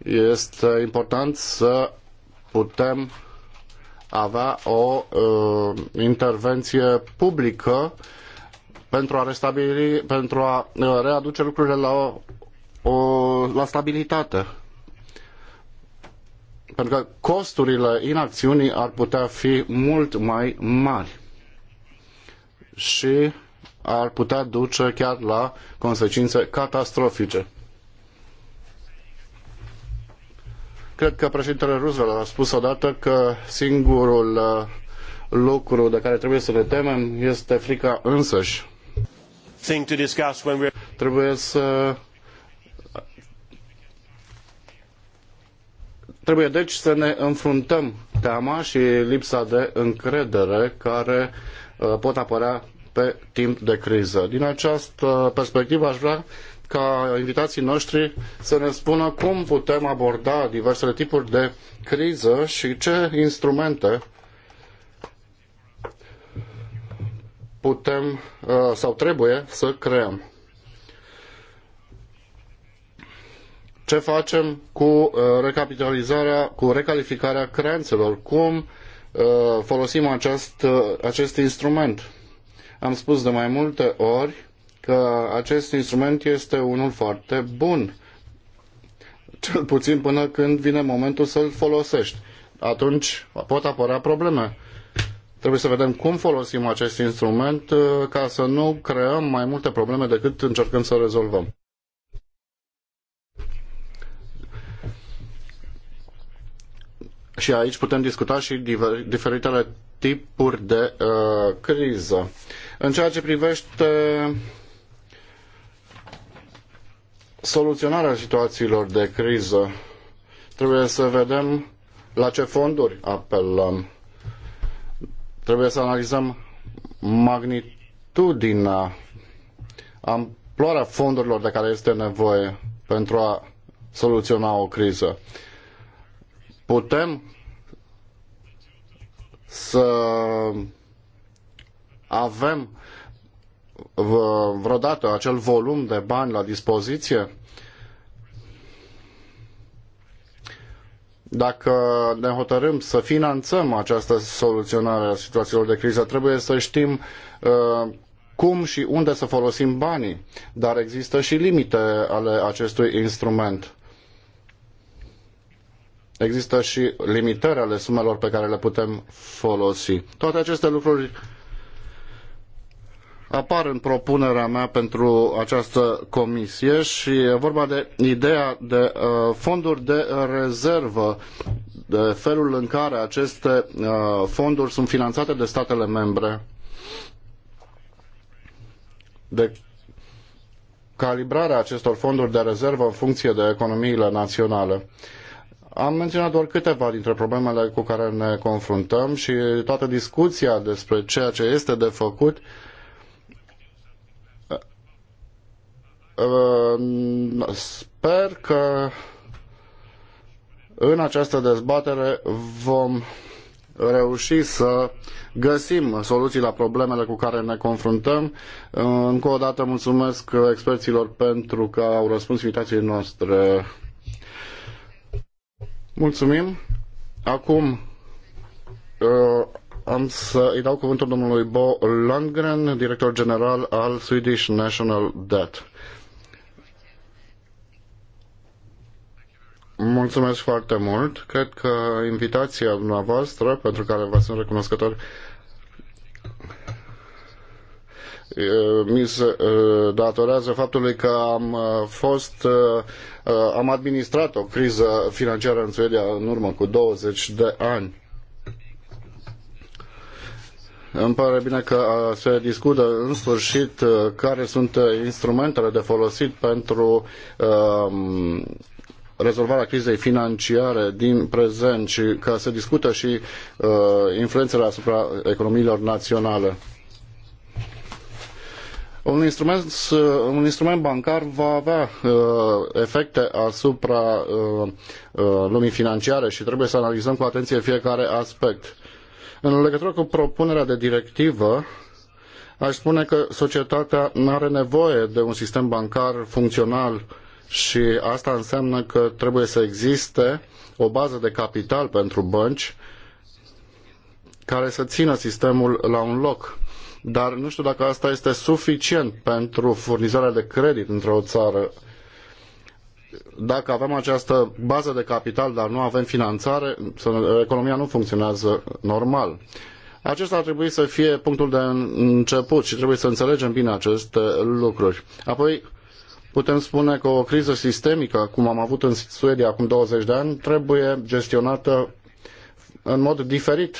Este important să putem avea o uh, intervenție publică pentru a restabili, pentru a uh, readuce lucrurile la, o, la stabilitate. Pentru că costurile inacțiunii ar putea fi mult mai mari. Și ar putea duce chiar la consecințe catastrofice. Cred că președintele Roosevelt a spus odată că singurul uh, lucru de care trebuie să ne temem este frica însăși. Trebuie să Trebuie deci să ne înfruntăm teama și lipsa de încredere care uh, pot apărea pe timp de criză. Din această perspectivă aș vrea ca invitații noștri să ne spună cum putem aborda diversele tipuri de criză și ce instrumente putem uh, sau trebuie să creăm. Ce facem cu uh, recapitalizarea, cu recalificarea creanțelor? Cum uh, folosim acest, acest instrument? Am spus de mai multe ori că acest instrument este unul foarte bun, cel puțin până când vine momentul să-l folosești. Atunci pot apărea probleme. Trebuie să vedem cum folosim acest instrument uh, ca să nu creăm mai multe probleme decât încercăm să rezolvăm. Și aici putem discuta și diferitele tipuri de uh, criză. Uh, în ceea ce privește soluționarea situațiilor de criză, trebuie să vedem la ce fonduri apelăm. Trebuie să analizăm magnitudinea, amploarea fondurilor de care este nevoie pentru a soluționa o criză. Putem să avem vreodată acel volum de bani la dispoziție? Dacă ne hotărâm să finanțăm această soluționare a situațiilor de criză, trebuie să știm uh, cum și unde să folosim banii, dar există și limite ale acestui instrument. Există și limitări ale sumelor pe care le putem folosi. Toate aceste lucruri apar în propunerea mea pentru această comisie și e vorba de ideea de uh, fonduri de rezervă, de felul în care aceste uh, fonduri sunt finanțate de statele membre, de calibrarea acestor fonduri de rezervă în funcție de economiile naționale. Am menționat doar câteva dintre problemele cu care ne confruntăm și toată discuția despre ceea ce este de făcut uh, Sper că în această dezbatere vom reuși să găsim soluții la problemele cu care ne confruntăm. Încă o dată mulțumesc experților pentru că au răspuns invitației noastre. Mulțumim. Acum uh, am să îi dau cuvântul domnului Bo Lundgren, director general al Swedish National Debt. Mulțumesc foarte mult. Cred că invitația dumneavoastră, pentru care vă sunt recunoscător, mi se uh, datorează faptului că am uh, fost uh, am administrat o criză financiară în Suedia în urmă cu 20 de ani. Îmi pare bine că se discută în sfârșit care sunt instrumentele de folosit pentru rezolvarea crizei financiare din prezent și că se discută și uh, influențele asupra economiilor naționale. Un instrument, uh, un instrument bancar va avea uh, efecte asupra uh, uh, lumii financiare și trebuie să analizăm cu atenție fiecare aspect. În legătură cu propunerea de directivă, aș spune că societatea nu are nevoie de un sistem bancar funcțional uh, și asta înseamnă că trebuie să existe o bază de capital pentru bănci care să țină sistemul la un loc. Dar nu știu dacă asta este suficient pentru furnizarea de credit într-o țară. Dacă avem această bază de capital, dar nu avem finanțare, economia nu funcționează normal. Acesta ar trebui să fie punctul de început și trebuie să înțelegem bine aceste lucruri. Apoi, putem spune că o criză sistemică, cum am avut în Suedia acum 20 de ani, trebuie gestionată în mod diferit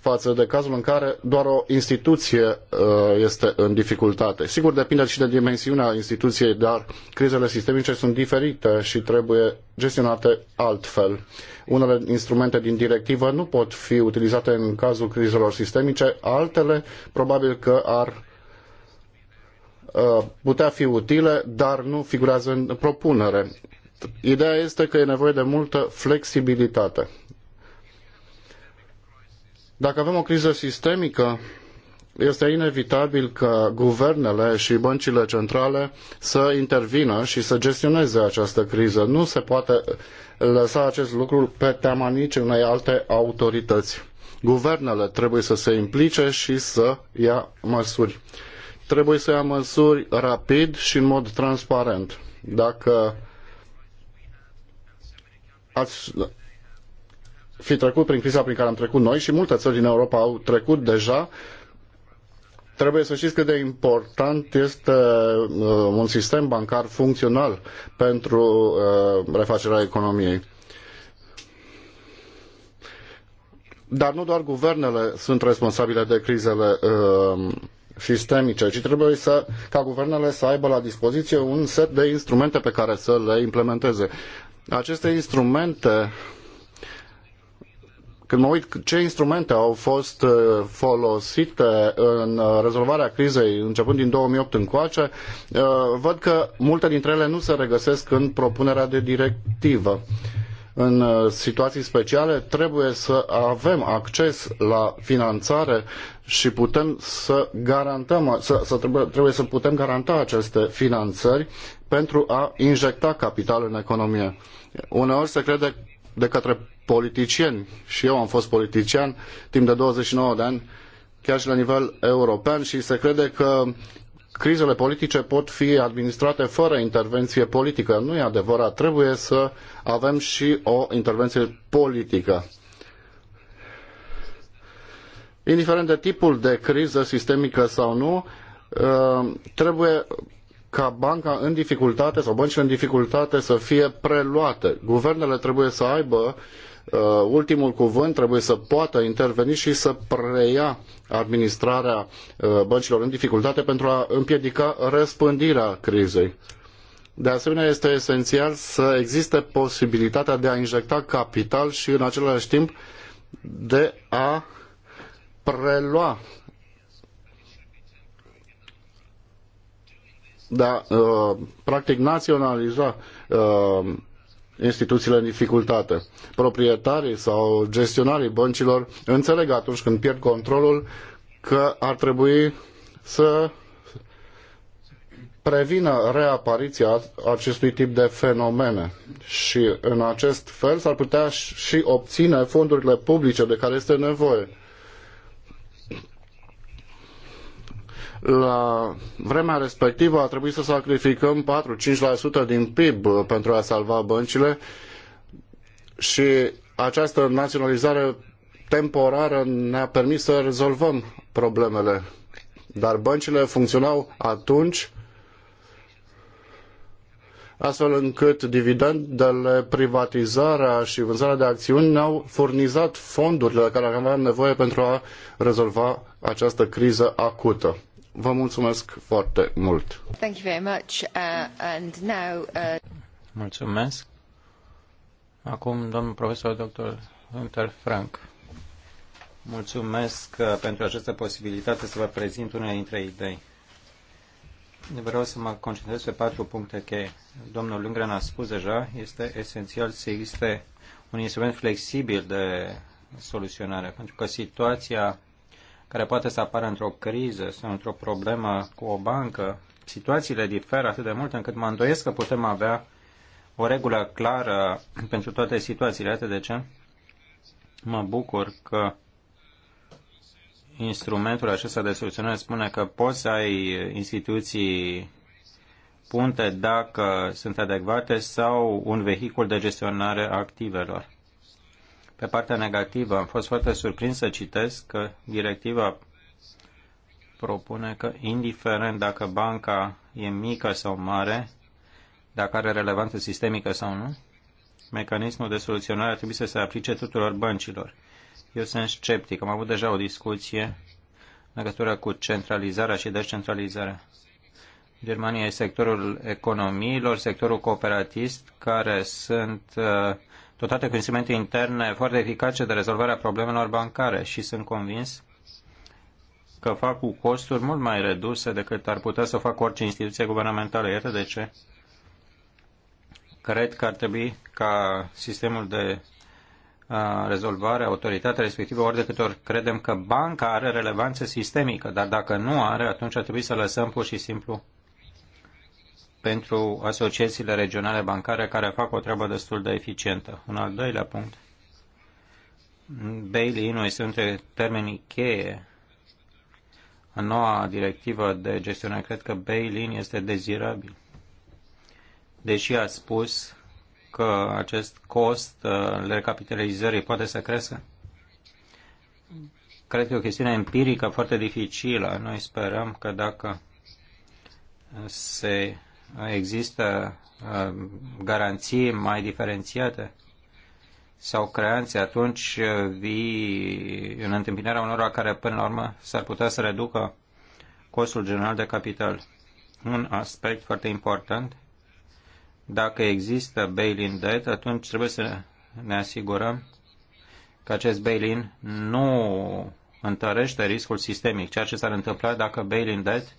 față de cazul în care doar o instituție uh, este în dificultate. Sigur, depinde și de dimensiunea instituției, dar crizele sistemice sunt diferite și trebuie gestionate altfel. Unele instrumente din directivă nu pot fi utilizate în cazul crizelor sistemice, altele probabil că ar Uh, putea fi utile, dar nu figurează în propunere. Ideea este că e nevoie de multă flexibilitate. Dacă avem o criză sistemică, este inevitabil ca guvernele și băncile centrale să intervină și să gestioneze această criză. Nu se poate lăsa acest lucru pe teama nici unei alte autorități. Guvernele trebuie să se implice și să ia măsuri trebuie să ia măsuri rapid și în mod transparent. Dacă ați fi trecut prin criza prin care am trecut noi și multe țări din Europa au trecut deja, trebuie să știți cât de important este uh, un sistem bancar funcțional pentru uh, refacerea economiei. Dar nu doar guvernele sunt responsabile de crizele uh, sistemice, ci trebuie să, ca guvernele să aibă la dispoziție un set de instrumente pe care să le implementeze. Aceste instrumente, când mă uit ce instrumente au fost uh, folosite în uh, rezolvarea crizei începând din 2008 încoace, uh, văd că multe dintre ele nu se regăsesc în propunerea de directivă în uh, situații speciale trebuie să avem acces la finanțare și putem să garantăm, uh, să, să trebuie, trebuie să putem garanta aceste finanțări pentru a injecta capital în economie. Uneori se crede de către politicieni, și eu am fost politician timp de 29 de ani, chiar și la nivel european și se crede că crizele politice pot fi administrate fără intervenție politică. Nu e adevărat. Trebuie să avem și o intervenție politică. Indiferent de tipul de criză sistemică sau nu, uh, trebuie ca banca în dificultate sau băncile în dificultate să fie preluate. Guvernele trebuie să aibă Uh, ultimul cuvânt trebuie să poată interveni și să preia administrarea uh, băncilor în dificultate pentru a împiedica răspândirea crizei. De asemenea, este esențial să existe posibilitatea de a injecta capital și în același timp de a prelua de a, uh, practic naționaliza instituțiile în dificultate. Proprietarii sau gestionarii băncilor înțeleg atunci când pierd controlul că ar trebui să prevină reapariția acestui tip de fenomene și în acest fel s-ar putea și obține fondurile publice de care este nevoie. la vremea respectivă a trebuit să sacrificăm 4-5% din PIB pentru a salva băncile și această naționalizare temporară ne-a permis să rezolvăm problemele. Dar băncile funcționau atunci astfel încât dividendele, privatizarea și vânzarea de acțiuni ne-au furnizat fondurile de care aveam nevoie pentru a rezolva această criză acută. Vă mulțumesc foarte mult. Thank you very much. Uh, and now, uh... Mulțumesc. Acum, domnul profesor dr. Hunter Frank. Mulțumesc uh, pentru această posibilitate să vă prezint una dintre idei. Vreau să mă concentrez pe patru puncte cheie. Domnul Lundgren a spus deja, este esențial să existe un instrument flexibil de soluționare, pentru că situația care poate să apară într-o criză sau într-o problemă cu o bancă, situațiile diferă atât de mult încât mă îndoiesc că putem avea o regulă clară pentru toate situațiile. Atât de ce mă bucur că instrumentul acesta de soluționare spune că poți să ai instituții punte dacă sunt adecvate sau un vehicul de gestionare a activelor. Pe partea negativă, am fost foarte surprins să citesc că directiva propune că, indiferent dacă banca e mică sau mare, dacă are relevanță sistemică sau nu, mecanismul de soluționare ar trebui să se aplice tuturor băncilor. Eu sunt sceptic. Am avut deja o discuție în legătură cu centralizarea și descentralizarea. Germania e sectorul economiilor, sectorul cooperatist, care sunt uh, dotate cu instrumente interne foarte eficace de rezolvare a problemelor bancare și sunt convins că fac cu costuri mult mai reduse decât ar putea să facă orice instituție guvernamentală. Iată de ce cred că ar trebui ca sistemul de rezolvare, autoritatea respectivă, ori de câte ori credem că banca are relevanță sistemică, dar dacă nu are, atunci ar trebui să lăsăm pur și simplu pentru asociațiile regionale bancare care fac o treabă destul de eficientă. Un al doilea punct. Bail-in-ul este între termenii cheie în noua directivă de gestionare. Cred că bail-in este dezirabil. Deși a spus că acest cost uh, al recapitalizării poate să crească, cred că e o chestiune empirică foarte dificilă. Noi sperăm că dacă se există uh, garanții mai diferențiate sau creanțe, atunci uh, vii în întâmpinarea unor care până la urmă s-ar putea să reducă costul general de capital. Un aspect foarte important, dacă există bail-in debt, atunci trebuie să ne asigurăm că acest bail-in nu întărește riscul sistemic, ceea ce s-ar întâmpla dacă bail-in debt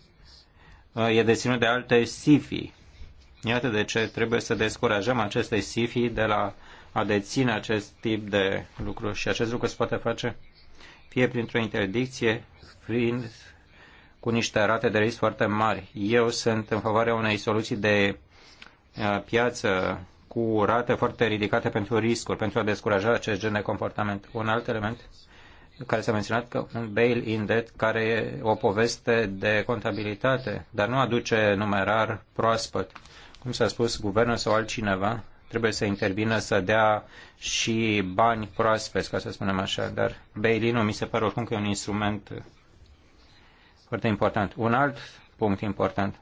Uh, e deținut de alte sifii. Iată de ce trebuie să descurajăm aceste sifii de la a deține acest tip de lucruri și acest lucru se poate face fie printr-o interdicție, fiind cu niște rate de risc foarte mari. Eu sunt în favoarea unei soluții de uh, piață cu rate foarte ridicate pentru riscuri, pentru a descuraja acest gen de comportament. Un alt element care s-a menționat că un bail-in debt care e o poveste de contabilitate, dar nu aduce numerar proaspăt. Cum s-a spus, guvernul sau altcineva trebuie să intervină să dea și bani proaspeți, ca să spunem așa, dar bail-in-ul mi se pare oricum că e un instrument foarte important. Un alt punct important.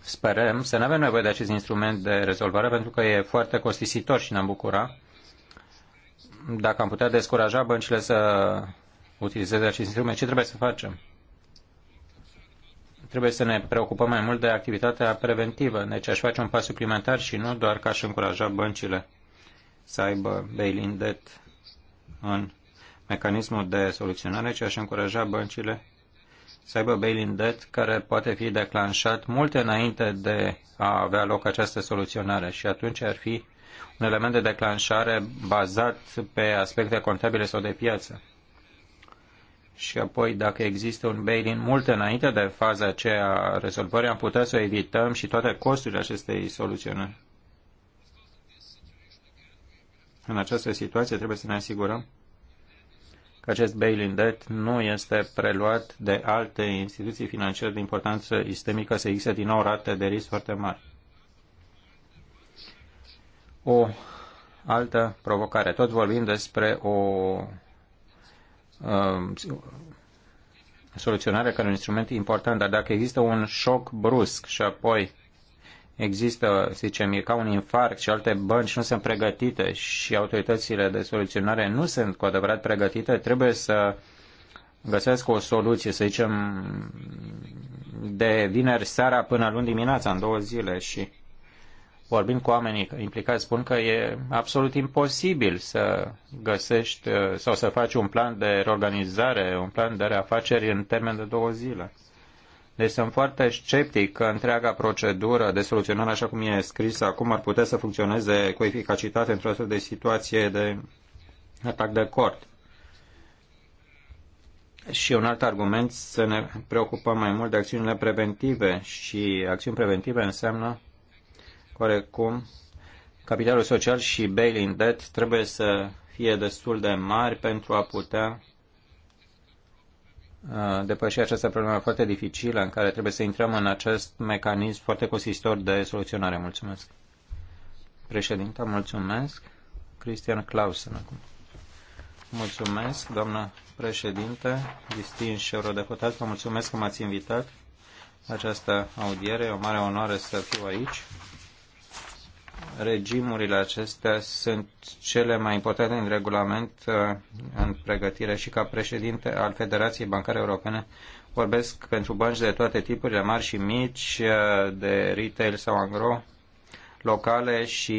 Sperăm să nu avem nevoie de acest instrument de rezolvare pentru că e foarte costisitor și ne-am bucurat dacă am putea descuraja băncile să utilizeze acest instrument, ce trebuie să facem? Trebuie să ne preocupăm mai mult de activitatea preventivă, deci aș face un pas suplimentar și nu doar ca aș încuraja băncile să aibă bail-in debt în mecanismul de soluționare, ci aș încuraja băncile să aibă bail-in debt care poate fi declanșat mult înainte de a avea loc această soluționare și atunci ar fi un element de declanșare bazat pe aspecte contabile sau de piață. Și apoi, dacă există un bail-in mult înainte de faza aceea a rezolvării, am putea să evităm și toate costurile acestei soluționări. În această situație trebuie să ne asigurăm că acest bail-in debt nu este preluat de alte instituții financiare de importanță sistemică, să existe din nou rate de risc foarte mari. O altă provocare. Tot vorbim despre o um, soluționare care un instrument important, dar dacă există un șoc brusc și apoi există, să zicem, e ca un infarct și alte bănci nu sunt pregătite și autoritățile de soluționare nu sunt cu adevărat pregătite, trebuie să găsească o soluție, să zicem, de vineri seara până luni dimineața, în două zile și vorbind cu oamenii implicați, spun că e absolut imposibil să găsești uh, sau să faci un plan de reorganizare, un plan de reafaceri în termen de două zile. Deci sunt foarte sceptic că întreaga procedură de soluționare, așa cum e scrisă acum, ar putea să funcționeze cu eficacitate într-o astfel de situație de atac de cort. Și un alt argument, să ne preocupăm mai mult de acțiunile preventive și acțiuni preventive înseamnă oarecum capitalul social și bail-in debt trebuie să fie destul de mari pentru a putea uh, depăși această problemă foarte dificilă în care trebuie să intrăm în acest mecanism foarte consistor de soluționare. Mulțumesc. Președinte, mulțumesc. Cristian Clausen acum. Mulțumesc, doamnă președinte, distinși eurodeputați, vă mulțumesc că m-ați invitat la această audiere. E o mare onoare să fiu aici regimurile acestea sunt cele mai importante în regulament uh, în pregătire și ca președinte al Federației Bancare Europene vorbesc pentru bănci de toate tipurile, mari și mici, uh, de retail sau angro, locale și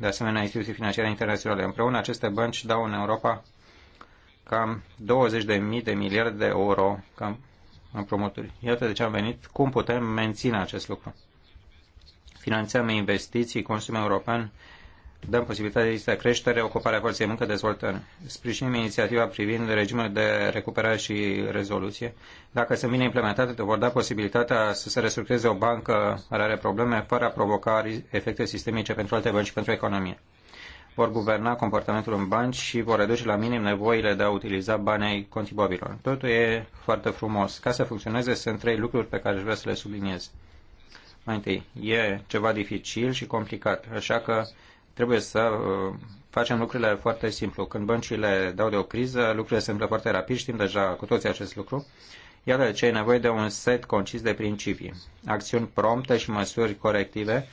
de asemenea instituții financiare internaționale. Împreună aceste bănci dau în Europa cam 20.000 de miliarde de euro cam în promoturi. Iată de ce am venit, cum putem menține acest lucru finanțăm investiții, consumul european, dăm posibilitatea de creștere, ocuparea forței de muncă, dezvoltare. Sprijinim inițiativa privind regimul de recuperare și rezoluție. Dacă sunt bine implementate, te vor da posibilitatea să se restructureze o bancă care are probleme fără a provoca efecte sistemice pentru alte bănci și pentru economie. Vor guverna comportamentul în bani și vor reduce la minim nevoile de a utiliza banii contribuabilor. Totul e foarte frumos. Ca să funcționeze, sunt trei lucruri pe care aș vrea să le subliniez. Mai întâi, e ceva dificil și complicat, așa că trebuie să uh, facem lucrurile foarte simplu. Când băncile dau de o criză, lucrurile se întâmplă foarte rapid, știm deja cu toții acest lucru. Iată de ce e nevoie de un set concis de principii, acțiuni prompte și măsuri corective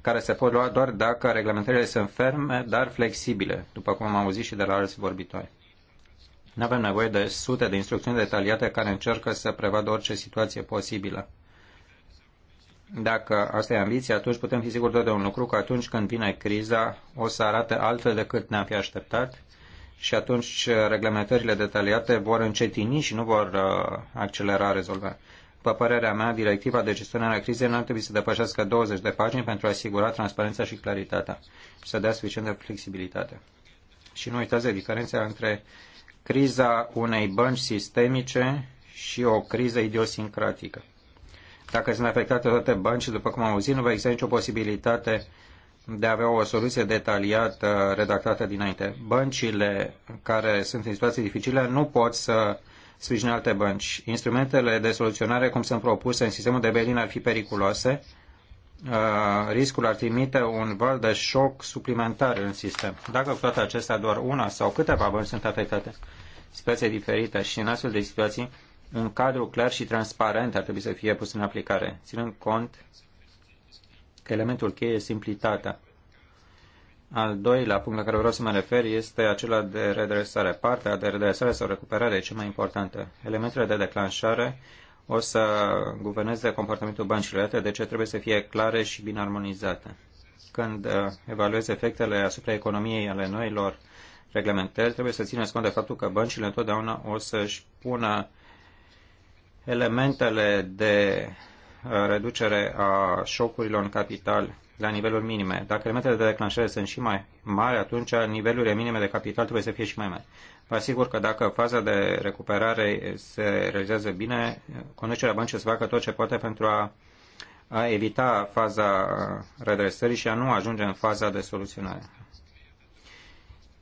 care se pot lua doar dacă reglementările sunt ferme, dar flexibile, după cum am auzit și de la alți vorbitori. Nu avem nevoie de sute de instrucțiuni detaliate care încearcă să prevadă orice situație posibilă. Dacă asta e ambiția, atunci putem fi siguri doar de un lucru, că atunci când vine criza o să arate altfel decât ne-am fi așteptat și atunci reglementările detaliate vor încetini și nu vor uh, accelera rezolvarea. După părerea mea, directiva de gestionare a crizei nu ar trebui să depășească 20 de pagini pentru a asigura transparența și claritatea și să dea suficientă flexibilitate. Și nu uitați de diferența între criza unei bănci sistemice și o criză idiosincratică. Dacă sunt afectate toate băncile, după cum am auzit, nu va exista nicio posibilitate de a avea o soluție detaliată redactată dinainte. Băncile care sunt în situații dificile nu pot să sprijine alte bănci. Instrumentele de soluționare, cum sunt propuse în sistemul de Berlin, ar fi periculoase. Uh, riscul ar trimite un val de șoc suplimentar în sistem. Dacă cu toate acestea doar una sau câteva bănci sunt afectate, situații diferite și în astfel de situații, un cadru clar și transparent ar trebui să fie pus în aplicare, ținând cont că elementul cheie e simplitatea. Al doilea punct la care vreau să mă refer este acela de redresare. Partea de redresare sau recuperare e cea mai importantă. Elementele de declanșare o să guverneze comportamentul băncilor, de ce trebuie să fie clare și bine armonizate. Când uh, evaluezi efectele asupra economiei ale noilor reglementări, trebuie să țineți cont de faptul că băncile întotdeauna o să-și pună elementele de uh, reducere a șocurilor în capital la nivelul minime. Dacă elementele de declanșare sunt și mai mari, atunci nivelurile minime de capital trebuie să fie și mai mari. Vă asigur că dacă faza de recuperare se realizează bine, conducerea băncii să facă tot ce poate pentru a, a evita faza redresării și a nu ajunge în faza de soluționare.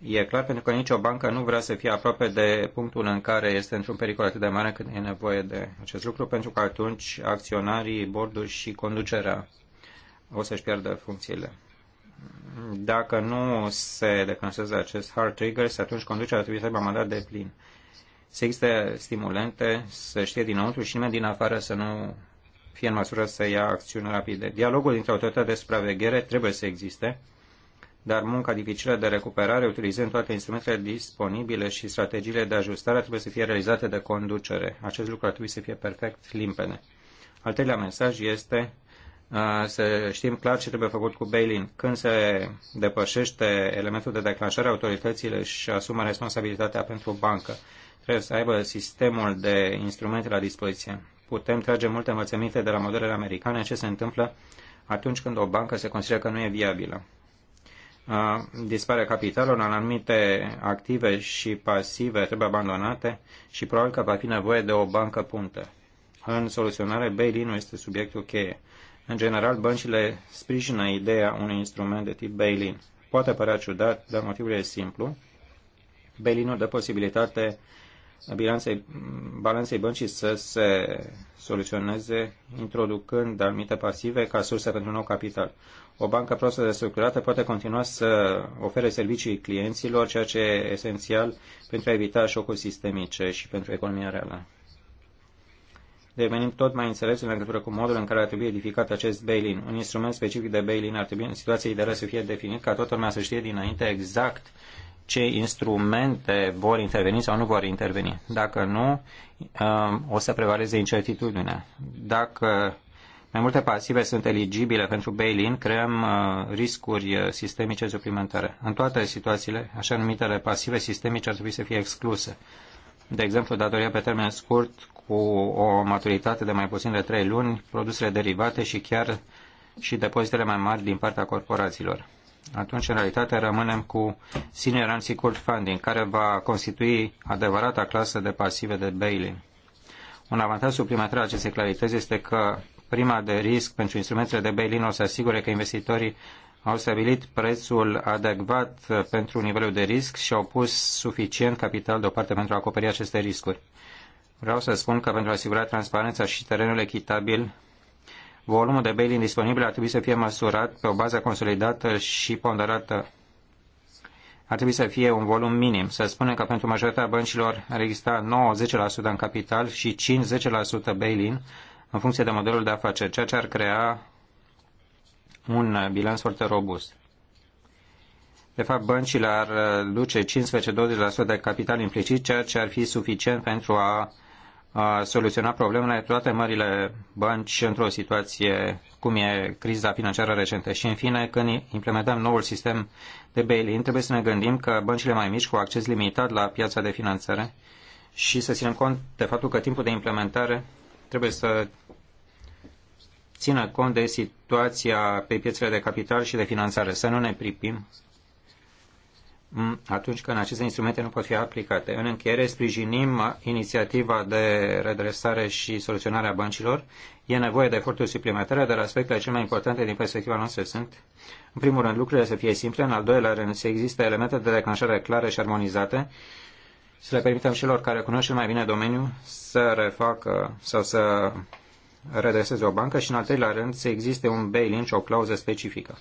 E clar pentru că nicio bancă nu vrea să fie aproape de punctul în care este într-un pericol atât de mare când e nevoie de acest lucru, pentru că atunci acționarii, bordul și conducerea o să-și pierdă funcțiile. Dacă nu se declanșează acest hard trigger, atunci conducerea trebuie să aibă mandat de plin. Să existe stimulente, să știe dinăuntru și nimeni din afară să nu fie în măsură să ia acțiuni rapide. Dialogul dintre autoritatea de supraveghere trebuie să existe dar munca dificilă de recuperare, utilizând toate instrumentele disponibile și strategiile de ajustare, trebuie să fie realizate de conducere. Acest lucru ar trebui să fie perfect limpede. Al treilea mesaj este uh, să știm clar ce trebuie făcut cu bail-in. Când se depășește elementul de declanșare, autoritățile își asumă responsabilitatea pentru bancă. Trebuie să aibă sistemul de instrumente la dispoziție. Putem trage multe învățăminte de la modelele americane ce se întâmplă atunci când o bancă se consideră că nu e viabilă dispare capitalul în anumite active și pasive trebuie abandonate și probabil că va fi nevoie de o bancă punte. În soluționare, bail-in nu este subiectul cheie. În general, băncile sprijină ideea unui instrument de tip bail-in. Poate părea ciudat, dar motivul e simplu. Bail-in-ul dă posibilitate bilanței, balanței băncii să se soluționeze introducând anumite pasive ca surse pentru nou capital. O bancă proastă restructurată poate continua să ofere servicii clienților, ceea ce e esențial pentru a evita șocuri sistemice și pentru economia reală. Devenim tot mai înțelepți în legătură cu modul în care ar trebui edificat acest bail-in. Un instrument specific de bail-in ar trebui în situații de să fie definit ca toată lumea să știe dinainte exact ce instrumente vor interveni sau nu vor interveni. Dacă nu, um, o să prevaleze incertitudinea. Dacă mai multe pasive sunt eligibile pentru bail-in, creăm uh, riscuri uh, sistemice suplimentare. În toate situațiile, așa numitele pasive sistemice ar trebui să fie excluse. De exemplu, datoria pe termen scurt cu o maturitate de mai puțin de 3 luni, produsele derivate și chiar și depozitele mai mari din partea corporațiilor atunci în realitate rămânem cu senior unsecured funding, care va constitui adevărata clasă de pasive de bail-in. Un avantaj suplimentar al acestei clarități este că prima de risc pentru instrumentele de bail-in o să asigure că investitorii au stabilit prețul adecvat pentru nivelul de risc și au pus suficient capital deoparte pentru a acoperi aceste riscuri. Vreau să spun că pentru a asigura transparența și terenul echitabil volumul de bail-in disponibil ar trebui să fie măsurat pe o bază consolidată și ponderată. Ar trebui să fie un volum minim. Să spunem că pentru majoritatea băncilor ar exista 90% în capital și 5-10% bail-in în funcție de modelul de afaceri, ceea ce ar crea un bilanț foarte robust. De fapt, băncile ar duce 15-20% de capital implicit, ceea ce ar fi suficient pentru a a soluționa problemele toate marile bănci într-o situație cum e criza financiară recentă. Și în fine, când implementăm noul sistem de bail-in, trebuie să ne gândim că băncile mai mici cu acces limitat la piața de finanțare și să ținem cont de faptul că timpul de implementare trebuie să țină cont de situația pe piețele de capital și de finanțare, să nu ne pripim atunci când aceste instrumente nu pot fi aplicate. În încheiere, sprijinim inițiativa de redresare și soluționare a băncilor. E nevoie de eforturi suplimentare, dar aspectele cele mai importante din perspectiva noastră sunt, în primul rând, lucrurile să fie simple, în al doilea rând, să existe elemente de declanșare clare și armonizate, să le permitem celor care cunosc cel mai bine domeniul să refacă sau să redreseze o bancă și, în al treilea rând, să existe un bail-in și o clauză specifică.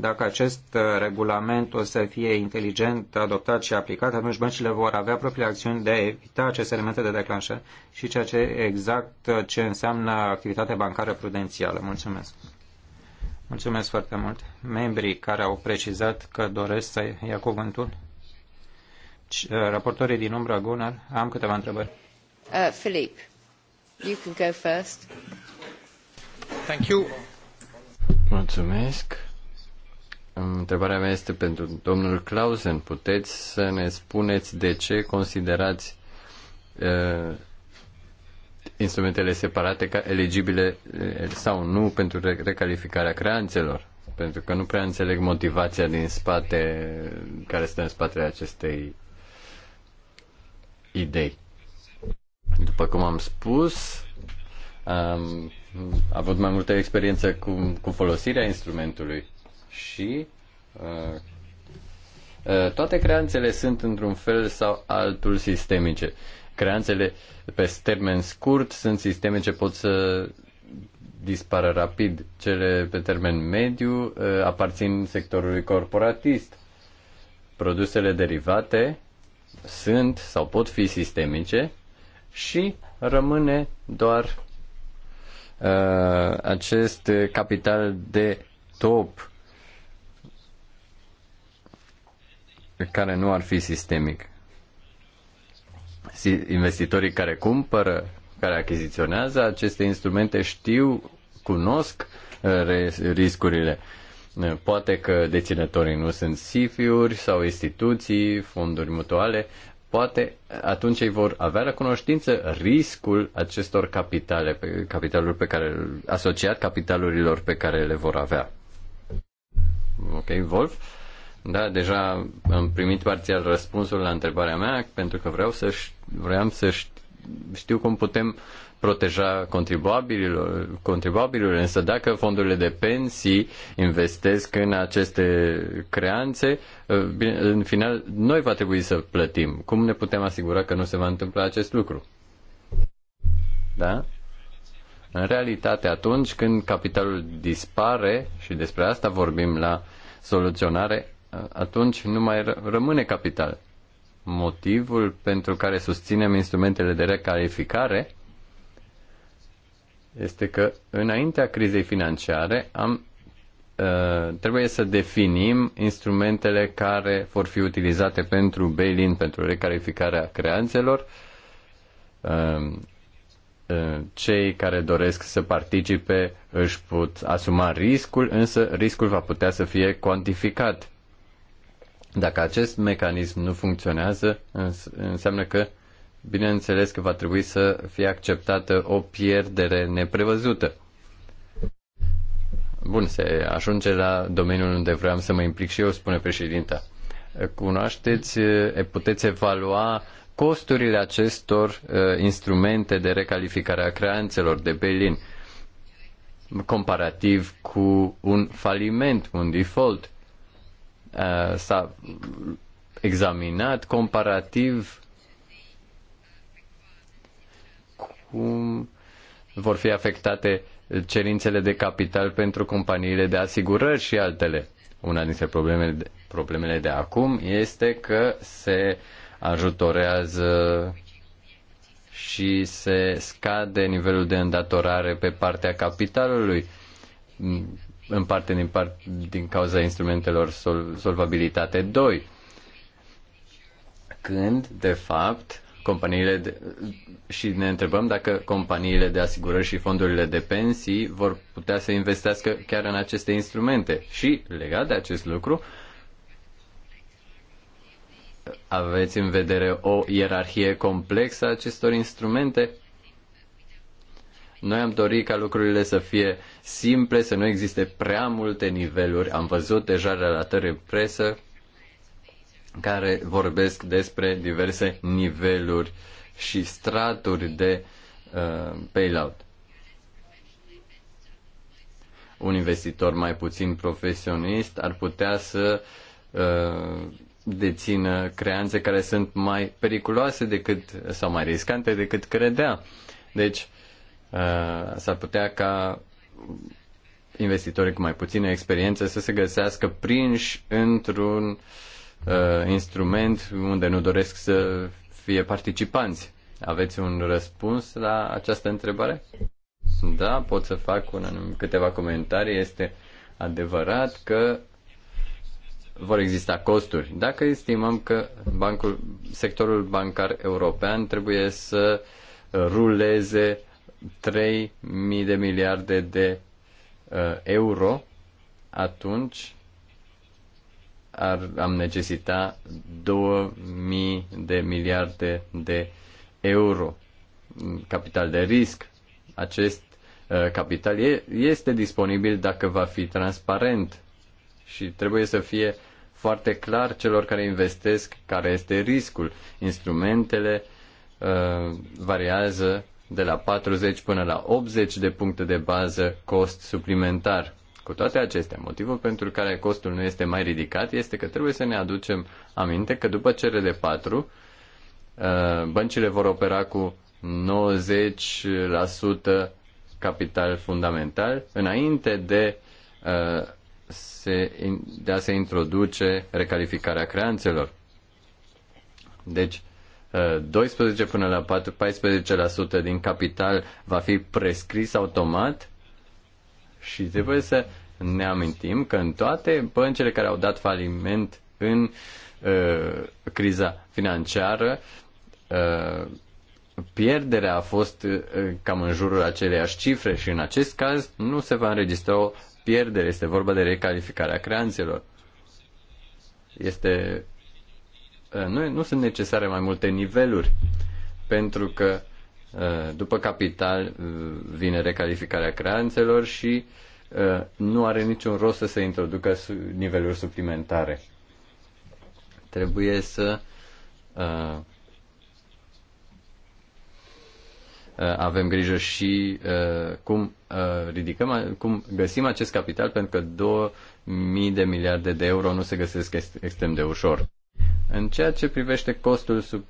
Dacă acest uh, regulament o să fie inteligent adoptat și aplicat, atunci băncile vor avea propriile acțiuni de a evita aceste elemente de declanșare și ceea ce exact uh, ce înseamnă activitatea bancară prudențială. Mulțumesc! Mulțumesc foarte mult. Membrii care au precizat că doresc să ia cuvântul. Uh, raportorii din umbra Gunnar, am câteva întrebări. Uh, you can go first. Thank you. Mulțumesc. Întrebarea mea este pentru domnul Clausen. Puteți să ne spuneți de ce considerați uh, instrumentele separate ca elegibile uh, sau nu pentru recalificarea creanțelor? Pentru că nu prea înțeleg motivația din spate, care stă în spatele acestei idei. După cum am spus, am avut mai multă experiență cu, cu folosirea instrumentului și uh, uh, toate creanțele sunt într-un fel sau altul sistemice. Creanțele pe termen scurt sunt sisteme ce pot să dispară rapid. Cele pe termen mediu uh, aparțin sectorului corporatist. Produsele derivate sunt sau pot fi sistemice și rămâne doar uh, acest capital de top care nu ar fi sistemic. Investitorii care cumpără, care achiziționează aceste instrumente știu, cunosc uh, riscurile. Uh, poate că deținătorii nu sunt SIF-uri sau instituții, fonduri mutuale, poate atunci ei vor avea la cunoștință riscul acestor capitale, capitalul pe care, asociat capitalurilor pe care le vor avea. Ok, Wolf? Da, deja am primit parțial răspunsul la întrebarea mea, pentru că vreau să vreau să știu cum putem proteja contribuabililor, contribuabililor, însă dacă fondurile de pensii investesc în aceste creanțe, eh, în final noi va trebui să plătim. Cum ne putem asigura că nu se va întâmpla acest lucru? Da? În realitate, atunci când capitalul dispare, și despre asta vorbim la soluționare, atunci nu mai rămâne capital. Motivul pentru care susținem instrumentele de recalificare este că înaintea crizei financiare am, uh, trebuie să definim instrumentele care vor fi utilizate pentru bail-in, pentru recalificarea creanțelor, um, uh, cei care doresc să participe își pot asuma riscul, însă riscul va putea să fie cuantificat. Dacă acest mecanism nu funcționează, înseamnă că, bineînțeles, că va trebui să fie acceptată o pierdere neprevăzută. Bun, se ajunge la domeniul unde vreau să mă implic și eu, spune președinta. Cunoașteți, puteți evalua costurile acestor instrumente de recalificare a creanțelor de Berlin comparativ cu un faliment, un default Uh, s-a examinat comparativ cum vor fi afectate cerințele de capital pentru companiile de asigurări și altele. Una dintre problemele de, problemele de acum este că se ajutorează și se scade nivelul de îndatorare pe partea capitalului în parte din, part, din cauza instrumentelor sol, solvabilitate 2, când, de fapt, companiile de, și ne întrebăm dacă companiile de asigurări și fondurile de pensii vor putea să investească chiar în aceste instrumente. Și, legat de acest lucru, aveți în vedere o ierarhie complexă a acestor instrumente noi am dorit ca lucrurile să fie simple, să nu existe prea multe niveluri. Am văzut deja relatări în presă care vorbesc despre diverse niveluri și straturi de uh, bailout. Un investitor mai puțin profesionist ar putea să uh, dețină creanțe care sunt mai periculoase decât sau mai riscante decât credea. Deci, Uh, s-ar putea ca investitorii cu mai puțină experiență să se găsească prinși într-un uh, instrument unde nu doresc să fie participanți. Aveți un răspuns la această întrebare? Da, pot să fac un anum, câteva comentarii. Este adevărat că vor exista costuri. Dacă estimăm că bancul, sectorul bancar european trebuie să ruleze 3.000 de miliarde de uh, euro, atunci ar, am necesita 2.000 de miliarde de euro capital de risc. Acest uh, capital e, este disponibil dacă va fi transparent și trebuie să fie foarte clar celor care investesc care este riscul. Instrumentele uh, variază de la 40 până la 80 de puncte de bază cost suplimentar. Cu toate acestea, motivul pentru care costul nu este mai ridicat este că trebuie să ne aducem aminte că după CRD4 uh, băncile vor opera cu 90% capital fundamental înainte de, uh, de a se introduce recalificarea creanțelor. Deci, 12 până la 14% din capital va fi prescris automat și trebuie să ne amintim că în toate băncile care au dat faliment în uh, criza financiară, uh, pierderea a fost uh, cam în jurul aceleiași cifre și în acest caz nu se va înregistra o pierdere, este vorba de recalificarea creanțelor. Este Eh, nu, nu sunt necesare mai multe niveluri, pentru că eh, după capital eh, vine recalificarea creanțelor și nu are niciun rost să se introducă niveluri suplimentare. Trebuie să avem grijă și cum ridicăm, cum găsim acest capital, pentru că 2000 de miliarde de euro nu se găsesc extrem de ușor. În ceea ce privește costul sub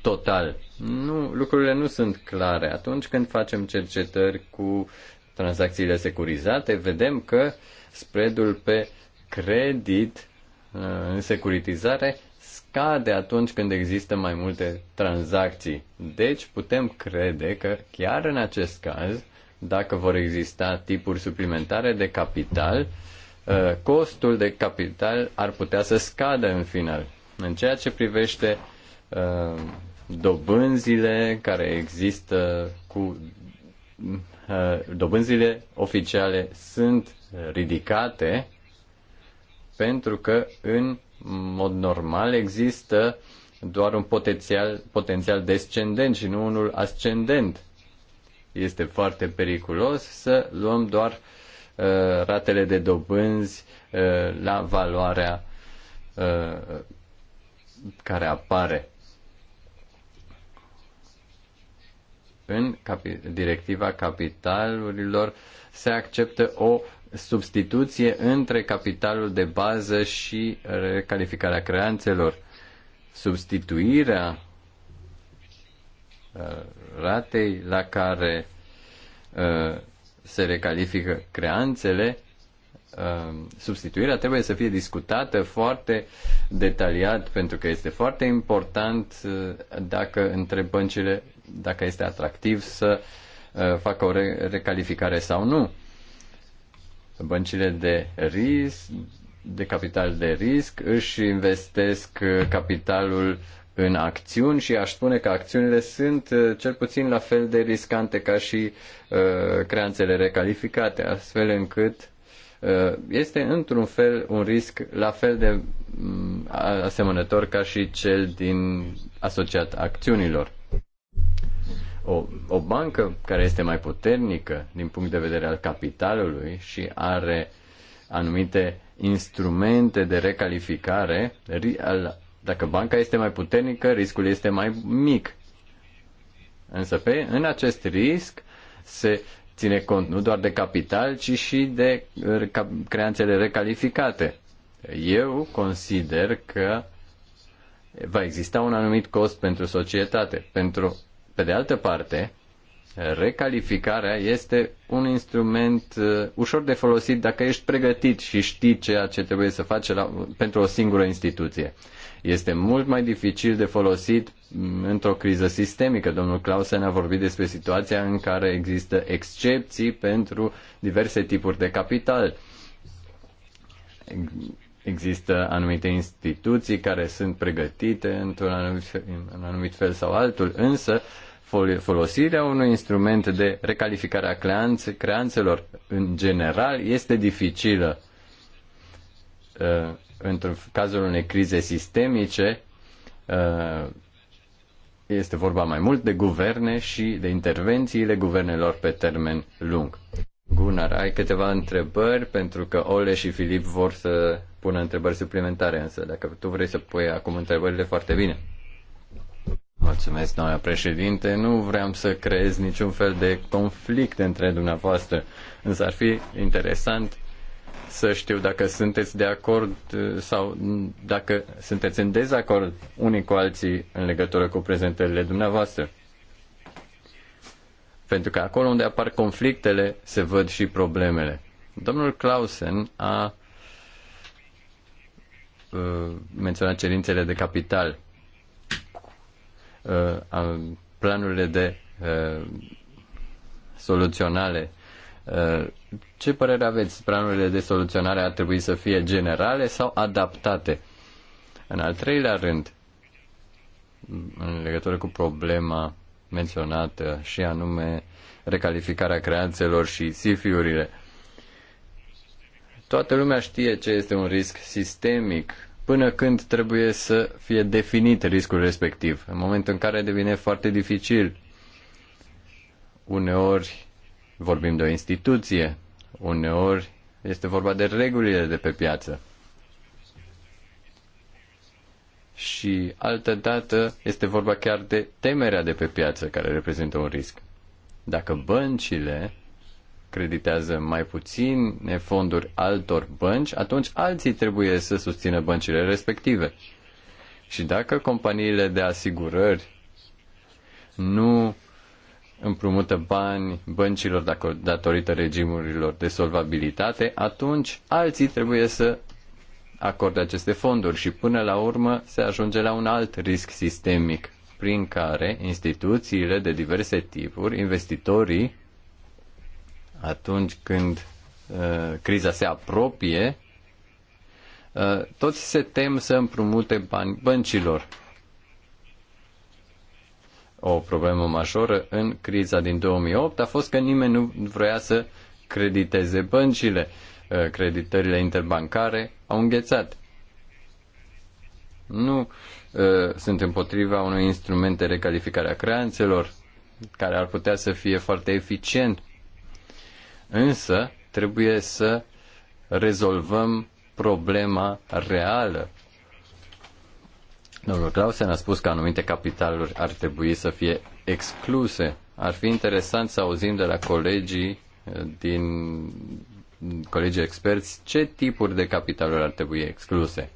total, nu, lucrurile nu sunt clare. Atunci când facem cercetări cu tranzacțiile securizate, vedem că spreadul pe credit uh, în securitizare scade atunci când există mai multe tranzacții. Deci putem crede că chiar în acest caz, dacă vor exista tipuri suplimentare de capital, uh, costul de capital ar putea să scadă în final. În ceea ce privește uh, dobânzile care există cu uh, dobânzile oficiale sunt ridicate pentru că în mod normal există doar un potențial, potențial descendent și nu unul ascendent. Este foarte periculos să luăm doar uh, ratele de dobânzi uh, la valoarea uh, care apare în directiva capitalurilor se acceptă o substituție între capitalul de bază și recalificarea creanțelor. Substituirea uh, ratei la care uh, se recalifică creanțele Uh, substituirea trebuie să fie discutată foarte detaliat pentru că este foarte important uh, dacă între băncile, dacă este atractiv să uh, facă o recalificare sau nu. Băncile de risc, de capital de risc își investesc capitalul în acțiuni și aș spune că acțiunile sunt cel puțin la fel de riscante ca și uh, creanțele recalificate, astfel încât Uh, este într-un fel un risc la fel de mm, asemănător ca și cel din asociat acțiunilor. O, o bancă care este mai puternică din punct de vedere al capitalului și are anumite instrumente de recalificare, dacă banca este mai puternică, riscul este mai mic. Însă pe, în acest risc se ține cont nu doar de capital, ci și de creanțele recalificate. Eu consider că va exista un anumit cost pentru societate. Pentru, pe de altă parte, recalificarea este un instrument uh, ușor de folosit dacă ești pregătit și știi ceea ce trebuie să faci la, pentru o singură instituție. Este mult mai dificil de folosit într-o criză sistemică. Domnul Clausen a vorbit despre situația în care există excepții pentru diverse tipuri de capital. Există anumite instituții care sunt pregătite într-un anumit, în anumit fel sau altul, însă folosirea unui instrument de recalificare a creanțelor în general este dificilă. Uh, într-un cazul unei crize sistemice, uh, este vorba mai mult de guverne și de intervențiile guvernelor pe termen lung. Gunnar, ai câteva întrebări pentru că Ole și Filip vor să pună întrebări suplimentare, însă dacă tu vrei să pui acum întrebările foarte bine. Mulțumesc, doamna președinte. Nu vreau să creez niciun fel de conflict între dumneavoastră, însă ar fi interesant să știu dacă sunteți de acord uh, sau dacă sunteți în dezacord unii cu alții în legătură cu prezentările dumneavoastră. Pentru că acolo unde apar conflictele se văd și problemele. Domnul Clausen a uh, menționat cerințele de capital, uh, planurile de soluționale ce părere aveți? Planurile de soluționare ar trebui să fie generale sau adaptate? În al treilea rând, în legătură cu problema menționată și anume recalificarea creanțelor și sifiurile. Toată lumea știe ce este un risc sistemic până când trebuie să fie definit riscul respectiv. În momentul în care devine foarte dificil, uneori Vorbim de o instituție. Uneori este vorba de regulile de pe piață. Și altă dată este vorba chiar de temerea de pe piață care reprezintă un risc. Dacă băncile creditează mai puțin fonduri altor bănci, atunci alții trebuie să susțină băncile respective. Și dacă companiile de asigurări nu împrumută bani băncilor datorită regimurilor de solvabilitate, atunci alții trebuie să acorde aceste fonduri și până la urmă se ajunge la un alt risc sistemic prin care instituțiile de diverse tipuri, investitorii, atunci când uh, criza se apropie, uh, toți se tem să împrumute bani băncilor o problemă majoră în criza din 2008 a fost că nimeni nu vrea să crediteze băncile. Uh, creditările interbancare au înghețat. Nu uh, sunt împotriva unui instrument de recalificare a creanțelor, care ar putea să fie foarte eficient. Însă, trebuie să rezolvăm problema reală Domnul Clausen a spus că anumite capitaluri ar trebui să fie excluse. Ar fi interesant să auzim de la colegii eh, din colegii experți ce tipuri de capitaluri ar trebui excluse.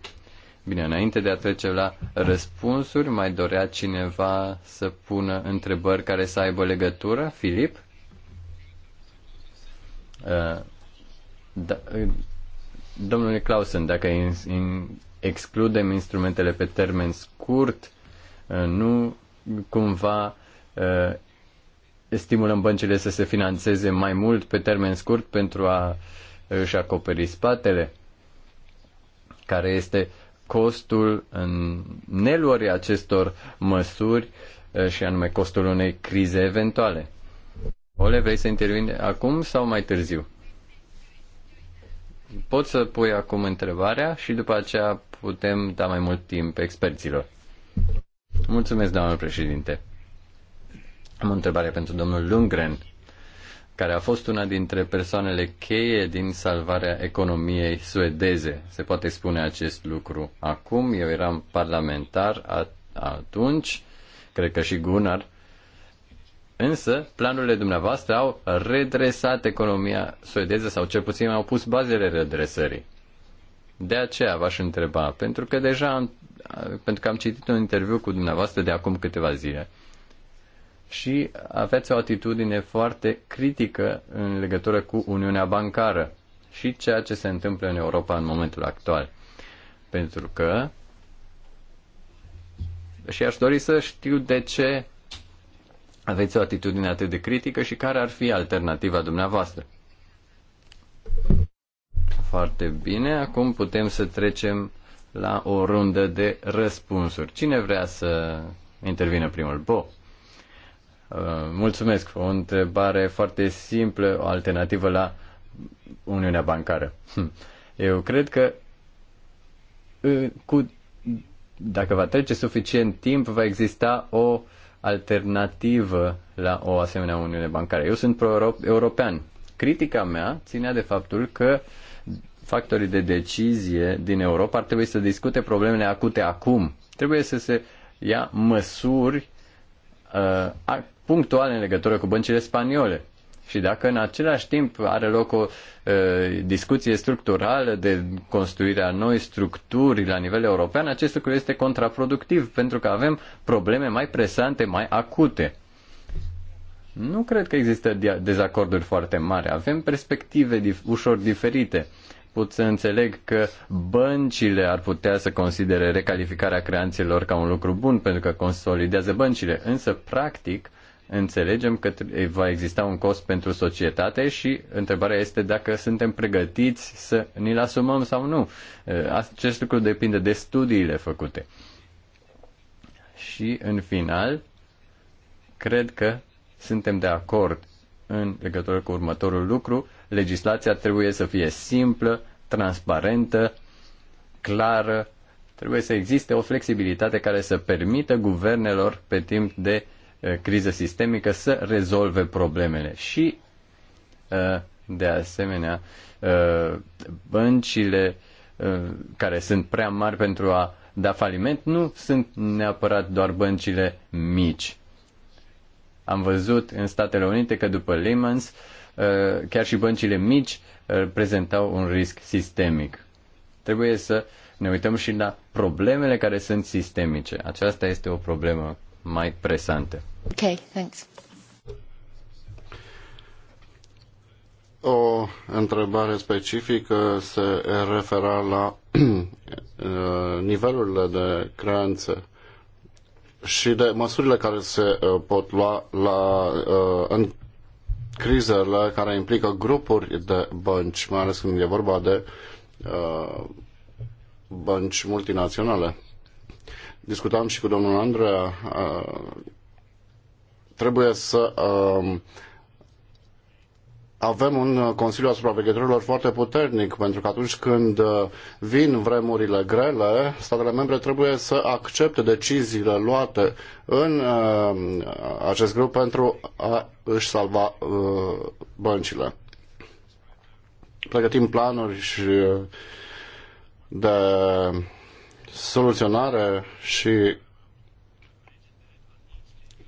Bine, înainte de a trece la răspunsuri, mai dorea cineva să pună întrebări care să aibă legătură? Filip? Eh, da, eh, domnule Clausen, dacă excludem instrumentele pe termen scurt, uh, nu cumva uh, stimulăm băncile să se financeze mai mult pe termen scurt pentru a uh, își acoperi spatele, care este costul în neluării acestor măsuri și anume costul unei crize eventuale. Ole, vrei să intervine acum sau mai târziu? Poți să pui acum întrebarea și după aceea putem da mai mult timp experților. Mulțumesc, doamnă președinte. Am o întrebare pentru domnul Lundgren, care a fost una dintre persoanele cheie din salvarea economiei suedeze. Se poate spune acest lucru acum. Eu eram parlamentar atunci, cred că și Gunnar, Însă, planurile dumneavoastră au redresat economia suedeză sau cel puțin au pus bazele redresării. De aceea v-aș întreba, pentru că deja am, pentru că am citit un interviu cu dumneavoastră de acum câteva zile și aveți o atitudine foarte critică în legătură cu Uniunea Bancară și ceea ce se întâmplă în Europa în momentul actual. Pentru că și aș dori să știu de ce aveți o atitudine atât de critică și care ar fi alternativa dumneavoastră. Foarte bine, acum putem să trecem la o rundă de răspunsuri. Cine vrea să intervină primul? Bo. Uh, mulțumesc. O întrebare foarte simplă, o alternativă la Uniunea Bancară. Hm. Eu cred că uh, cu, dacă va trece suficient timp, va exista o alternativă la o asemenea Uniune Bancară. Eu sunt pro-european. Critica mea ținea de faptul că uh, factorii de decizie din Europa ar trebui să discute problemele acute acum. Trebuie să se ia măsuri uh, punctuale în legătură cu băncile spaniole. Și dacă în același timp are loc o uh, discuție structurală de construirea noi structuri la nivel european, acest lucru este contraproductiv pentru că avem probleme mai presante, mai acute. Nu cred că există dezacorduri foarte mari. Avem perspective dif- ușor diferite pot să înțeleg că băncile ar putea să considere recalificarea creanțelor ca un lucru bun pentru că consolidează băncile, însă practic înțelegem că va exista un cost pentru societate și întrebarea este dacă suntem pregătiți să ni-l asumăm sau nu. Acest lucru depinde de studiile făcute. Și în final, cred că suntem de acord în legătură cu următorul lucru, Legislația trebuie să fie simplă, transparentă, clară. Trebuie să existe o flexibilitate care să permită guvernelor pe timp de eh, criză sistemică să rezolve problemele și eh, de asemenea eh, băncile care sunt prea mari pentru a da faliment nu sunt neapărat doar băncile mici. Am văzut în Statele Unite că după Lehman's Uh, chiar și băncile mici uh, prezentau un risc sistemic. Trebuie să ne uităm și la problemele care sunt sistemice. Aceasta este o problemă mai presantă. Ok, thanks. O întrebare specifică se refera la uh, nivelurile de creanțe și de măsurile care se pot lua la, în crizele care implică grupuri de bănci, mai ales când e vorba de uh, bănci multinaționale. Discutam și cu domnul Andreea, uh, trebuie să uh, avem un uh, Consiliu al Supraveghetorilor foarte puternic, pentru că atunci când uh, vin vremurile grele, statele membre trebuie să accepte deciziile luate în uh, acest grup pentru a își salva băncile. Pregătim planuri și de soluționare și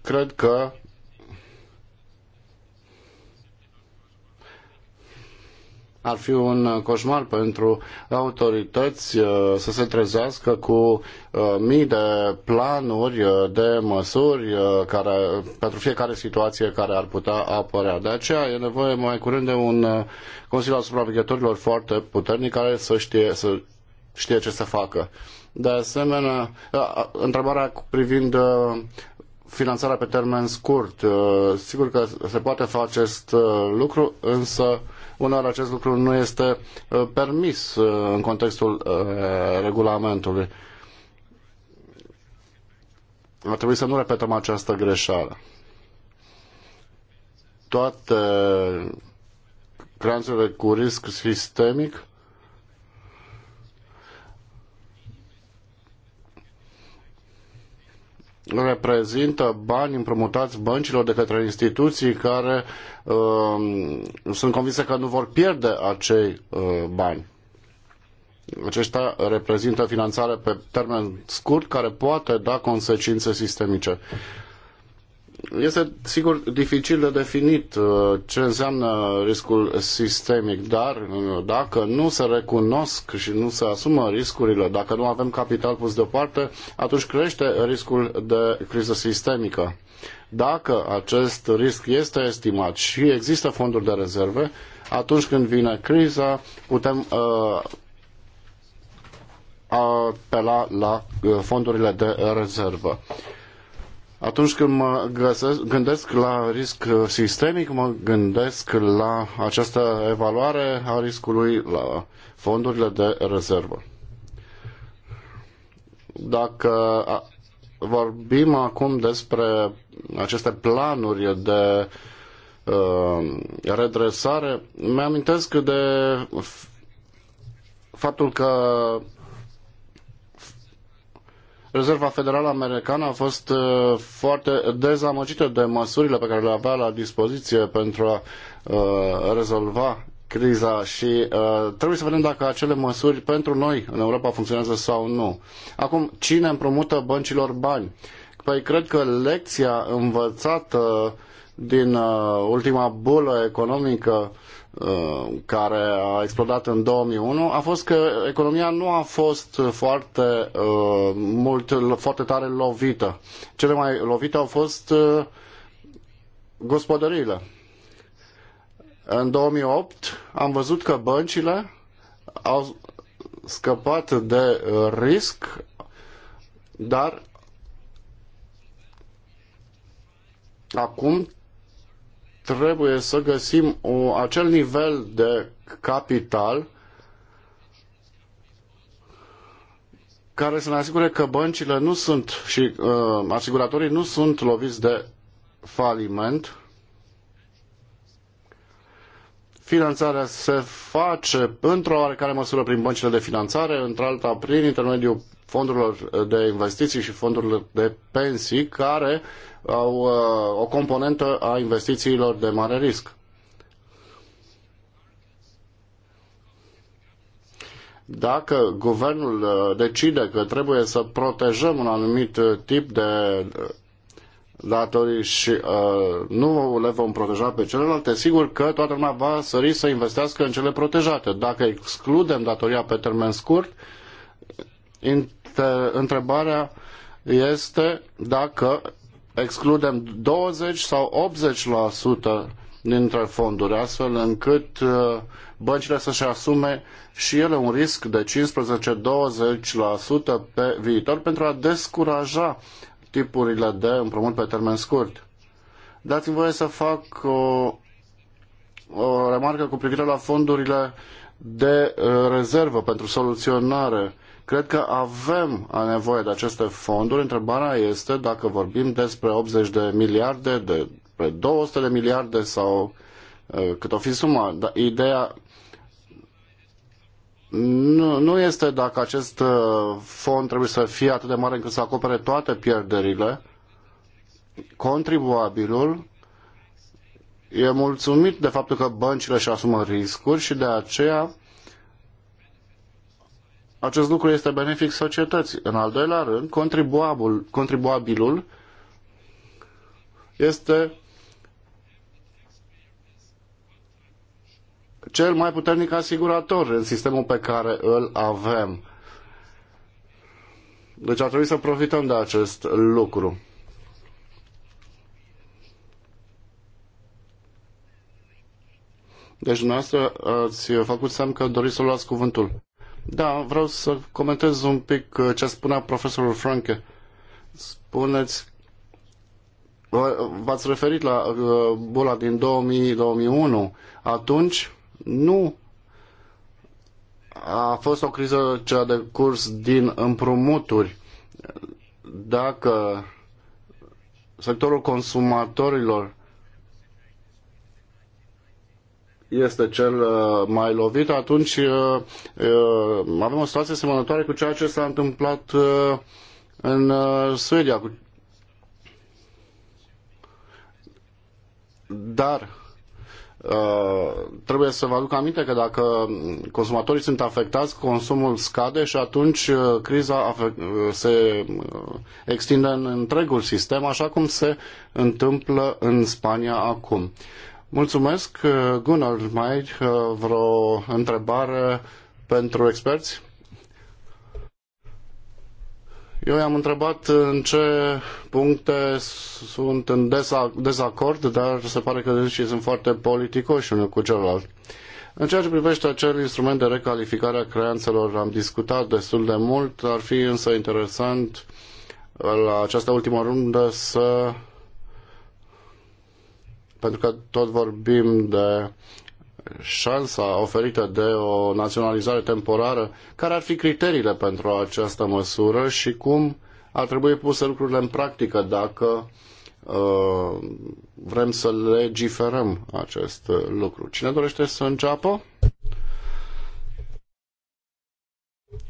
cred că ar fi un uh, coșmar pentru autorități uh, să se trezească cu uh, mii de planuri, de măsuri care, pentru fiecare situație care ar putea apărea. De aceea e nevoie mai curând de un Consiliu al Supraveghetorilor foarte puternic care să știe, să știe ce să facă. De asemenea, întrebarea privind finanțarea pe termen scurt. Sigur că se poate face acest lucru, însă Uneori acest lucru nu este uh, permis uh, în contextul uh, regulamentului. Ar trebui să nu repetăm această greșeală. Toate creanțele cu risc sistemic reprezintă bani împrumutați băncilor de către instituții care uh, sunt convinse că nu vor pierde acei uh, bani. Aceștia reprezintă finanțare pe termen scurt care poate da consecințe sistemice. Uh, este, sigur, dificil de definit uh, ce înseamnă riscul sistemic, dar dacă nu se recunosc și nu se asumă riscurile, dacă nu avem capital pus deoparte, atunci crește riscul de criză sistemică. Dacă acest risc este estimat și există fonduri de rezerve, atunci când vine criza, putem uh, apela la uh, fondurile de rezervă. Atunci când mă găsesc, gândesc la risc uh, sistemic, mă gândesc la această evaluare a riscului la fondurile de rezervă. Dacă vorbim acum despre aceste planuri de uh, redresare, mi-amintesc de faptul că Rezerva Federală Americană a fost uh, foarte dezamăgită de măsurile pe care le avea la dispoziție pentru a uh, rezolva criza și uh, trebuie să vedem dacă acele măsuri pentru noi în Europa funcționează sau nu. Acum, cine împrumută băncilor bani? Păi cred că lecția învățată din ultima bulă economică uh, Uh, care a explodat în 2001 a fost că economia nu a fost foarte uh, mult, foarte tare lovită. Cele mai lovite au fost uh, gospodăriile. În 2008 am văzut că băncile au scăpat de risc, dar acum trebuie să găsim o, acel nivel de capital care să ne asigure că băncile nu sunt și uh, asiguratorii nu sunt loviți de faliment. Finanțarea se face într-o oarecare măsură prin băncile de finanțare, într-alta prin intermediul fondurilor de investiții și fondurilor de pensii care au uh, o componentă a investițiilor de mare risc. Dacă guvernul uh, decide că trebuie să protejăm un anumit uh, tip de datorii și uh, nu le vom proteja pe celelalte, sigur că toată lumea va sări să investească în cele protejate. Dacă excludem datoria pe termen scurt, întrebarea este dacă excludem 20 sau 80% dintre fonduri, astfel încât uh, băncile să-și asume și ele un risc de 15-20% pe viitor pentru a descuraja tipurile de împrumut pe termen scurt. Dați-mi voie să fac o, o remarcă cu privire la fondurile de uh, rezervă pentru soluționare Cred că avem nevoie de aceste fonduri. Întrebarea este dacă vorbim despre 80 de miliarde, despre 200 de miliarde sau uh, cât o fi suma. Dar ideea nu, nu este dacă acest uh, fond trebuie să fie atât de mare încât să acopere toate pierderile. Contribuabilul e mulțumit de faptul că băncile își asumă riscuri și de aceea acest lucru este benefic societății. În al doilea rând, contribuabil, contribuabilul este cel mai puternic asigurator în sistemul pe care îl avem. Deci ar trebui să profităm de acest lucru. Deci dumneavoastră ați făcut semn că doriți să luați cuvântul. Da, vreau să comentez un pic uh, ce spunea profesorul Franke. Spuneți V-ați referit la uh, bula din 2000-2001. Atunci nu a fost o criză cea de curs din împrumuturi. Dacă sectorul consumatorilor este cel uh, mai lovit, atunci uh, uh, avem o situație asemănătoare cu ceea ce s-a întâmplat în Suedia. Dar trebuie să vă aduc aminte că dacă consumatorii sunt afectați, consumul scade și atunci criza se extinde în întregul sistem, așa cum se întâmplă în Spania acum. Mulțumesc. Gunnar, mai ai uh, vreo întrebare pentru experți? Eu i-am întrebat în ce puncte sunt în dezacord, dar se pare că și sunt foarte politicoși unul cu celălalt. În ceea ce privește acel instrument de recalificare a creanțelor, am discutat destul de mult, ar fi însă interesant la această ultimă rundă să pentru că tot vorbim de șansa oferită de o naționalizare temporară, care ar fi criteriile pentru această măsură și cum ar trebui puse lucrurile în practică dacă uh, vrem să legiferăm acest lucru. Cine dorește să înceapă?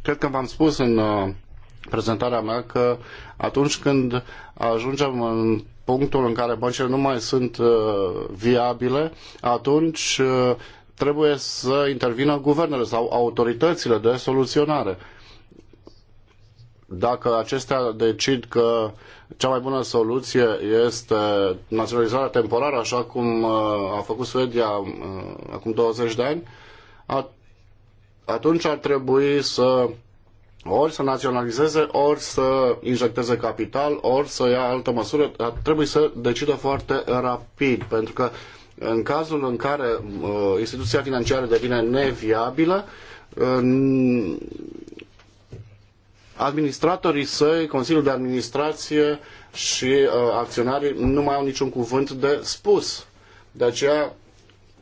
Cred că v-am spus în uh, prezentarea mea că atunci când ajungem în punctul în care băncile nu mai sunt uh, viabile, atunci uh, trebuie să intervină guvernele sau autoritățile de soluționare. Dacă acestea decid că cea mai bună soluție este naționalizarea temporară, așa cum uh, a făcut Suedia acum 20 de ani, atunci ar trebui să ori să naționalizeze, ori să injecteze capital, ori să ia altă măsură, trebuie să decidă foarte rapid, pentru că în cazul în care uh, instituția financiară devine neviabilă, uh, administratorii săi, Consiliul de Administrație și uh, acționarii nu mai au niciun cuvânt de spus. De aceea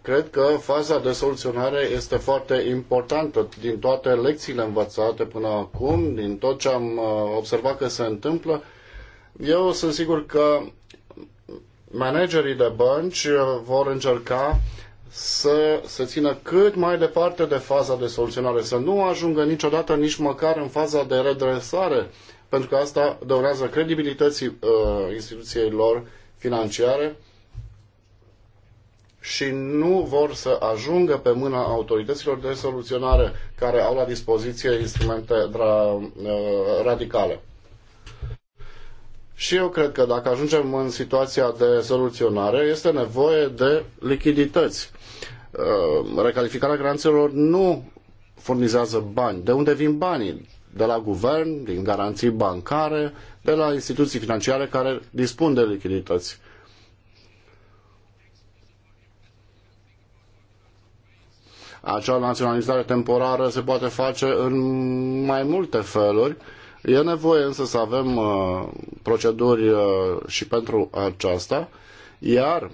Cred că faza de soluționare este foarte importantă din toate lecțiile învățate până acum, din tot ce am uh, observat că se întâmplă. Eu sunt sigur că managerii de bănci uh, vor încerca să se țină cât mai departe de faza de soluționare, să nu ajungă niciodată nici măcar în faza de redresare, pentru că asta dăunează credibilității uh, instituției lor financiare și nu vor să ajungă pe mâna autorităților de soluționare care au la dispoziție instrumente uh, radicale. Și eu cred că dacă ajungem în situația de soluționare, este nevoie de lichidități. Uh, recalificarea granțelor nu furnizează bani. De unde vin banii? De la guvern, din garanții bancare, de la instituții financiare care dispun de lichidități. Acea naționalizare temporară se poate face în mai multe feluri. E nevoie însă să avem uh, proceduri uh, și pentru aceasta, iar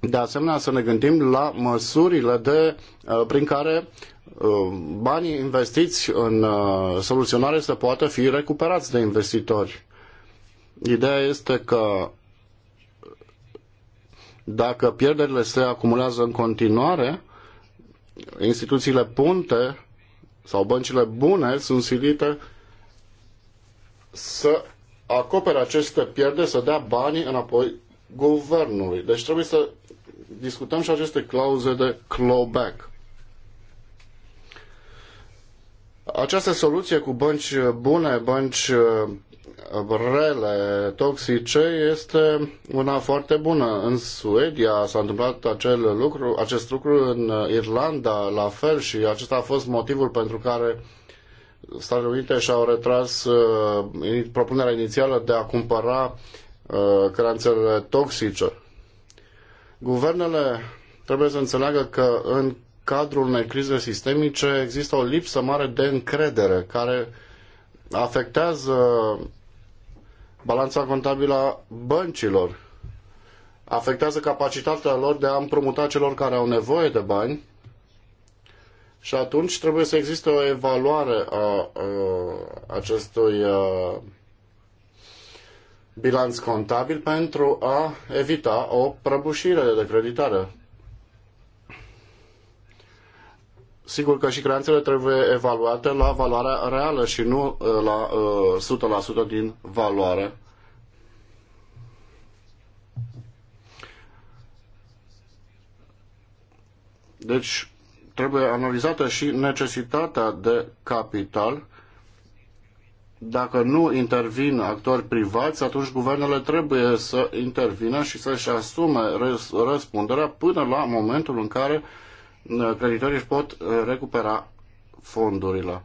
de asemenea să ne gândim la măsurile de, uh, prin care uh, banii investiți în uh, soluționare să poată fi recuperați de investitori. Ideea este că dacă pierderile se acumulează în continuare, instituțiile punte sau băncile bune sunt silite să acopere aceste pierderi, să dea banii înapoi guvernului. Deci trebuie să discutăm și aceste clauze de clawback. Această soluție cu bănci bune, bănci rele toxice este una foarte bună. În Suedia s-a întâmplat acel lucru, acest lucru, în Irlanda la fel și acesta a fost motivul pentru care Statele Unite și-au retras uh, propunerea inițială de a cumpăra uh, creanțele toxice. Guvernele trebuie să înțeleagă că în cadrul unei crize sistemice există o lipsă mare de încredere care afectează balanța contabilă a băncilor afectează capacitatea lor de a împrumuta celor care au nevoie de bani și atunci trebuie să existe o evaluare a, a acestui a, bilanț contabil pentru a evita o prăbușire de creditare. Sigur că și creanțele trebuie evaluate la valoarea reală și nu uh, la uh, 100% din valoare. Deci trebuie analizată și necesitatea de capital. Dacă nu intervin actori privați, atunci guvernele trebuie să intervină și să-și asume răspunderea până la momentul în care uh, Uh, creditorii își pot uh, recupera fondurile.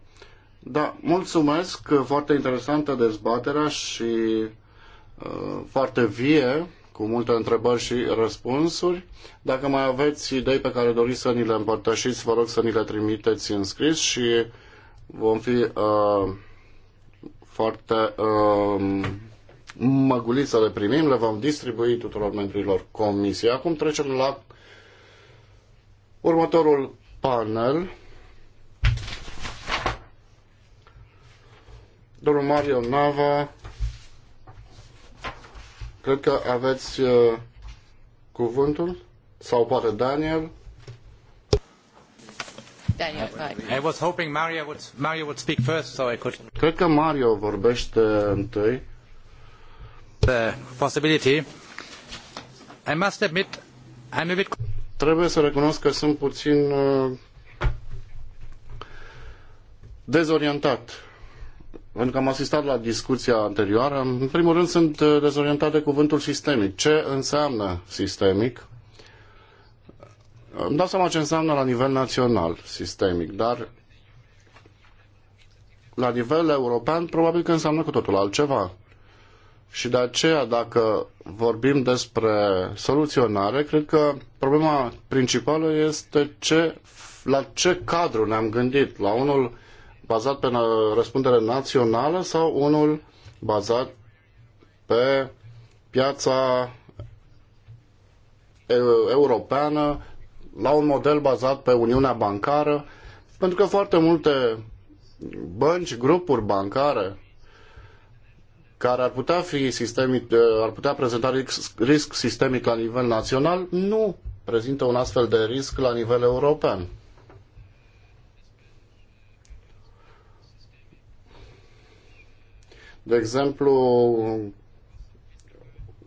Da, mulțumesc, uh, foarte interesantă dezbaterea și uh, foarte vie, cu multe întrebări și răspunsuri. Dacă mai aveți idei pe care doriți să ni le împărtășiți, vă rog să ni le trimiteți în scris și vom fi uh, foarte uh, măguliți să le primim, le vom distribui tuturor membrilor comisiei. Acum trecem la Următorul panel. Domnul Mario Nava, cred că aveți uh, cuvântul, sau poate Daniel. Daniel, I was hoping Mario would, Mario would speak first, so I could... Cred că Mario vorbește întâi. The possibility. I must admit, I'm a bit... Trebuie să recunosc că sunt puțin uh, dezorientat pentru că am asistat la discuția anterioară. În primul rând sunt uh, dezorientat de cuvântul sistemic. Ce înseamnă sistemic? Îmi dau seama ce înseamnă la nivel național sistemic, dar la nivel european probabil că înseamnă cu totul altceva. Și de aceea, dacă vorbim despre soluționare, cred că problema principală este ce, la ce cadru ne-am gândit, la unul bazat pe răspundere națională sau unul bazat pe piața europeană, la un model bazat pe Uniunea Bancară, pentru că foarte multe bănci, grupuri bancare care ar putea, fi sistemic, uh, ar putea prezenta risc, sistemic la nivel național, nu prezintă un astfel de risc la nivel european. De exemplu,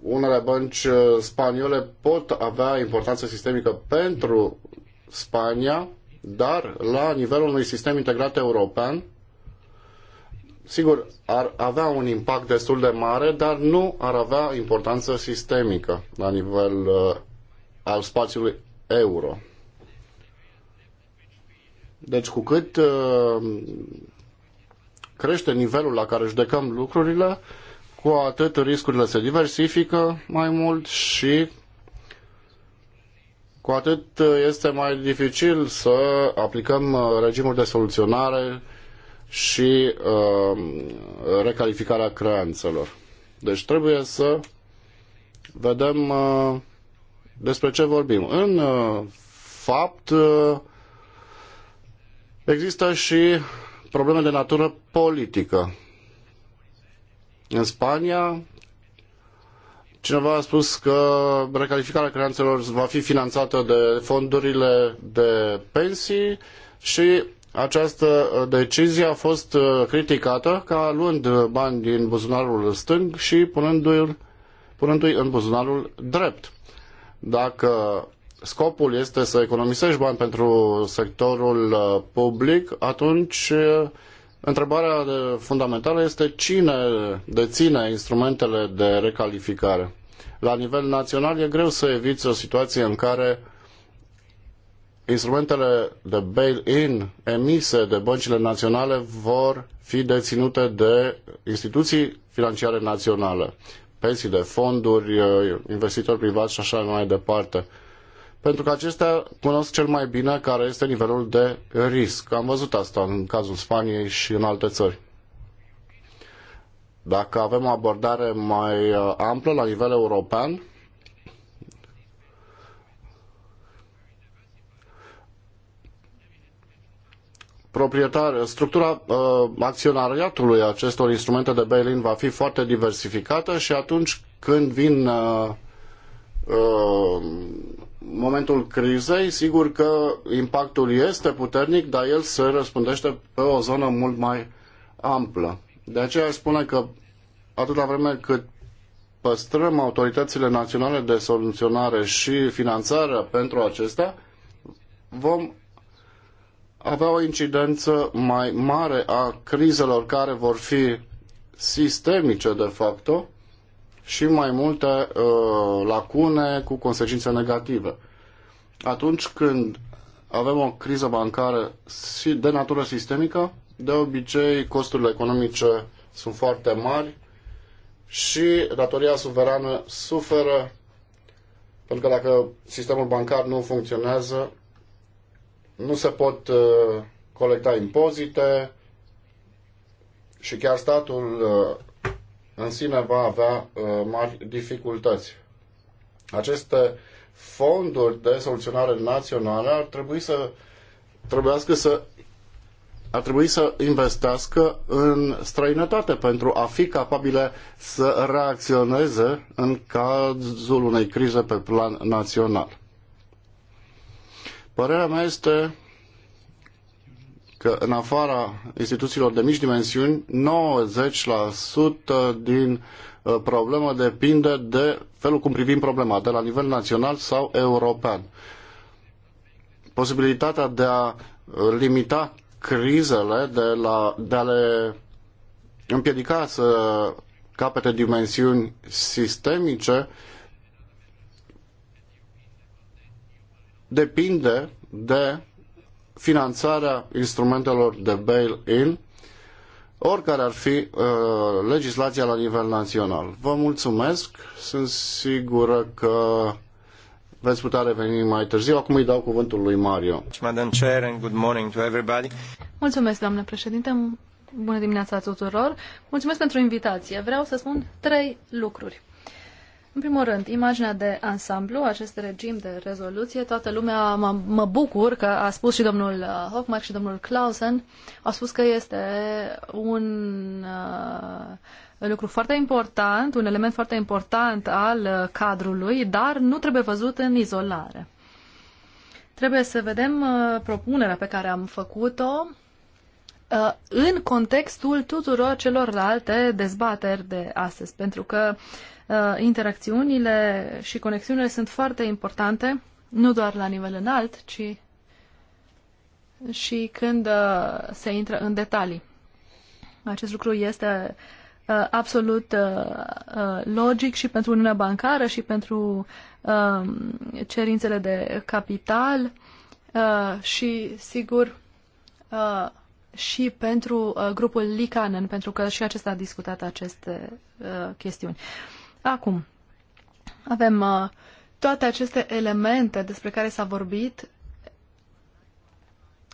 unele bănci uh, spaniole pot avea importanță sistemică pentru Spania, dar la nivelul unui sistem integrat european, sigur, ar avea un impact destul de mare, dar nu ar avea importanță sistemică la nivel uh, al spațiului euro. Deci cu cât uh, crește nivelul la care judecăm lucrurile, cu atât riscurile se diversifică mai mult și cu atât este mai dificil să aplicăm uh, regimuri de soluționare uh, și uh, recalificarea creanțelor. Deci trebuie să vedem uh, despre ce vorbim. În uh, fapt, uh, există și probleme de natură politică. În Spania, cineva a spus că recalificarea creanțelor va fi finanțată de fondurile de pensii și această uh, decizie a fost uh, criticată ca luând uh, bani din buzunarul stâng și punându-i, punându-i în buzunarul drept. Dacă scopul este să economisești bani pentru sectorul public, atunci întrebarea fundamentală este cine deține instrumentele de recalificare. La nivel național e greu să eviți o situație în care instrumentele de bail-in emise de băncile naționale vor fi deținute de instituții financiare naționale, pensii de fonduri, uh, investitori privați și așa mai departe. Pentru că acestea cunosc cel mai bine care este nivelul de risc. Am văzut asta în cazul Spaniei și în alte țări. Dacă avem o abordare mai uh, amplă la nivel european, proprietar, structura uh, acționariatului acestor instrumente de bail-in va fi foarte diversificată și atunci când vin uh, uh, momentul crizei, sigur că impactul este puternic, dar el se răspândește pe o zonă mult mai amplă. De aceea spune că atâta vreme cât păstrăm autoritățile naționale de soluționare și finanțare pentru acestea, vom avea o incidență mai mare a crizelor care vor fi sistemice de facto și mai multe uh, lacune cu consecințe negative. Atunci când avem o criză bancară de natură sistemică, de obicei costurile economice sunt foarte mari și datoria suverană suferă pentru că dacă sistemul bancar nu funcționează, nu se pot uh, colecta impozite și chiar statul uh, în sine va avea uh, mari dificultăți. Aceste fonduri de soluționare națională ar trebui să trebuiască să ar trebui să investească în străinătate pentru a fi capabile să reacționeze în cazul unei crize pe plan național. Părerea mea este că în afara instituțiilor de mici dimensiuni, 90% din uh, problemă depinde de felul cum privim problema, de la nivel național sau european. Posibilitatea de a uh, limita crizele, de, la, de a le împiedica să capete dimensiuni sistemice, depinde de finanțarea instrumentelor de bail-in, oricare ar fi uh, legislația la nivel național. Vă mulțumesc, sunt sigură că veți putea reveni mai târziu. Acum îi dau cuvântul lui Mario. Madam Chair and good morning to everybody. Mulțumesc, doamnă președinte. Bună dimineața tuturor. Mulțumesc pentru invitație. Vreau să spun trei lucruri. În primul rând, imaginea de ansamblu, acest regim de rezoluție, toată lumea mă, mă bucur că a spus și domnul uh, Hochmark și domnul Clausen, au spus că este un uh, lucru foarte important, un element foarte important al uh, cadrului, dar nu trebuie văzut în izolare. Trebuie să vedem uh, propunerea pe care am făcut-o uh, în contextul tuturor celorlalte dezbateri de astăzi, pentru că uh, Uh, interacțiunile și conexiunile sunt foarte importante, nu doar la nivel înalt, ci și când uh, se intră în detalii. Acest lucru este uh, absolut logic și pentru Uniunea Bancară și pentru um, cerințele de capital și, sigur, și pentru grupul Licanen, pentru că și acesta a discutat aceste chestiuni. Acum, avem uh, toate aceste elemente despre care s-a vorbit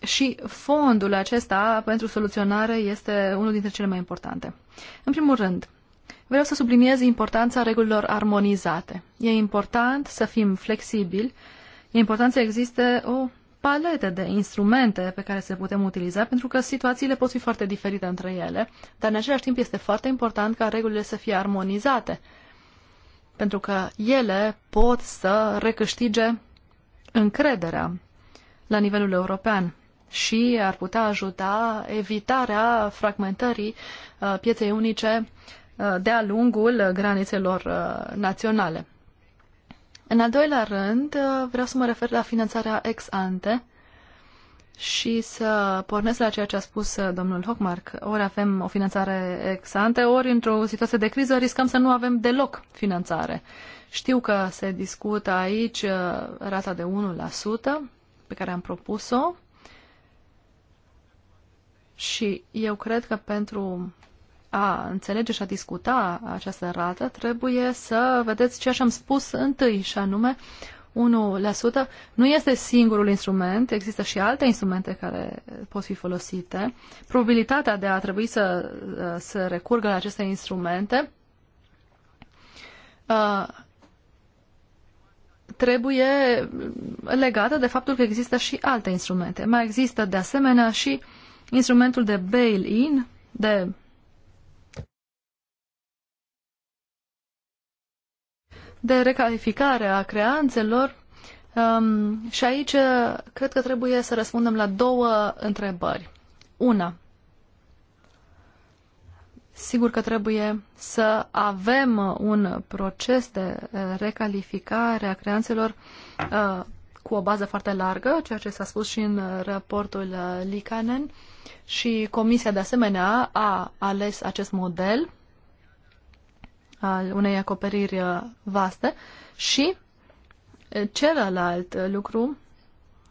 și fondul acesta pentru soluționare este unul dintre cele mai importante. În primul rând, vreau să subliniez importanța regulilor armonizate. E important să fim flexibili, e important să existe o paletă de instrumente pe care se putem utiliza, pentru că situațiile pot fi foarte diferite între ele, dar în același timp este foarte important ca regulile să fie armonizate, pentru că ele pot să recâștige încrederea la nivelul european și ar putea ajuta evitarea fragmentării uh, pieței unice uh, de-a lungul granițelor uh, naționale. În al doilea rând, vreau să mă refer la finanțarea ex ante, și să pornesc la ceea ce a spus uh, domnul Hochmark. Ori avem o finanțare ex ante, ori într-o situație de criză riscăm să nu avem deloc finanțare. Știu că se discută aici uh, rata de 1% pe care am propus-o și eu cred că pentru a înțelege și a discuta această rată trebuie să vedeți ceea ce am spus întâi și anume 1% nu este singurul instrument, există și alte instrumente care pot fi folosite. Probabilitatea de a trebui să, uh, să recurgă la aceste instrumente uh, trebuie legată de faptul că există și alte instrumente. Mai există de asemenea și instrumentul de bail-in, de de recalificare a creanțelor um, și aici uh, cred că trebuie să răspundem la două întrebări. Una, sigur că trebuie să avem un proces de uh, recalificare a creanțelor uh, cu o bază foarte largă, ceea ce s-a spus și în raportul uh, Licanen și Comisia de asemenea a ales acest model al unei acoperiri uh, vaste și uh, celălalt uh, lucru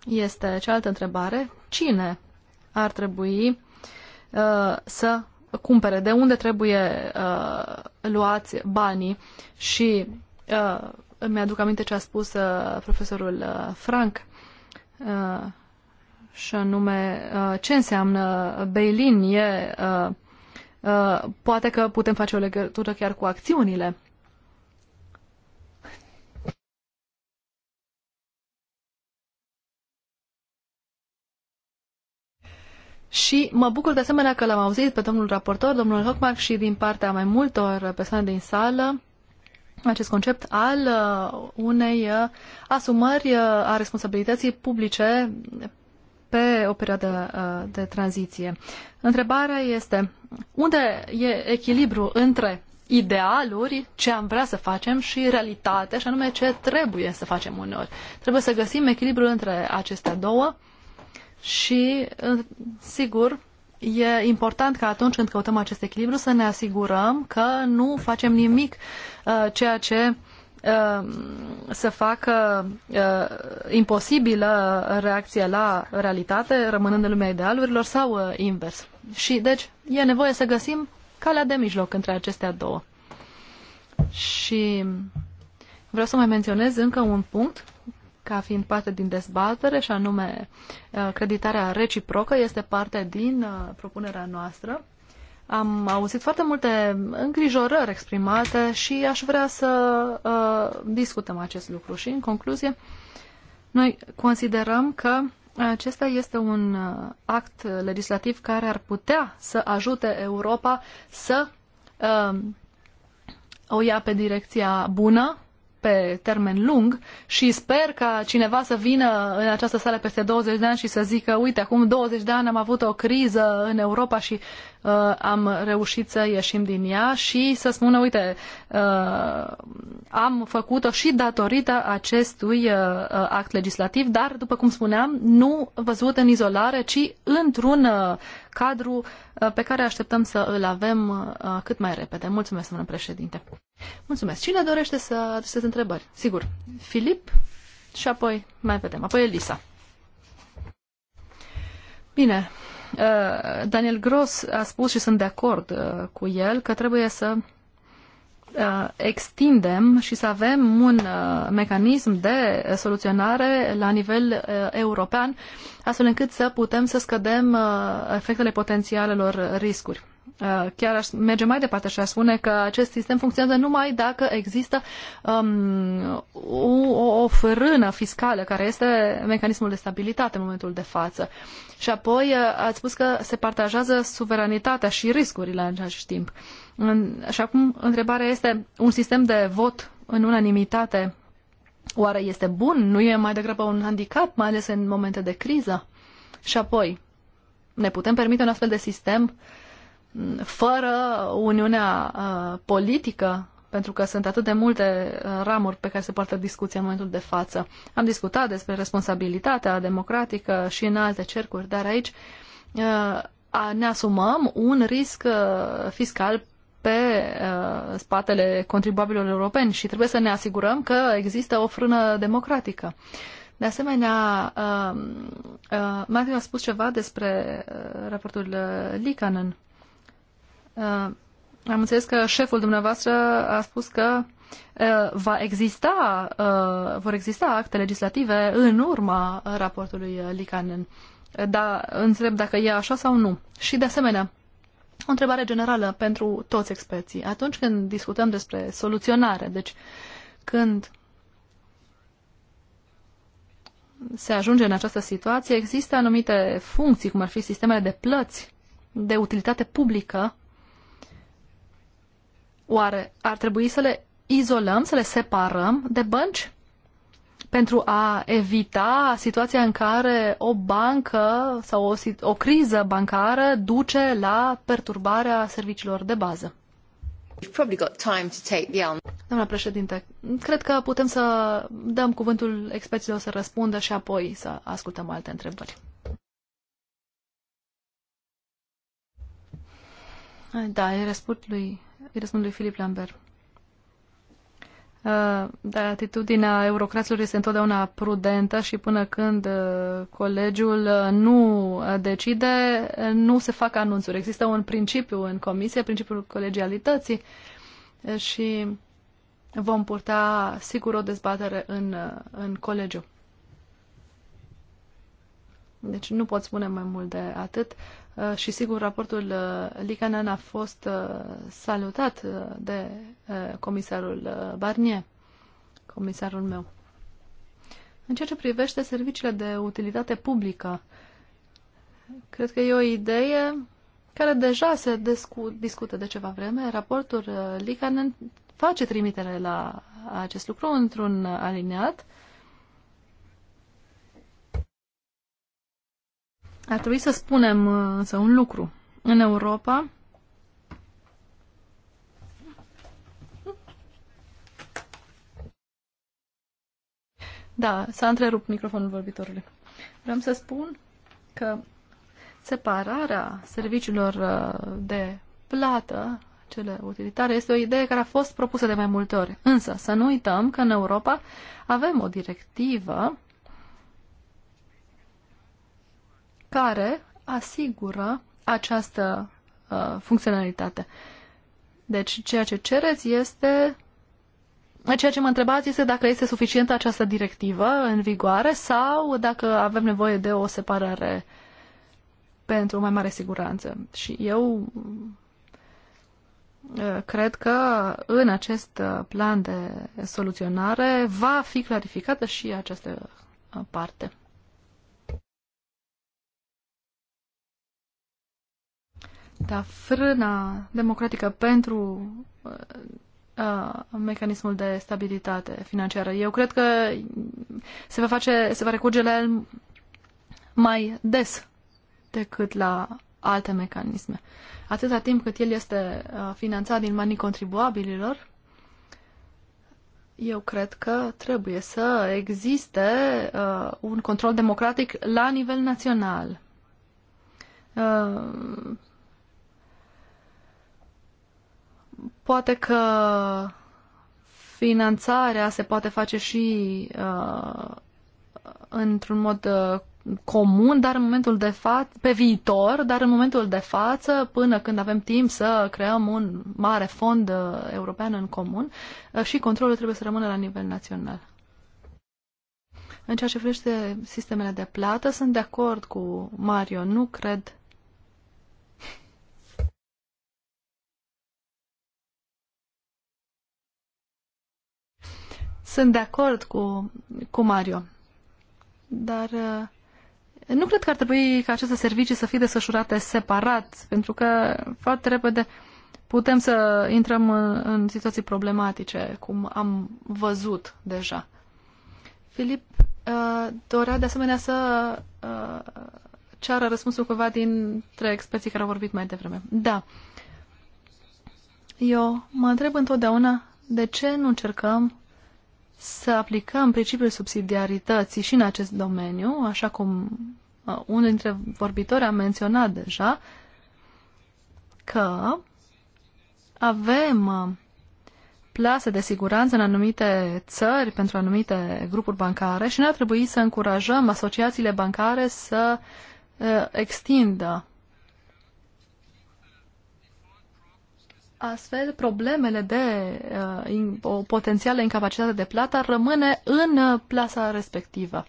este cealaltă întrebare, cine ar trebui uh, să cumpere, de unde trebuie uh, luați banii și uh, îmi aduc aminte ce a spus uh, profesorul uh, Frank uh, și anume uh, ce înseamnă bail-in, e uh, Uh, poate că putem face o legătură chiar cu acțiunile. Și mă bucur de asemenea că l-am auzit pe domnul raportor, domnul Hockmark și din partea mai multor persoane din sală acest concept al uh, unei uh, asumări a responsabilității publice pe o perioadă uh, de tranziție. Întrebarea este unde e echilibru între idealuri, ce am vrea să facem și realitate, și anume ce trebuie să facem uneori. Trebuie să găsim echilibrul între acestea două și, uh, sigur, e important ca atunci când căutăm acest echilibru să ne asigurăm că nu facem nimic uh, ceea ce Um, să facă uh, imposibilă reacția la realitate, rămânând în lumea idealurilor, sau uh, invers. Și deci e nevoie să găsim calea de mijloc între acestea două. Și vreau să mai menționez încă un punct ca fiind parte din dezbatere și anume uh, creditarea reciprocă este parte din propunerea noastră am auzit foarte multe îngrijorări exprimate și aș vrea să uh, discutăm acest lucru. Și, în concluzie, noi considerăm că acesta este un uh, act legislativ care ar putea să ajute Europa să uh, o ia pe direcția bună pe termen lung și sper ca cineva să vină în această sală peste 20 de ani și să zică, uite, acum 20 de ani am avut o criză în Europa și uh, am reușit să ieșim din ea și să spună, uite, uh, am făcut-o și datorită acestui uh, uh, act legislativ, dar, după cum spuneam, nu văzut în izolare, ci într-un uh, cadru uh, pe care așteptăm să îl avem uh, cât mai repede. Mulțumesc, domnule președinte. Mulțumesc. Cine dorește să adreseze întrebări? Sigur. Filip și apoi mai vedem. Apoi Elisa. Bine. Uh, Daniel Gross a spus și sunt de acord uh, cu el că trebuie să uh, extindem și să avem un mecanism de soluționare la nivel european, astfel încât să putem să scădem efectele potențialelor riscuri. Uh, chiar aș merge mai departe și aș spune că acest sistem funcționează numai dacă există um, o, o frână fiscală, care este mecanismul de stabilitate în momentul de față. Și apoi uh, ați spus că se partajează suveranitatea și riscurile în același timp. În, și acum întrebarea este, un sistem de vot în unanimitate oare este bun? Nu e mai degrabă un handicap, mai ales în momente de criză? Și apoi, ne putem permite un astfel de sistem uh, fără uniunea uh, politică, pentru că sunt atât de multe uh, ramuri pe care se poartă discuția în momentul de față. Am discutat despre responsabilitatea democratică și în alte cercuri, dar aici uh, ne asumăm un risc fiscal pe spatele contribuabililor europeni și trebuie să ne asigurăm că există o frână democratică. De asemenea, Matthew a spus ceva despre raportul Likanen. Uh, am înțeles că șeful dumneavoastră a spus că uh, va exista, uh, vor exista acte legislative în urma raportului Licanen. Da, întreb dacă e așa sau nu. Și de asemenea, o întrebare generală pentru toți experții. Atunci când discutăm despre soluționare, deci când se ajunge în această situație, există anumite funcții, cum ar fi sistemele de plăți de utilitate publică, Oare ar trebui să le izolăm, să le separăm de bănci? pentru a evita situația în care o bancă sau o, o criză bancară duce la perturbarea serviciilor de bază. Doamna președinte, cred că putem să dăm cuvântul experților să răspundă și apoi să ascultăm alte întrebări. Da, e răspuns lui îi răspund lui Filip Lambert. Uh, da, atitudinea eurocraților este întotdeauna prudentă și până când uh, colegiul uh, nu decide, nu se fac anunțuri. Există un principiu în comisie, principiul colegialității și vom purta sigur o dezbatere în, în colegiu. Deci nu pot spune mai mult de atât. Uh, și sigur raportul uh, Licanan a fost uh, salutat de comisarul Barnier, comisarul meu. În ceea ce privește serviciile de utilitate publică, cred că e o idee care deja se discută de ceva vreme. Raportul Licanen face trimitere la acest lucru într-un aliniat Ar trebui să spunem uh, însă un lucru. În Europa, Da, s-a întrerupt microfonul vorbitorului. Vreau să spun că separarea serviciilor uh, de plată, cele utilitare, este o idee care a fost propusă de mai multe ori. Însă, să nu uităm că în Europa avem o directivă care asigură această uh, funcționalitate. Deci ceea ce cereți este ceea ce mă întrebați este dacă este suficientă această directivă în vigoare sau dacă avem nevoie de o separare pentru mai mare siguranță. Și eu uh, cred că în acest uh, plan de soluționare va fi clarificată și această uh, parte. da, frâna democratică pentru uh, uh, mecanismul de stabilitate financiară. Eu cred că se va, face, se va recurge la el mai des decât la alte mecanisme. Atâta timp cât el este uh, finanțat din banii contribuabililor, eu cred că trebuie să existe uh, un control democratic la nivel național. Uh, poate că finanțarea se poate face și uh, într-un mod uh, comun, dar în momentul de față, pe viitor, dar în momentul de față, până când avem timp să creăm un mare fond uh, european în comun, uh, și controlul trebuie să rămână la nivel național. În ceea ce privește sistemele de plată, sunt de acord cu Mario. Nu cred Sunt de acord cu, cu Mario, dar uh, nu cred că ar trebui ca aceste servicii să fie desfășurate separat, pentru că foarte repede putem să intrăm în, în situații problematice, cum am văzut deja. Filip uh, dorea de asemenea să uh, ceară răspunsul cumva dintre experții care au vorbit mai devreme. Da. Eu mă întreb întotdeauna de ce nu încercăm să aplicăm principiul subsidiarității și în acest domeniu, așa cum uh, unul dintre vorbitori a menționat deja, că avem uh, plase de siguranță în anumite țări pentru anumite grupuri bancare și ne-ar trebui să încurajăm asociațiile bancare să uh, extindă Astfel, problemele de uh, in, o potențială incapacitate de plată rămâne în uh, plasa respectivă.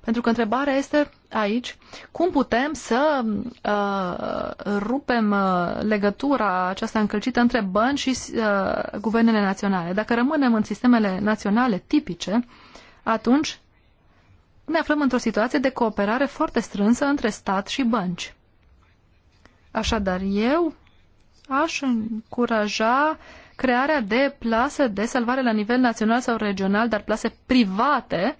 Pentru că întrebarea este aici, cum putem să uh, rupem uh, legătura aceasta încălcită între bani și uh, guvernele naționale? Dacă rămânem în sistemele naționale tipice, atunci ne aflăm într-o situație de cooperare foarte strânsă între stat și bănci. Așadar, eu aș încuraja crearea de plase de salvare la nivel național sau regional, dar plase private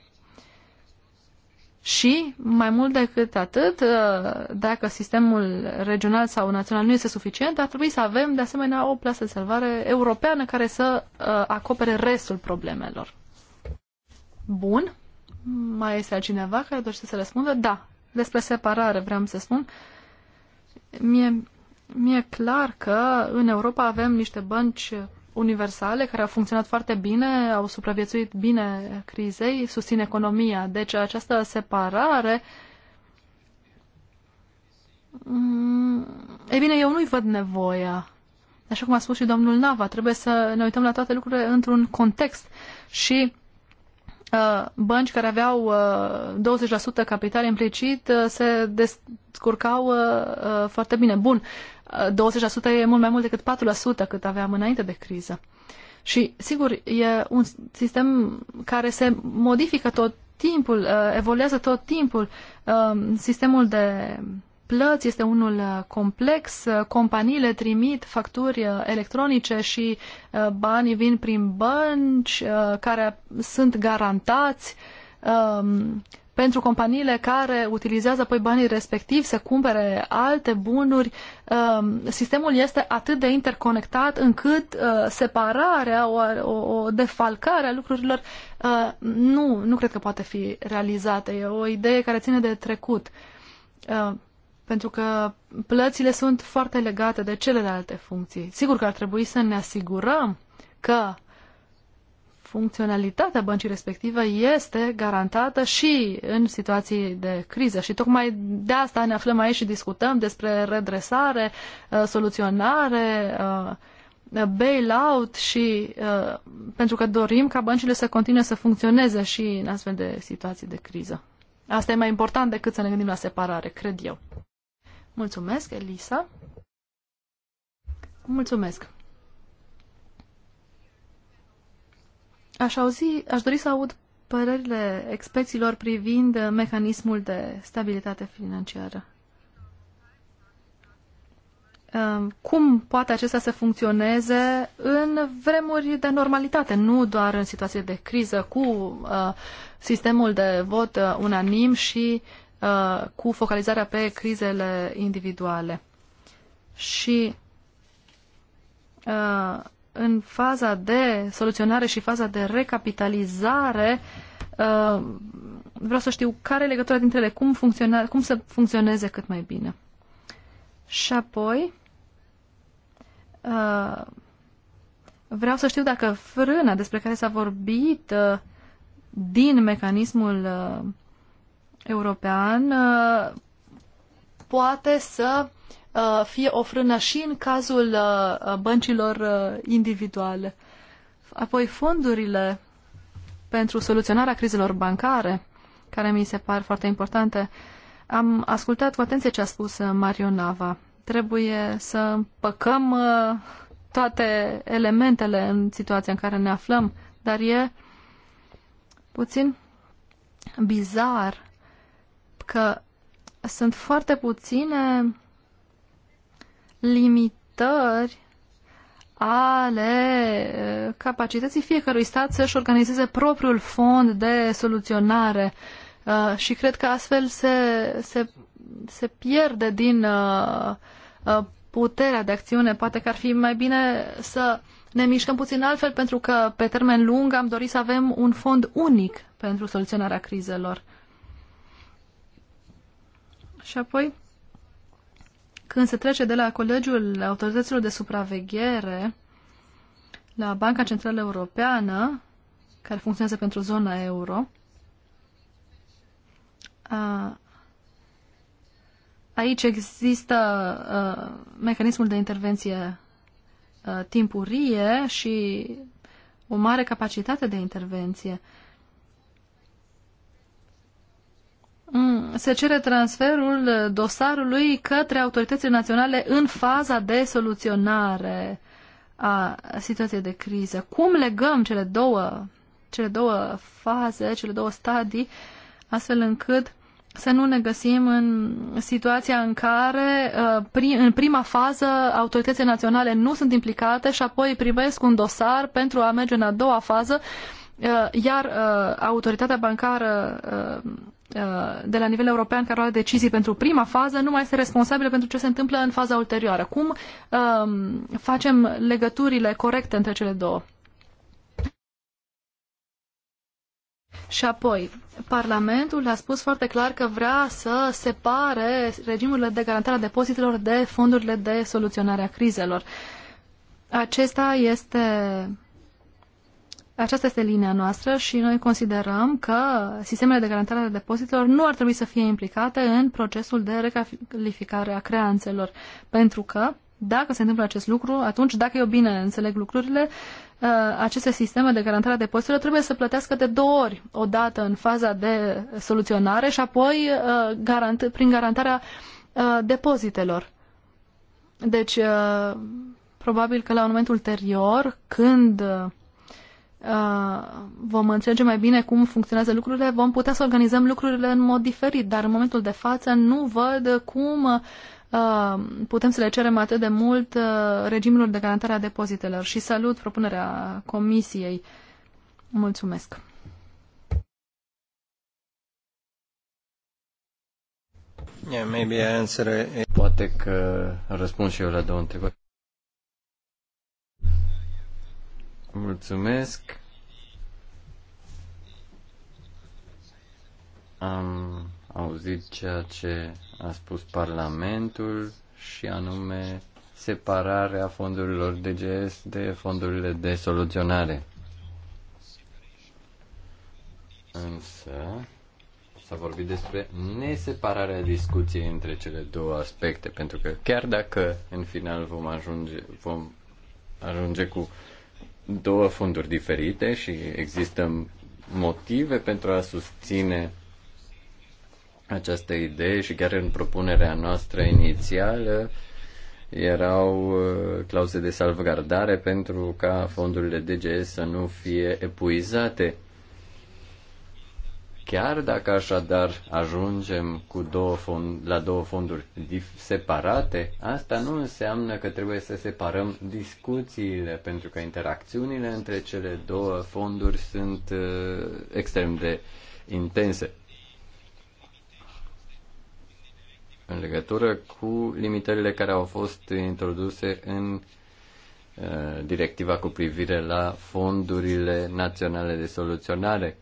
și, mai mult decât atât, uh, dacă sistemul regional sau național nu este suficient, ar trebui să avem, de asemenea, o plasă de salvare europeană care să uh, acopere restul problemelor. Bun. Mai este altcineva care dorește să răspundă? Da. Despre separare vreau să spun. Mie mi-e clar că în Europa avem niște bănci universale care au funcționat foarte bine, au supraviețuit bine crizei, susțin economia. Deci această separare mm, E bine, eu nu-i văd nevoia. Așa cum a spus și domnul Nava, trebuie să ne uităm la toate lucrurile într-un context. Și uh, bănci care aveau uh, 20% capital implicit uh, se descurcau foarte bine. Bun, 20% e mult mai mult decât 4% cât aveam înainte de criză. Și, sigur, e un sistem care se modifică tot timpul, uh, evoluează tot timpul. Um, sistemul de plăți este unul uh, complex, uh, companiile trimit facturi electronice și banii vin prin bănci care sunt garantați um, pentru companiile care utilizează apoi banii respectivi să cumpere alte bunuri, um, sistemul este atât de interconectat încât uh, separarea, o, o defalcare a lucrurilor uh, nu, nu cred că poate fi realizată. E o idee care ține de trecut. Uh, pentru că plățile sunt foarte legate de celelalte funcții. Sigur că ar trebui să ne asigurăm că funcționalitatea băncii respective este garantată și în situații de criză. Și tocmai de asta ne aflăm aici și discutăm despre redresare, uh, soluționare, uh, bail out și uh, pentru că dorim ca băncile să continue să funcționeze și în astfel de situații de criză. Asta e mai important decât să ne gândim la separare, cred eu. Mulțumesc, Elisa. Mulțumesc. Aș, auzi, aș dori să aud părerile experților privind mecanismul de stabilitate financiară. Cum poate acesta să funcționeze în vremuri de normalitate, nu doar în situații de criză, cu uh, sistemul de vot uh, unanim și uh, cu focalizarea pe crizele individuale. Și în faza de soluționare și faza de recapitalizare, uh, vreau să știu care e legătura dintre ele, cum, funcționa, cum să funcționeze cât mai bine. Și apoi, uh, vreau să știu dacă frâna despre care s-a vorbit uh, din mecanismul european poate să Uh, fie o frână și în cazul uh, uh, băncilor individuale. Apoi fondurile pentru soluționarea crizelor bancare, care mi se par foarte importante. Am ascultat cu atenție ce a spus Mario Nava. Trebuie să împăcăm toate elementele în situația în care ne aflăm, dar e puțin bizar că sunt foarte puține limitări ale capacității fiecărui stat să-și organizeze propriul fond de soluționare și cred că astfel se, se, se pierde din puterea de acțiune. Poate că ar fi mai bine să ne mișcăm puțin altfel pentru că pe termen lung am dorit să avem un fond unic pentru soluționarea crizelor. Și apoi când se trece de la Colegiul Autorităților de Supraveghere la Banca Centrală Europeană, care funcționează pentru zona euro, a, aici există a, mecanismul de intervenție a, timpurie și o mare capacitate de intervenție. Mm, se cere transferul uh, dosarului către autoritățile naționale în faza de soluționare a situației de criză. Cum legăm cele două, cele două faze, cele două stadii, astfel încât să nu ne găsim în situația în care uh, în prima fază autoritățile naționale nu sunt implicate și apoi primesc un dosar pentru a merge în a doua fază, uh, iar autoritatea bancară de la nivel european care luat decizii pentru prima fază nu mai este responsabilă pentru ce se întâmplă în faza ulterioară. Cum um, facem legăturile corecte între cele două? Și apoi, Parlamentul a spus foarte clar că vrea să separe regimurile de garantare a depozitelor de fondurile de soluționare a crizelor. Acesta este aceasta este linia noastră și noi considerăm că sistemele de garantare a depozitelor nu ar trebui să fie implicate în procesul de recalificare a creanțelor, pentru că dacă se întâmplă acest lucru, atunci, dacă eu bine înțeleg lucrurile, uh, aceste sisteme de garantare a depozitelor trebuie să plătească de două ori, o dată în faza de soluționare și apoi uh, garant, prin garantarea uh, depozitelor. Deci, probabil că la un moment ulterior, când Uh, vom înțelege mai bine cum funcționează lucrurile, vom putea să organizăm lucrurile în mod diferit, dar în momentul de față nu văd cum uh, putem să le cerem atât de mult uh, regimurilor de garantare a depozitelor și salut propunerea comisiei. Mulțumesc! Yeah, maybe I answer Poate că răspund și eu la două întrebări. Mulțumesc. Am auzit ceea ce a spus Parlamentul și anume separarea fondurilor DGS de fondurile de soluționare. Însă s-a vorbit despre nesepararea discuției între cele două aspecte, pentru că chiar dacă în final vom ajunge, vom ajunge cu două fonduri diferite și există motive pentru a susține această idee și chiar în propunerea noastră inițială erau uh, clauze de salvgardare pentru ca fondurile DGS să nu fie epuizate Chiar dacă așadar ajungem cu două fond, la două fonduri separate, asta nu înseamnă că trebuie să separăm discuțiile, pentru că interacțiunile între cele două fonduri sunt uh, extrem de intense. În legătură cu limitările care au fost introduse în uh, directiva cu privire la fondurile naționale de soluționare.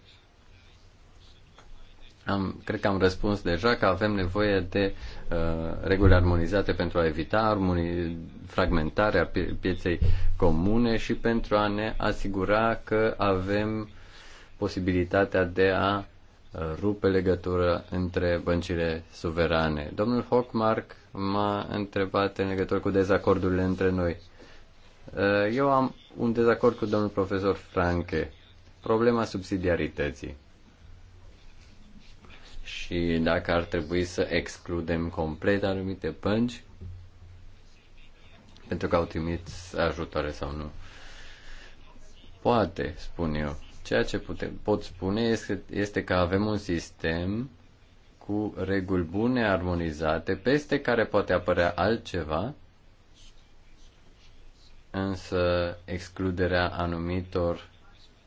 Am, cred că am răspuns deja că avem nevoie de uh, reguli armonizate pentru a evita armoni fragmentarea pie- pieței comune și pentru a ne asigura că avem posibilitatea de a uh, rupe legătura între băncile suverane. Domnul Hockmark m-a întrebat în legătură cu dezacordurile între noi. Uh, eu am un dezacord cu domnul profesor Franke. Problema subsidiarității și dacă ar trebui să excludem complet anumite pânci pentru că au trimit ajutoare sau nu. Poate, spun eu. Ceea ce putem, pot spune este, este că avem un sistem cu reguli bune, armonizate, peste care poate apărea altceva, însă excluderea anumitor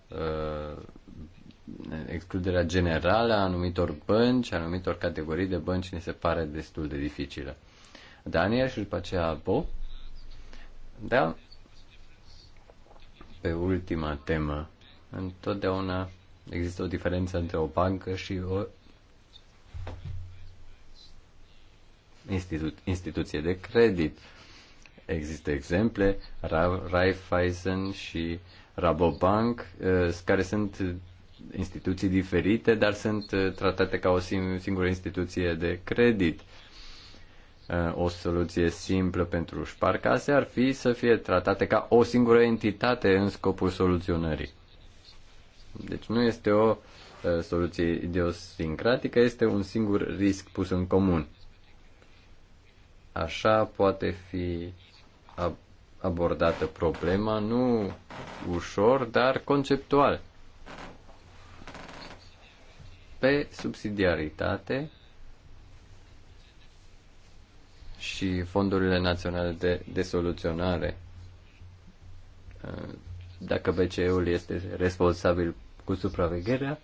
uh, excluderea generală a anumitor bănci, a anumitor categorii de bănci ne se pare destul de dificilă. Daniel și după aceea Bo. Da, pe ultima temă, întotdeauna există o diferență între o bancă și o institu- instituție de credit. Există exemple, Raiffeisen și Rabobank, eh, care sunt instituții diferite, dar sunt uh, tratate ca o singură instituție de credit. Uh, o soluție simplă pentru șparcase ar fi să fie tratate ca o singură entitate în scopul soluționării. Deci nu este o uh, soluție idiosincratică, este un singur risc pus în comun. Așa poate fi abordată problema, nu ușor, dar conceptual pe subsidiaritate și fondurile naționale de, de soluționare. Dacă BCE-ul este responsabil cu supravegherea,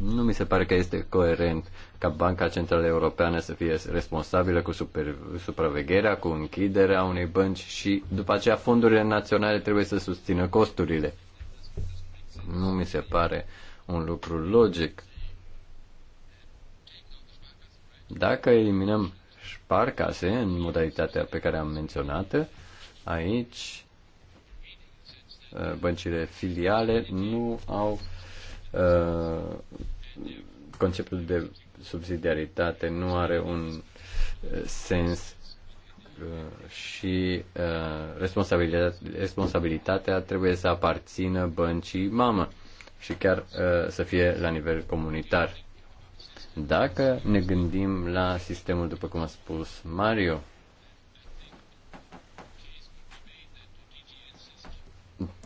nu mi se pare că este coerent ca Banca Centrală Europeană să fie responsabilă cu super, supravegherea, cu închiderea unei bănci și după aceea fondurile naționale trebuie să susțină costurile. Nu mi se pare un lucru logic. Dacă eliminăm șparcase în modalitatea pe care am menționat, aici uh, băncile filiale nu au uh, conceptul de subsidiaritate, nu are un uh, sens Uh, și uh, responsabilitatea trebuie să aparțină băncii mamă și chiar uh, să fie la nivel comunitar. Dacă ne gândim la sistemul, după cum a spus Mario,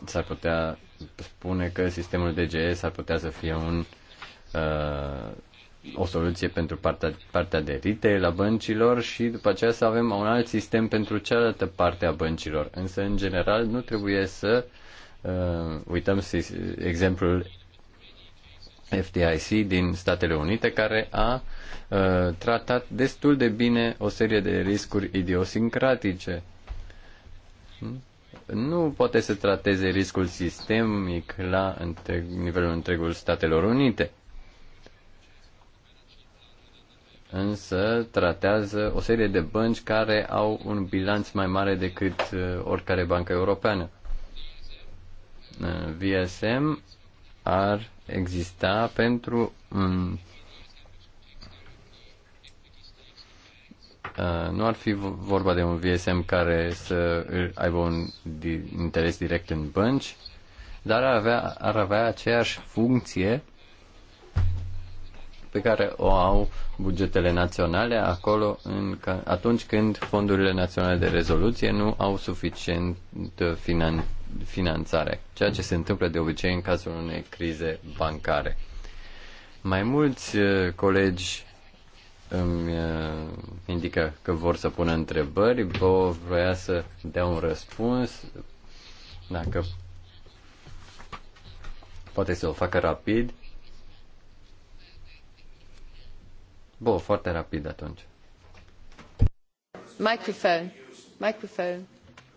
s-ar putea spune că sistemul DGS ar putea să fie un uh, o soluție pentru partea, partea de retail a băncilor și după aceea să avem un alt sistem pentru cealaltă parte a băncilor. Însă, în general, nu trebuie să uh, uităm exemplul FDIC din Statele Unite, care a uh, tratat destul de bine o serie de riscuri idiosincratice. Nu poate să trateze riscul sistemic la întreg, nivelul întregul Statelor Unite însă tratează o serie de bănci care au un bilanț mai mare decât uh, oricare bancă europeană. Uh, VSM ar exista pentru um, nu ar fi vorba de un VSM care să aibă un interes direct în bănci, dar ar avea, ar avea aceeași funcție pe care o au bugetele naționale acolo în, atunci când fondurile naționale de rezoluție nu au suficient finan, finanțare, ceea ce se întâmplă de obicei în cazul unei crize bancare. Mai mulți uh, colegi îmi uh, indică că vor să pună întrebări, Bo vrea să dea un răspuns, dacă poate să o facă rapid. Bun, foarte rapid atunci. Microphone. Microphone.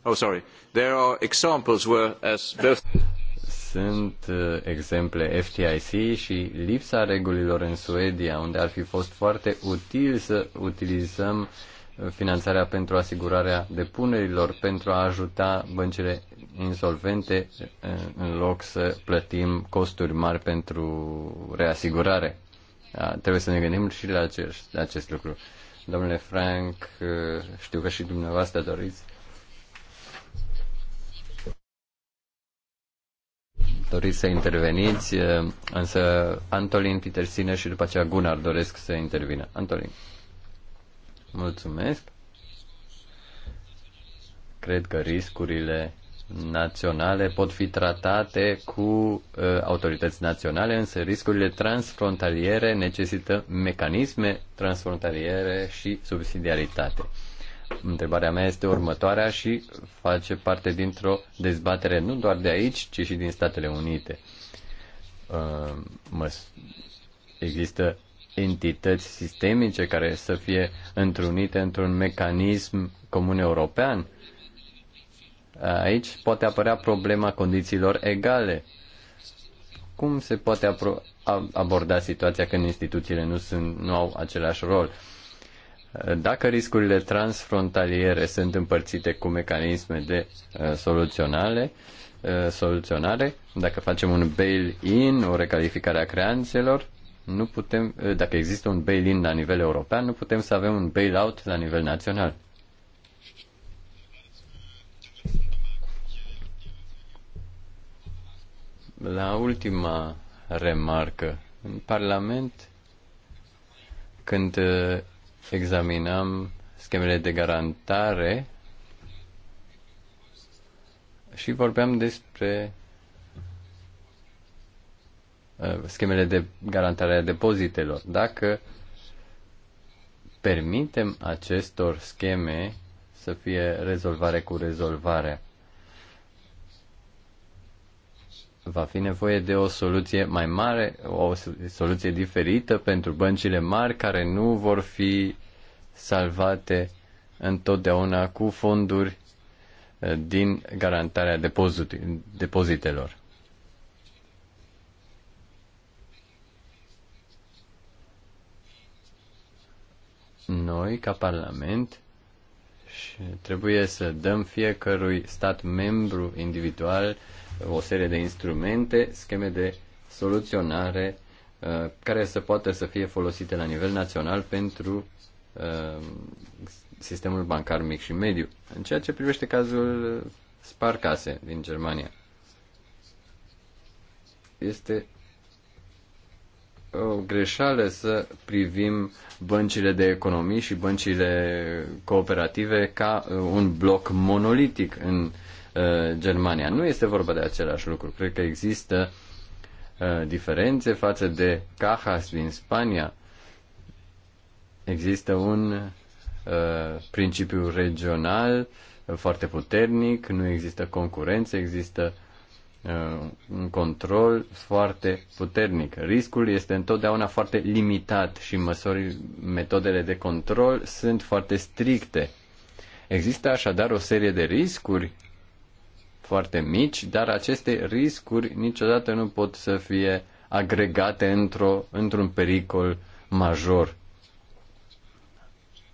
Oh, sorry. There are examples where as both sunt uh, exemple FTIC și lipsa regulilor în Suedia, unde ar fi fost foarte util să utilizăm uh, finanțarea pentru asigurarea depunerilor, pentru a ajuta băncile insolvente uh, în loc să plătim costuri mari pentru reasigurare. Da, trebuie să ne gândim și la acest, la acest lucru. Domnule Frank, știu că și dumneavoastră doriți. Doriți să interveniți, însă Antolin Petersine și după aceea Gunnar doresc să intervină. Antolin. Mulțumesc. Cred că riscurile naționale pot fi tratate cu uh, autorități naționale, însă riscurile transfrontaliere necesită mecanisme transfrontaliere și subsidiaritate. Întrebarea mea este următoarea și face parte dintr-o dezbatere nu doar de aici, ci și din Statele Unite. Uh, mă, există entități sistemice care să fie întrunite într-un mecanism comun european Aici poate apărea problema condițiilor egale. Cum se poate aborda situația când instituțiile nu, sunt, nu au același rol? Dacă riscurile transfrontaliere sunt împărțite cu mecanisme de uh, soluționale, uh, soluționare, dacă facem un bail-in, o recalificare a creanțelor, nu putem, uh, dacă există un bail-in la nivel european, nu putem să avem un bail-out la nivel național. la ultima remarcă. În Parlament, când uh, examinam schemele de garantare și vorbeam despre uh, schemele de garantare a depozitelor. Dacă permitem acestor scheme să fie rezolvare cu rezolvare, va fi nevoie de o soluție mai mare, o soluție diferită pentru băncile mari care nu vor fi salvate întotdeauna cu fonduri eh, din garantarea depozitelor. Noi, ca Parlament, trebuie să dăm fiecărui stat membru individual o serie de instrumente, scheme de soluționare uh, care să poată să fie folosite la nivel național pentru uh, sistemul bancar mic și mediu. În ceea ce privește cazul Sparkasse din Germania, este o greșeală să privim băncile de economii și băncile cooperative ca un bloc monolitic în uh, Uh, Germania. Nu este vorba de același lucru. Cred că există uh, diferențe față de Cajas din Spania. Există un uh, principiu regional foarte puternic, nu există concurență, există un control foarte puternic. Riscul este întotdeauna foarte limitat și măsori, metodele de control sunt foarte stricte. Există așadar o serie de riscuri foarte mici, dar aceste riscuri niciodată nu pot să fie agregate într-o, într-un pericol major.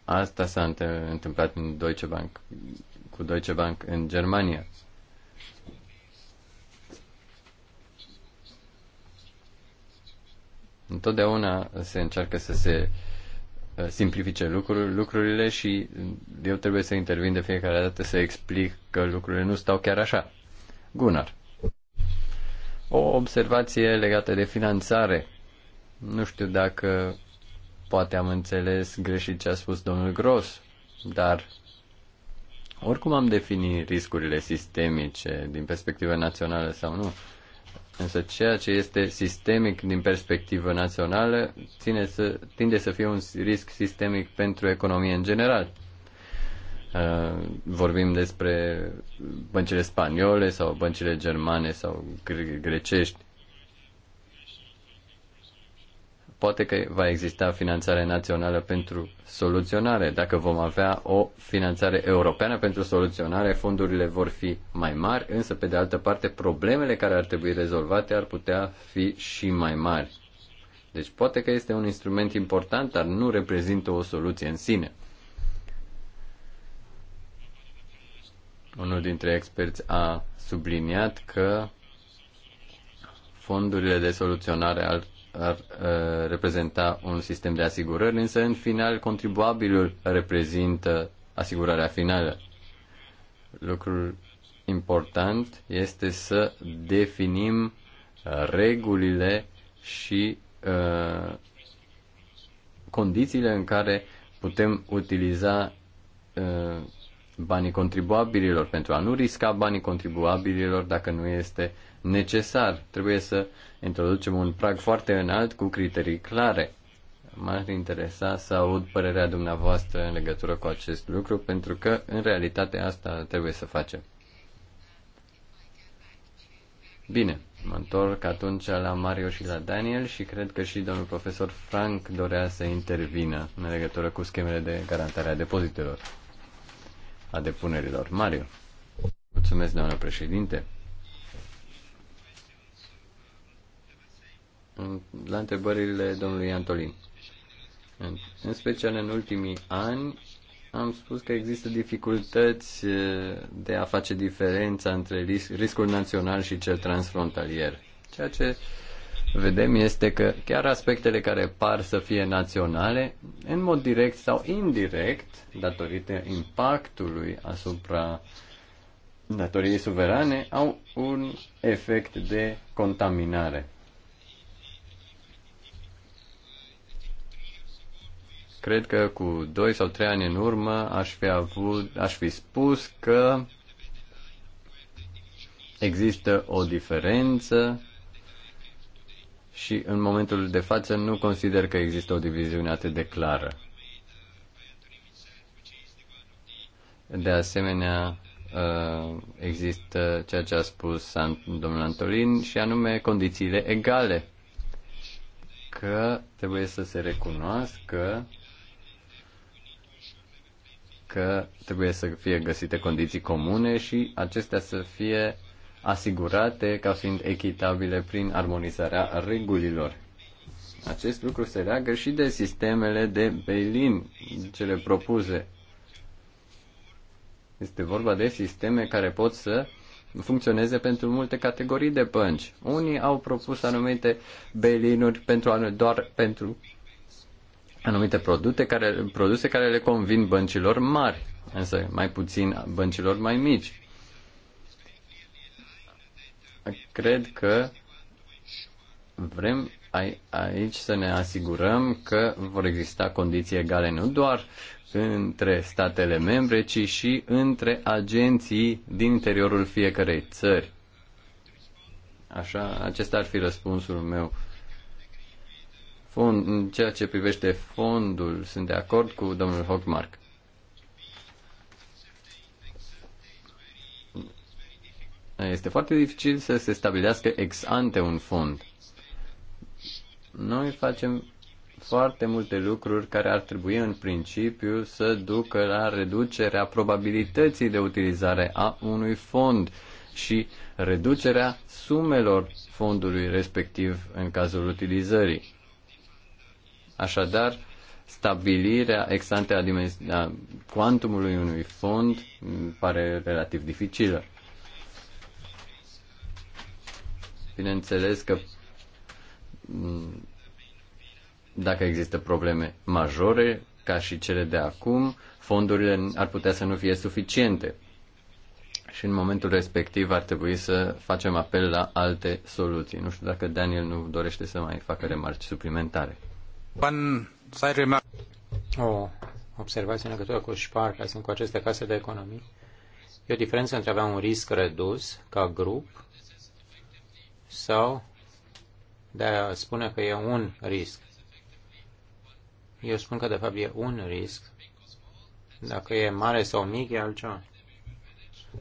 Asta s-a întâmplat în Deutsche Bank, cu Deutsche Bank în Germania. Întotdeauna se încearcă să se uh, Uh, simplifice lucruri, lucrurile și eu trebuie să intervin de fiecare dată să explic că lucrurile nu stau chiar așa. Gunnar. O observație legată de finanțare. Nu știu dacă poate am înțeles greșit ce a spus domnul Gros, dar oricum am definit riscurile sistemice din perspectivă națională sau nu, Însă ceea ce este sistemic din perspectivă națională ține să, tinde să fie un risc sistemic pentru economie în general. Uh, vorbim despre băncile spaniole sau băncile germane sau grecești poate că va exista finanțare națională pentru soluționare. Dacă vom avea o finanțare europeană pentru soluționare, fondurile vor fi mai mari, însă, pe de altă parte, problemele care ar trebui rezolvate ar putea fi și mai mari. Deci poate că este un instrument important, dar nu reprezintă o soluție în sine. Unul dintre experți a subliniat că fondurile de soluționare al ar uh, reprezenta un sistem de asigurări, însă în final contribuabilul reprezintă asigurarea finală. Lucrul important este să definim uh, regulile și uh, condițiile în care putem utiliza uh, banii contribuabililor pentru a nu risca banii contribuabililor dacă nu este uh, necesar. Trebuie să introducem un prag foarte înalt cu criterii clare. M-ar interesa să aud părerea dumneavoastră în legătură cu acest lucru, pentru că, în realitate, asta trebuie să facem. Bine, mă întorc atunci la Mario și la Daniel și cred că și domnul profesor Frank dorea să intervină în legătură cu schemele de garantare a depozitelor, a depunerilor. Mario. Mulțumesc, doamnă președinte. la întrebările domnului Antolin. În special în ultimii ani am spus că există dificultăți de a face diferența între ris- riscul național și cel transfrontalier. Ceea ce vedem este că chiar aspectele care par să fie naționale, în mod direct sau indirect, datorită impactului asupra datoriei suverane, au un efect de contaminare. Cred că cu 2 sau 3 ani în urmă aș fi, avut, aș fi spus că există o diferență și în momentul de față nu consider că există o diviziune atât de clară. De asemenea, uh, există ceea ce a spus domnul Antolin și anume condițiile egale. Că trebuie să se recunoască că trebuie să fie găsite condiții comune și acestea să fie asigurate ca fiind echitabile prin armonizarea regulilor. Acest lucru se leagă și de sistemele de bail-in, cele propuse. Este vorba de sisteme care pot să funcționeze pentru multe categorii de bănci. Unii au propus anumite bail-in-uri pentru, doar pentru anumite produse care, produse care le convin băncilor mari, însă mai puțin băncilor mai mici. Cred că vrem aici să ne asigurăm că vor exista condiții egale nu doar între statele membre, ci și între agenții din interiorul fiecărei țări. Așa, acesta ar fi răspunsul meu Fond, în ceea ce privește fondul, sunt de acord cu domnul Hockmark. Este foarte dificil să se stabilească ex ante un fond. Noi facem foarte multe lucruri care ar trebui în principiu să ducă la reducerea probabilității de utilizare a unui fond și reducerea sumelor fondului respectiv în cazul utilizării. Așadar, stabilirea exante a, a cuantumului unui fond pare relativ dificilă. Bineînțeles că dacă există probleme majore, ca și cele de acum, fondurile ar putea să nu fie suficiente. Și în momentul respectiv ar trebui să facem apel la alte soluții. Nu știu dacă Daniel nu dorește să mai facă remarci suplimentare. One side remark. O observație în legătură cu șparca, sunt cu aceste case de economii. E o diferență între avea un risc redus ca grup sau de a spune că e un risc. Eu spun că de fapt e un risc. Dacă e mare sau mic, e altceva.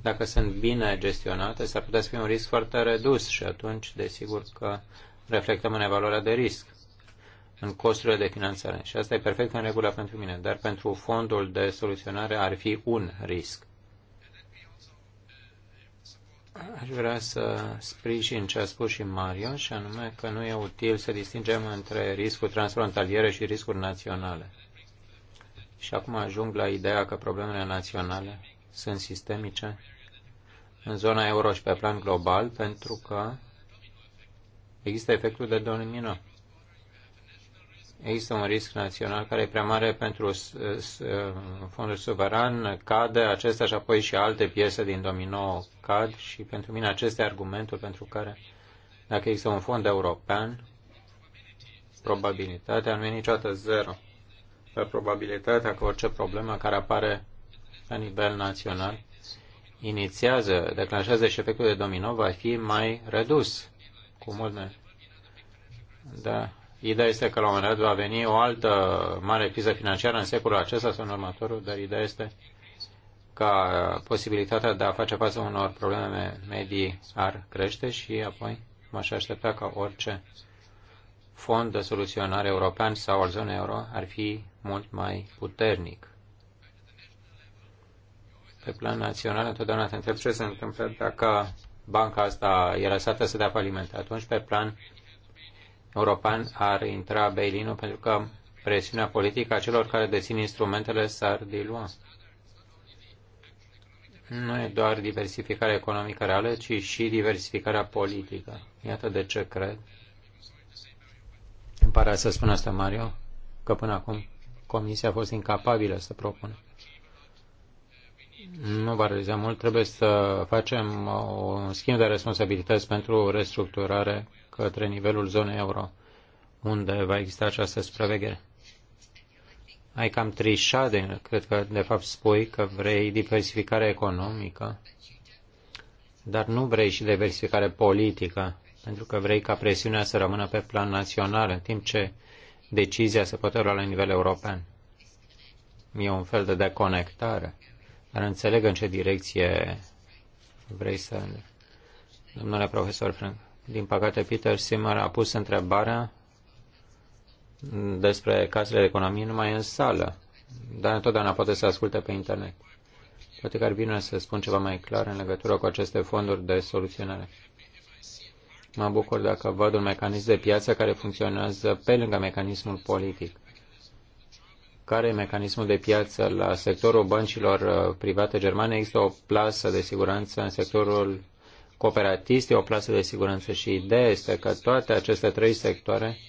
Dacă sunt bine gestionate, s-ar putea să fie un risc foarte redus și atunci, desigur, că reflectăm în evaluarea de risc în costurile de finanțare. Și asta e perfect în regulă pentru mine, dar pentru fondul de soluționare ar fi un risc. Aș vrea să sprijin ce a spus și Mario, și anume că nu e util să distingem între riscuri transfrontaliere și riscuri naționale. Și acum ajung la ideea că problemele naționale sunt sistemice în zona euro și pe plan global, pentru că există efectul de domino există un risc național care e prea mare pentru uh, uh, fondul suveran, cade acesta și apoi și alte piese din domino cad și pentru mine acesta e argumentul pentru care dacă există un fond european, probabilitatea nu e niciodată zero. Pe probabilitatea că orice problemă care apare la nivel național inițiază, declanșează și efectul de domino va fi mai redus cu mult mai. Da, Ideea este că la un moment dat va veni o altă mare criză financiară în secolul acesta sau în următorul, dar ideea este ca posibilitatea de a face față unor probleme medii ar crește și apoi m-aș aștepta ca orice fond de soluționare european sau al zonei euro ar fi mult mai puternic. Pe plan național, întotdeauna te întreb ce se întâmplă dacă banca asta e lăsată să dea faliment. Atunci, pe plan european ar intra bail pentru că presiunea politică a celor care dețin instrumentele s-ar dilua. Nu e doar diversificarea economică reală, ci și diversificarea politică. Iată de ce cred. Îmi pare să spun asta, Mario, că până acum Comisia a fost incapabilă să propună. Nu va realiza mult. Trebuie să facem un schimb de responsabilități pentru restructurare către nivelul zonei euro, unde va exista această supraveghere. Ai cam trișat, cred că de fapt spui că vrei diversificare economică, dar nu vrei și diversificare politică, pentru că vrei ca presiunea să rămână pe plan național, în timp ce decizia se poate lua la nivel european. E un fel de deconectare, dar înțeleg în ce direcție vrei să... Domnule profesor Frank. Din păcate, Peter Simmer a pus întrebarea despre casele de economie numai în sală, dar întotdeauna poate să asculte pe internet. Poate că ar bine să spun ceva mai clar în legătură cu aceste fonduri de soluționare. Mă bucur dacă văd un mecanism de piață care funcționează pe lângă mecanismul politic. Care e mecanismul de piață la sectorul băncilor uh, private germane? Există o plasă de siguranță în sectorul cooperatist, e o plasă de siguranță și ideea este că toate aceste trei sectoare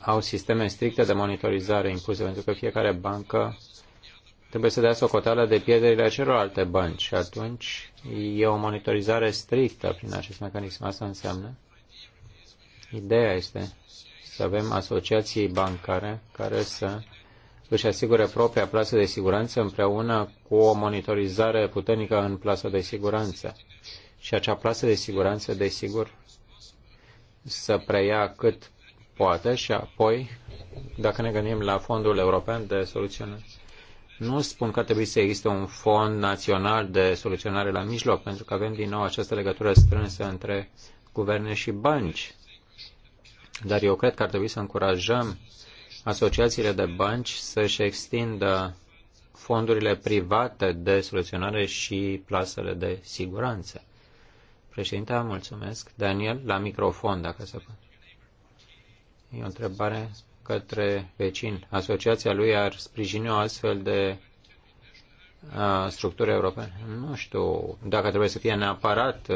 au sisteme stricte de monitorizare impuse, pentru că fiecare bancă trebuie să dea socoteală de pierderile celorlalte bănci și atunci e o monitorizare strictă prin acest mecanism. Asta înseamnă. Ideea este să avem asociații bancare care să își asigure propria plasă de siguranță împreună cu o monitorizare puternică în plasă de siguranță. Și acea plasă de siguranță, desigur, să preia cât poate și apoi, dacă ne gândim la Fondul European de Soluționare, nu spun că trebuie să existe un fond național de soluționare la mijloc, pentru că avem din nou această legătură strânsă între guverne și bănci. Dar eu cred că ar trebui să încurajăm uh, asociațiile de bănci să-și extindă fondurile private de soluționare și plasele de siguranță. Președinte, mulțumesc. Daniel, la microfon, dacă se poate. E o întrebare către vecin. Asociația lui ar sprijini o astfel de structură europeană? Nu știu dacă trebuie să fie neapărat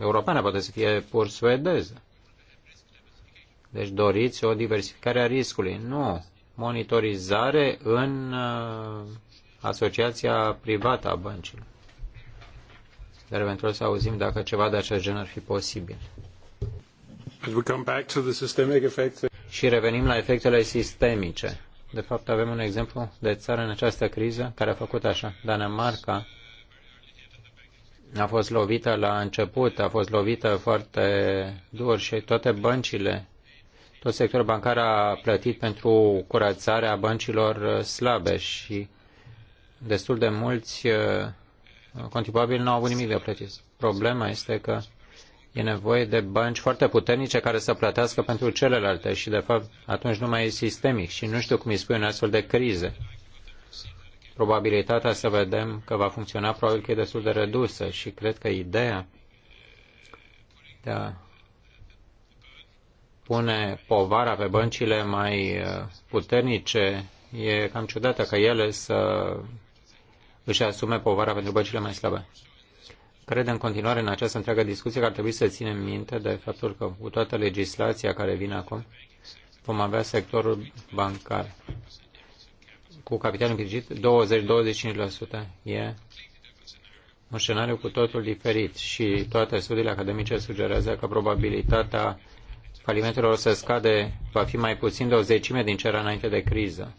europeană, poate să fie pur suedeză. Deci doriți o diversificare a riscului. Nu. Monitorizare în uh, asociația privată a băncilor. Dar eventual să auzim dacă ceva de acest gen ar fi posibil. Și revenim la efectele sistemice. De fapt, avem un exemplu de țară în această criză care a făcut așa. Danemarca a fost lovită la început, a fost lovită foarte dur și toate băncile tot sectorul bancar a plătit pentru curățarea băncilor slabe și destul de mulți uh, contribuabili nu au avut nimic de plătit. Problema este că e nevoie de bănci foarte puternice care să plătească pentru celelalte și, de fapt, atunci nu mai e sistemic și nu știu cum îi spui în astfel de crize. Probabilitatea să vedem că va funcționa probabil că e destul de redusă și cred că ideea de a pune povara pe băncile mai uh, puternice, e cam ciudată că ele să își asume povara pentru băncile mai slabe. Cred în continuare în această întreagă discuție că ar trebui să ținem minte de faptul că cu toată legislația care vine acum, vom avea sectorul bancar cu capital implicit 20-25%. E un scenariu cu totul diferit și toate studiile academice sugerează că probabilitatea falimentelor o să scade, va fi mai puțin de o zecime din ce era înainte de criză.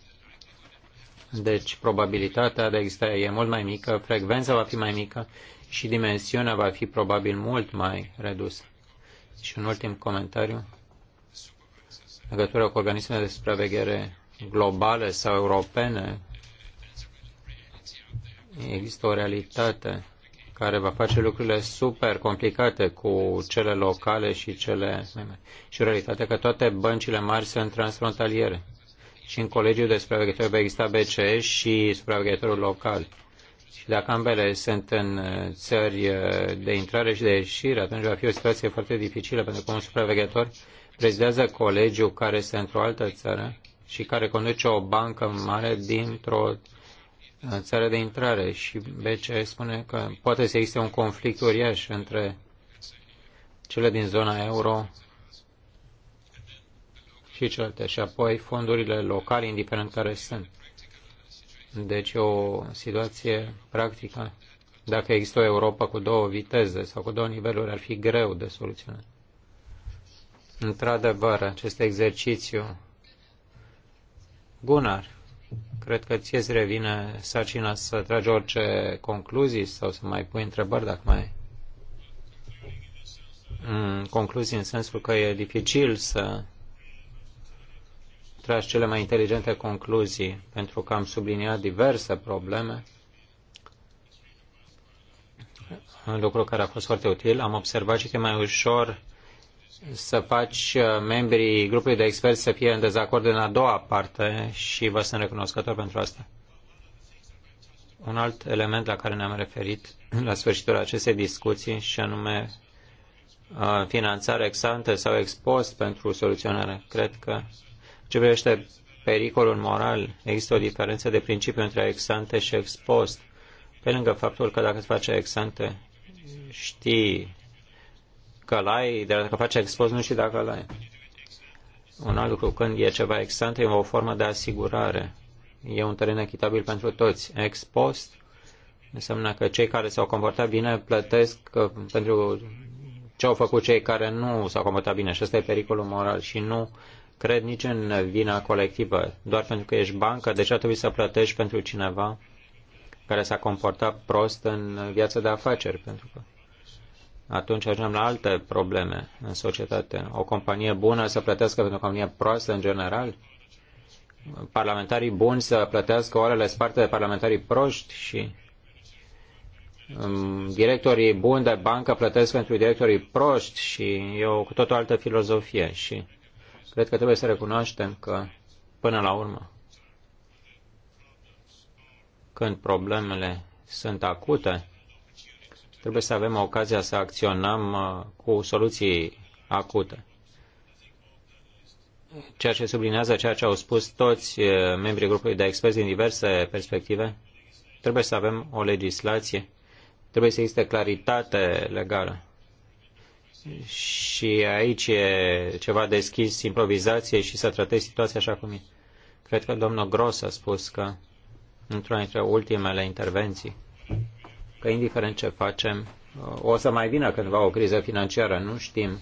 Deci probabilitatea de a exista e mult mai mică, frecvența va fi mai mică și dimensiunea va fi probabil mult mai redusă. Și un ultim comentariu în legătură cu organismele de supraveghere globale sau europene. Există o realitate care va face lucrurile super complicate cu cele locale și cele mai mari. Și realitatea că toate băncile mari sunt transfrontaliere. Și în colegiul de supraveghetori va exista BCE și supraveghetorul local. Și dacă ambele sunt în uh, țări uh, de intrare și de ieșire, atunci va fi o situație foarte dificilă, pentru că un supraveghetor prezidează colegiul care este într-o altă țară și care conduce o bancă mare dintr-o țară de intrare și BCE spune că poate să existe un conflict uriaș între cele din zona euro și celelalte și apoi fondurile locale, indiferent care sunt. Deci o situație practică. Dacă există o Europa cu două viteze sau cu două niveluri, ar fi greu de soluționat. Într-adevăr, acest exercițiu Gunnar cred că ție îți revine sarcina să tragi orice concluzii sau să mai pui întrebări dacă mai ai. Mm, concluzii în sensul că e dificil să tragi cele mai inteligente concluzii, pentru că am subliniat diverse probleme, un lucru care a fost foarte util. Am observat și că e mai ușor să faci uh, membrii grupului de experți să fie în dezacord în a doua parte și vă sunt recunoscător pentru asta. Un alt element la care ne-am referit la sfârșitul acestei discuții și anume uh, finanțare exante sau expost pentru soluționare. Cred că ce privește pericolul moral, există o diferență de principiu între exante și expost. Pe lângă faptul că dacă îți face exante, știi ai, de dacă face expos, nu știi dacă l-ai. Un alt lucru, când e ceva extant, e o formă de asigurare. E un teren echitabil pentru toți. Ex post înseamnă că cei care s-au comportat bine plătesc pentru ce au făcut cei care nu s-au comportat bine. Și ăsta e pericolul moral și nu cred nici în vina colectivă. Doar pentru că ești bancă, deja trebuie să plătești pentru cineva care s-a comportat prost în viața de afaceri. Pentru că atunci ajungem la alte probleme în societate. O companie bună să plătească pentru o companie proastă în general? Parlamentarii buni să plătească orele sparte de parlamentarii proști și um, directorii buni de bancă plătesc pentru directorii proști și e o cu tot o altă filozofie și cred că trebuie să recunoaștem că până la urmă când problemele sunt acute, Trebuie să avem ocazia să acționăm uh, cu soluții acute. Ceea ce sublinează ceea ce au spus toți uh, membrii grupului de experți din diverse perspective, trebuie să avem o legislație, trebuie să existe claritate legală. Și aici e ceva deschis, improvizație și să tratezi situația așa cum e. Cred că domnul Gros a spus că într-una dintre ultimele intervenții că indiferent ce facem, o să mai vină cândva o criză financiară, nu știm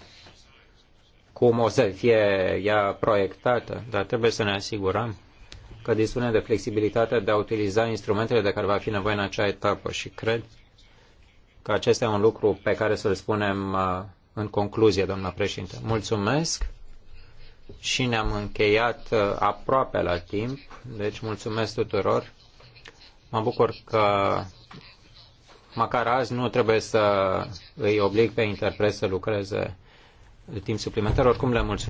cum o să fie ea proiectată, dar trebuie să ne asigurăm că dispunem de flexibilitatea de a utiliza instrumentele de care va fi nevoie în acea etapă și cred că acesta e un lucru pe care să-l spunem uh, în concluzie, doamna președinte. Mulțumesc și ne-am încheiat uh, aproape la timp, deci mulțumesc tuturor. Mă bucur că măcar azi nu trebuie să îi oblig pe interpret să lucreze timp suplimentar. Oricum le mulțumesc.